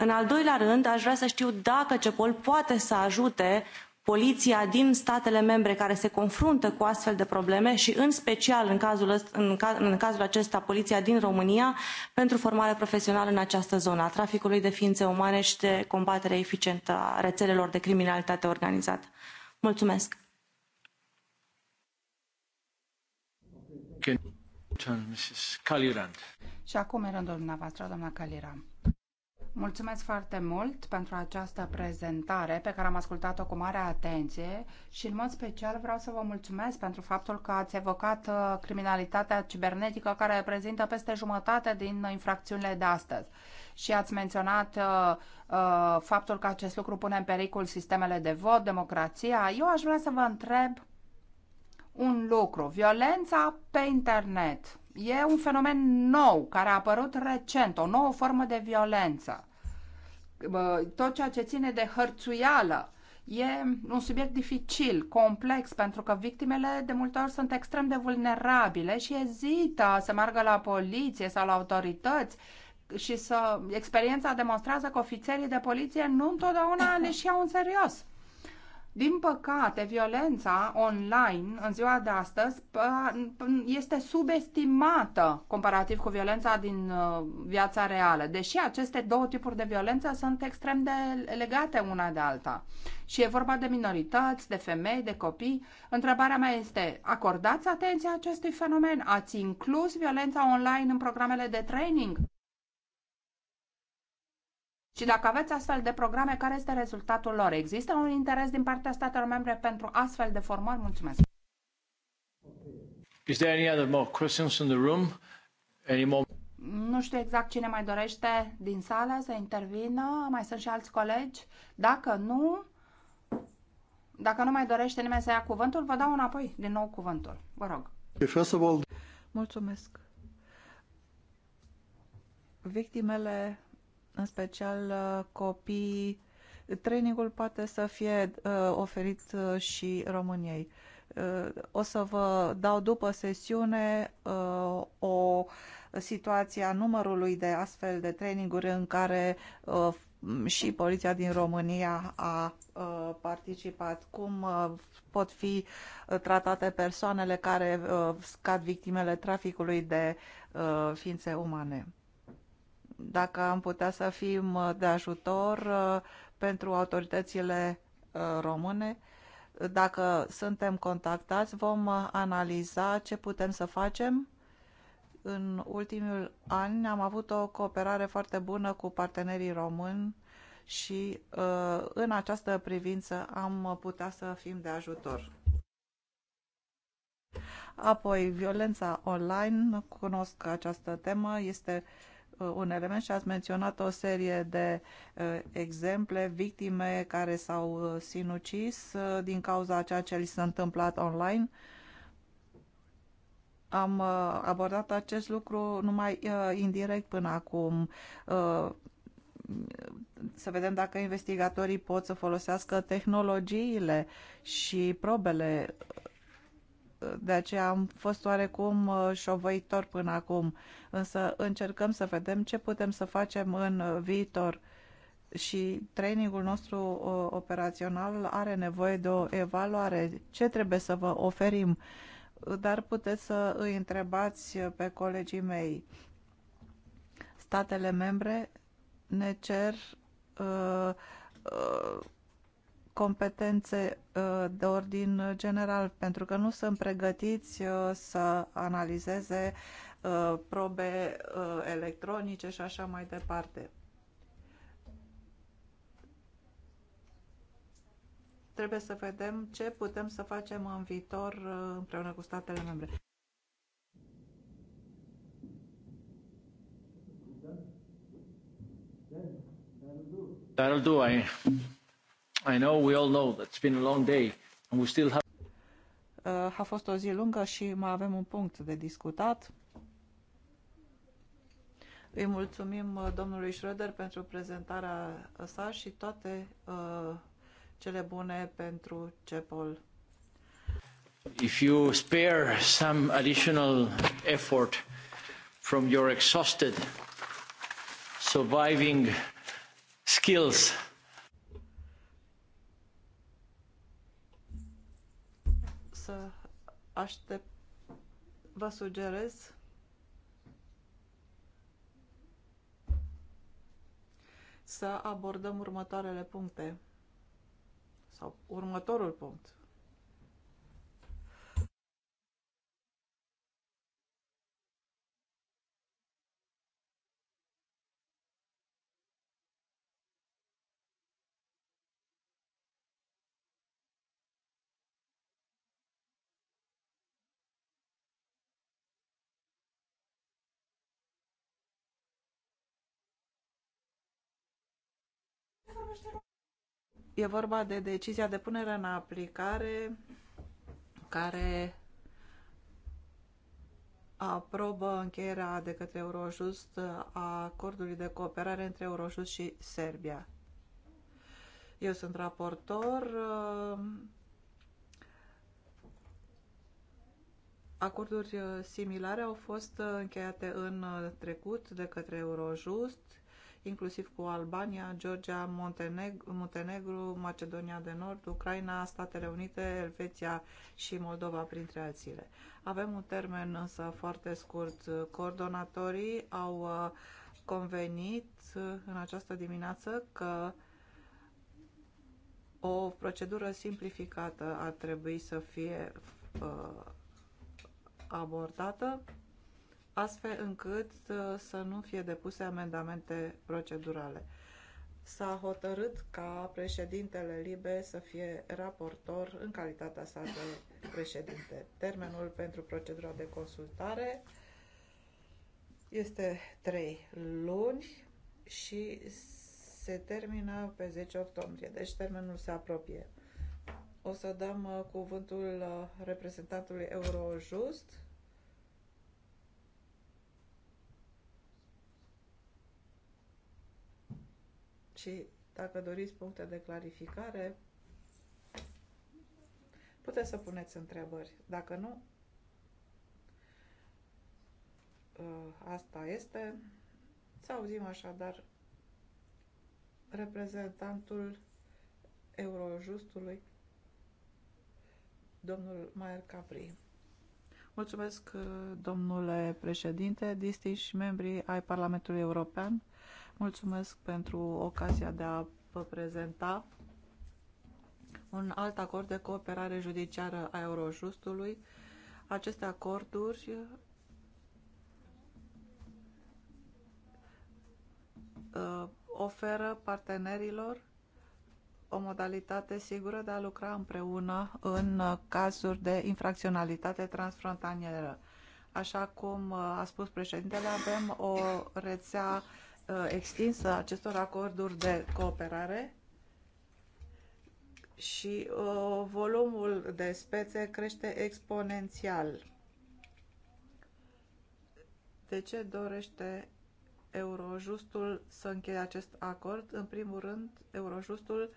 Speaker 5: În al doilea rând, aș vrea să știu dacă CEPOL poate să ajute poliția din statele membre care se confruntă cu astfel de probleme și în special în cazul, în, caz, în cazul acesta poliția din România pentru formare profesională în această zonă a traficului de ființe umane și de combatere eficientă a rețelelor de criminalitate organizată. Mulțumesc!
Speaker 4: Și acum e rândul dumneavoastră, doamna Calirand. Mulțumesc foarte mult pentru această prezentare pe care am ascultat-o cu mare atenție și în mod special vreau să vă mulțumesc pentru faptul că ați evocat uh, criminalitatea cibernetică care reprezintă peste jumătate din infracțiunile de astăzi și ați menționat uh, uh, faptul că acest lucru pune în pericol sistemele de vot, democrația. Eu aș vrea să vă întreb un lucru. Violența pe internet E un fenomen nou care a apărut recent, o nouă formă de violență. Tot ceea ce ține de hărțuială e un subiect dificil, complex, pentru că victimele de multe ori sunt extrem de vulnerabile și ezită să meargă la poliție sau la autorități și să experiența demonstrează că ofițerii de poliție nu întotdeauna le și iau în serios din păcate, violența online în ziua de astăzi este subestimată comparativ cu violența din uh, viața reală, deși aceste două tipuri de violență sunt extrem de legate una de alta. Și e vorba de minorități, de femei, de copii. Întrebarea mea este, acordați atenție acestui fenomen? Ați inclus violența online în programele de training? Și dacă aveți astfel de programe, care este rezultatul lor? Există un interes din partea statelor membre pentru astfel de formări? Mulțumesc!
Speaker 2: Is there any other more questions in the room? Any more...
Speaker 4: Nu știu exact cine mai dorește din sală să intervină, mai sunt și alți colegi. Dacă nu, dacă nu mai dorește nimeni să ia cuvântul, vă dau înapoi din nou cuvântul. Vă rog. Mulțumesc. Victimele în
Speaker 1: special uh, copii. Trainingul poate să fie uh, oferit uh, și României. O să vă dau după sesiune o situație a numărului de astfel de traininguri în care și poliția din România a participat, cum pot fi tratate persoanele care scad victimele traficului de ființe umane dacă am putea să fim uh, de ajutor uh, pentru autoritățile uh, române. Dacă suntem contactați, vom analiza ce putem să facem. În ultimul an am avut o cooperare foarte bună cu partenerii români și în această privință am putea să fim de ajutor. Apoi, violența online, cunosc această temă, este uh, Uh, un element și ați menționat o serie de uh, exemple, victime care s-au uh, sinucis din cauza ceea ce li s-a întâmplat online. Am abordat acest lucru numai indirect până acum să vedem dacă investigatorii pot să folosească tehnologiile și probele de aceea am fost oarecum uh, șovăitor până acum, însă încercăm să vedem ce putem să facem în uh, viitor și trainingul nostru uh, operațional are nevoie de o evaluare. Ce trebuie să vă oferim? Dar puteți să îi întrebați pe colegii mei. Statele membre ne cer uh, uh, competențe uh, de ordin general, pentru că nu sunt pregătiți uh, să analizeze uh, probe electronice și așa mai departe. Trebuie să vedem ce putem să facem în viitor împreună cu statele membre.
Speaker 2: That'll do. I I know we all know that it's been a long day and we still have
Speaker 1: uh, a fost o zi lungă și mai avem un punct de discutat. Îi mulțumim uh, domnului Schröder pentru prezentarea uh, sa și toate uh, cele bune pentru CEPOL.
Speaker 2: If you spare some additional effort from your exhausted surviving skills,
Speaker 1: aștept, vă sugerez să abordăm următoarele puncte sau următorul punct. E vorba de decizia de punere în aplicare care aprobă încheierea de către Eurojust a acordului de cooperare între Eurojust și Serbia. Eu sunt raportor. Uh, acorduri similare au fost încheiate în trecut de către Eurojust inclusiv cu Albania, Georgia, Muntenegru, Macedonia de Nord, Ucraina, Statele Unite, Elveția și Moldova, printre alții. Avem un termen însă foarte scurt. Coordonatorii au uh, convenit uh, în această dimineață că o procedură simplificată ar trebui să fie uh, abordată astfel încât uh, să nu fie depuse amendamente procedurale. S-a hotărât ca președintele Libe să fie raportor în calitatea sa de președinte. Termenul pentru procedura de consultare este 3 luni și se termină pe 10 octombrie, deci termenul se apropie. O să dăm uh, cuvântul uh, reprezentantului Eurojust și dacă doriți puncte de clarificare, puteți să puneți întrebări. Dacă nu, uh, asta este. Să auzim așadar reprezentantul Eurojustului, domnul Maier Capri. Mulțumesc, uh, domnule președinte, distinși membrii ai Parlamentului European. Mulțumesc pentru ocazia de a vă prezenta un alt acord de cooperare judiciară a Eurojustului. Aceste acorduri uh, oferă partenerilor o modalitate sigură de a lucra împreună în cazuri de infracționalitate transfrontalieră. Așa cum uh, a spus președintele, avem o rețea Uh, extinsă acestor acorduri de cooperare și uh, volumul de spețe crește exponențial. De ce dorește Eurojustul să încheie acest acord? În primul rând, Eurojustul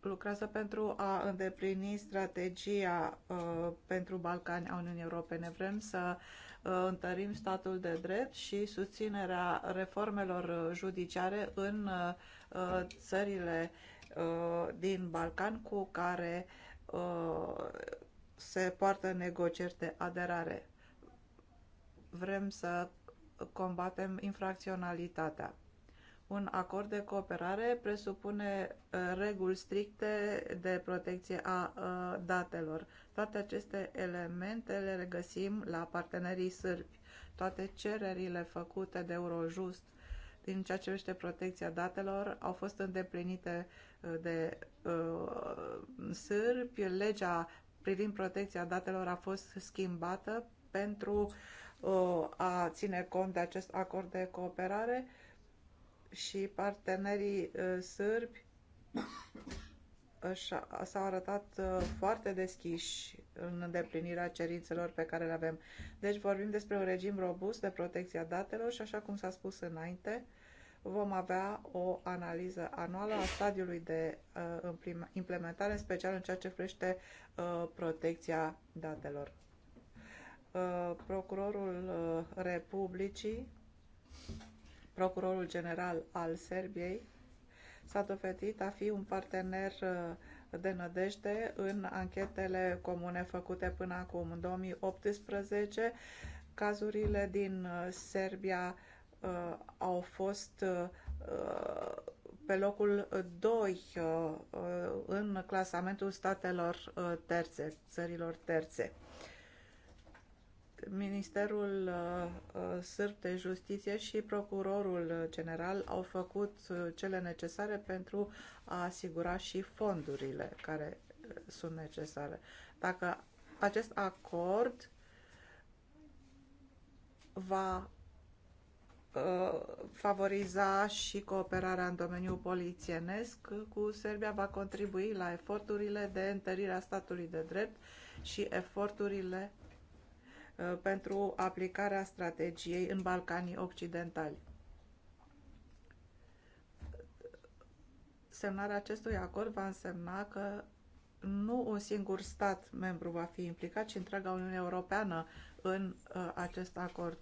Speaker 1: lucrează pentru a îndeplini strategia uh, pentru Balcani a Uniunii Europene. Vrem să uh, întărim statul de drept și susținerea reformelor judiciare în uh, țările uh, din Balcan cu care uh, se poartă negocieri de aderare. Vrem să combatem infracționalitatea. Un acord de cooperare presupune uh, reguli stricte de protecție a uh, datelor. Toate aceste elemente le regăsim la partenerii sârbi. Toate cererile făcute de Eurojust din ceea ce privește protecția datelor au fost îndeplinite uh, de uh, sârbi. Legea privind protecția datelor a fost schimbată pentru uh, a ține cont de acest acord de cooperare și partenerii uh, sârbi s-au arătat uh, foarte deschiși în îndeplinirea cerințelor pe care le avem. Deci vorbim despre un regim robust de protecție a datelor și așa cum s-a spus înainte, vom avea o analiză anuală a stadiului de uh, implementare, în special în ceea ce privește protecția datelor. procurorul Republicii procurorul general al Serbiei, s-a dovedit a fi un partener uh, de nădejde în anchetele comune făcute până acum. În 2018, cazurile din uh, Serbia uh, au fost uh, pe locul 2 uh, în clasamentul statelor terțe, țărilor terțe. Ministerul uh, uh, Sârb de Justiție și Procurorul General au făcut uh, cele necesare pentru a asigura și fondurile care sunt necesare. Dacă acest acord va favoriza și cooperarea în domeniul polițienesc cu Serbia, va contribui la eforturile de întărire a statului de drept și eforturile Uh, pentru aplicarea strategiei în Balcanii Occidentali. Semnarea acestui acord va însemna că nu un singur stat membru va fi implicat, ci întreaga Uniune Europeană în uh, acest acord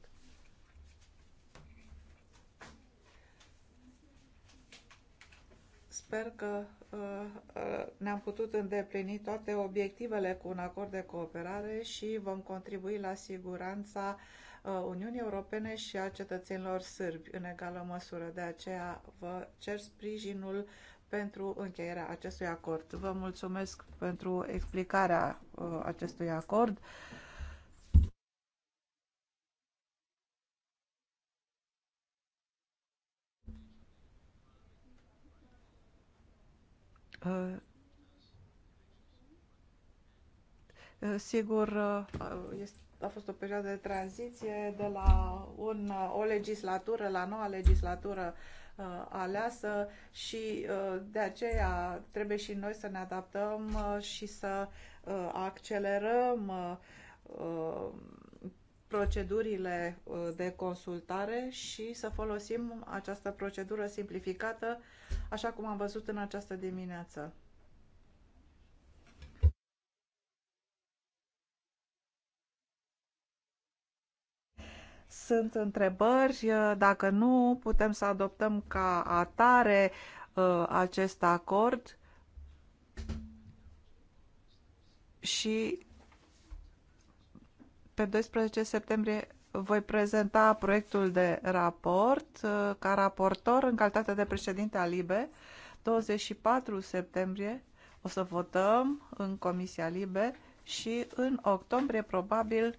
Speaker 1: sper că uh, uh, ne-am putut îndeplini toate obiectivele cu un acord de cooperare și vom contribui la siguranța uh, Uniunii Europene și a cetățenilor sârbi în egală măsură. De aceea vă cer sprijinul pentru încheierea acestui acord. Vă mulțumesc pentru explicarea acestui acord. Uh, uh, sigur, uh, a fost o perioadă de tranziție de la un, o legislatură la noua legislatură aleasă și de aceea trebuie și noi să ne adaptăm și să accelerăm procedurile uh, de consultare și să folosim această procedură simplificată, așa cum am văzut în această dimineață. Sunt întrebări, uh, dacă nu, putem să adoptăm ca atare uh, acest acord și pe 12 septembrie voi prezenta proiectul de raport uh, ca raportor în calitate de președinte al LIBE. 24 septembrie o să votăm în Comisia LIBE și în octombrie probabil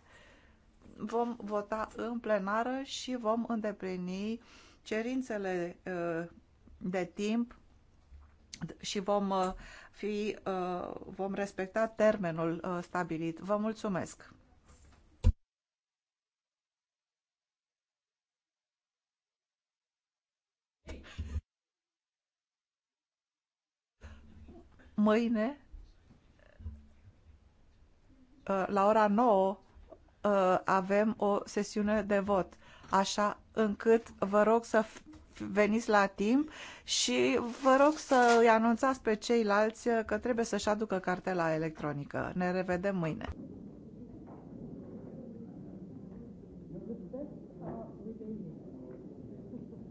Speaker 1: vom vota în plenară și vom îndeplini cerințele uh, de timp și vom, uh, fi, vom respecta termenul stabilit. Vă mulțumesc! mâine uh, la ora 9 uh, avem o sesiune de vot, așa încât vă rog să veniți la timp și vă rog să îi anunțați pe ceilalți că trebuie să-și aducă cartela electronică. Ne revedem mâine!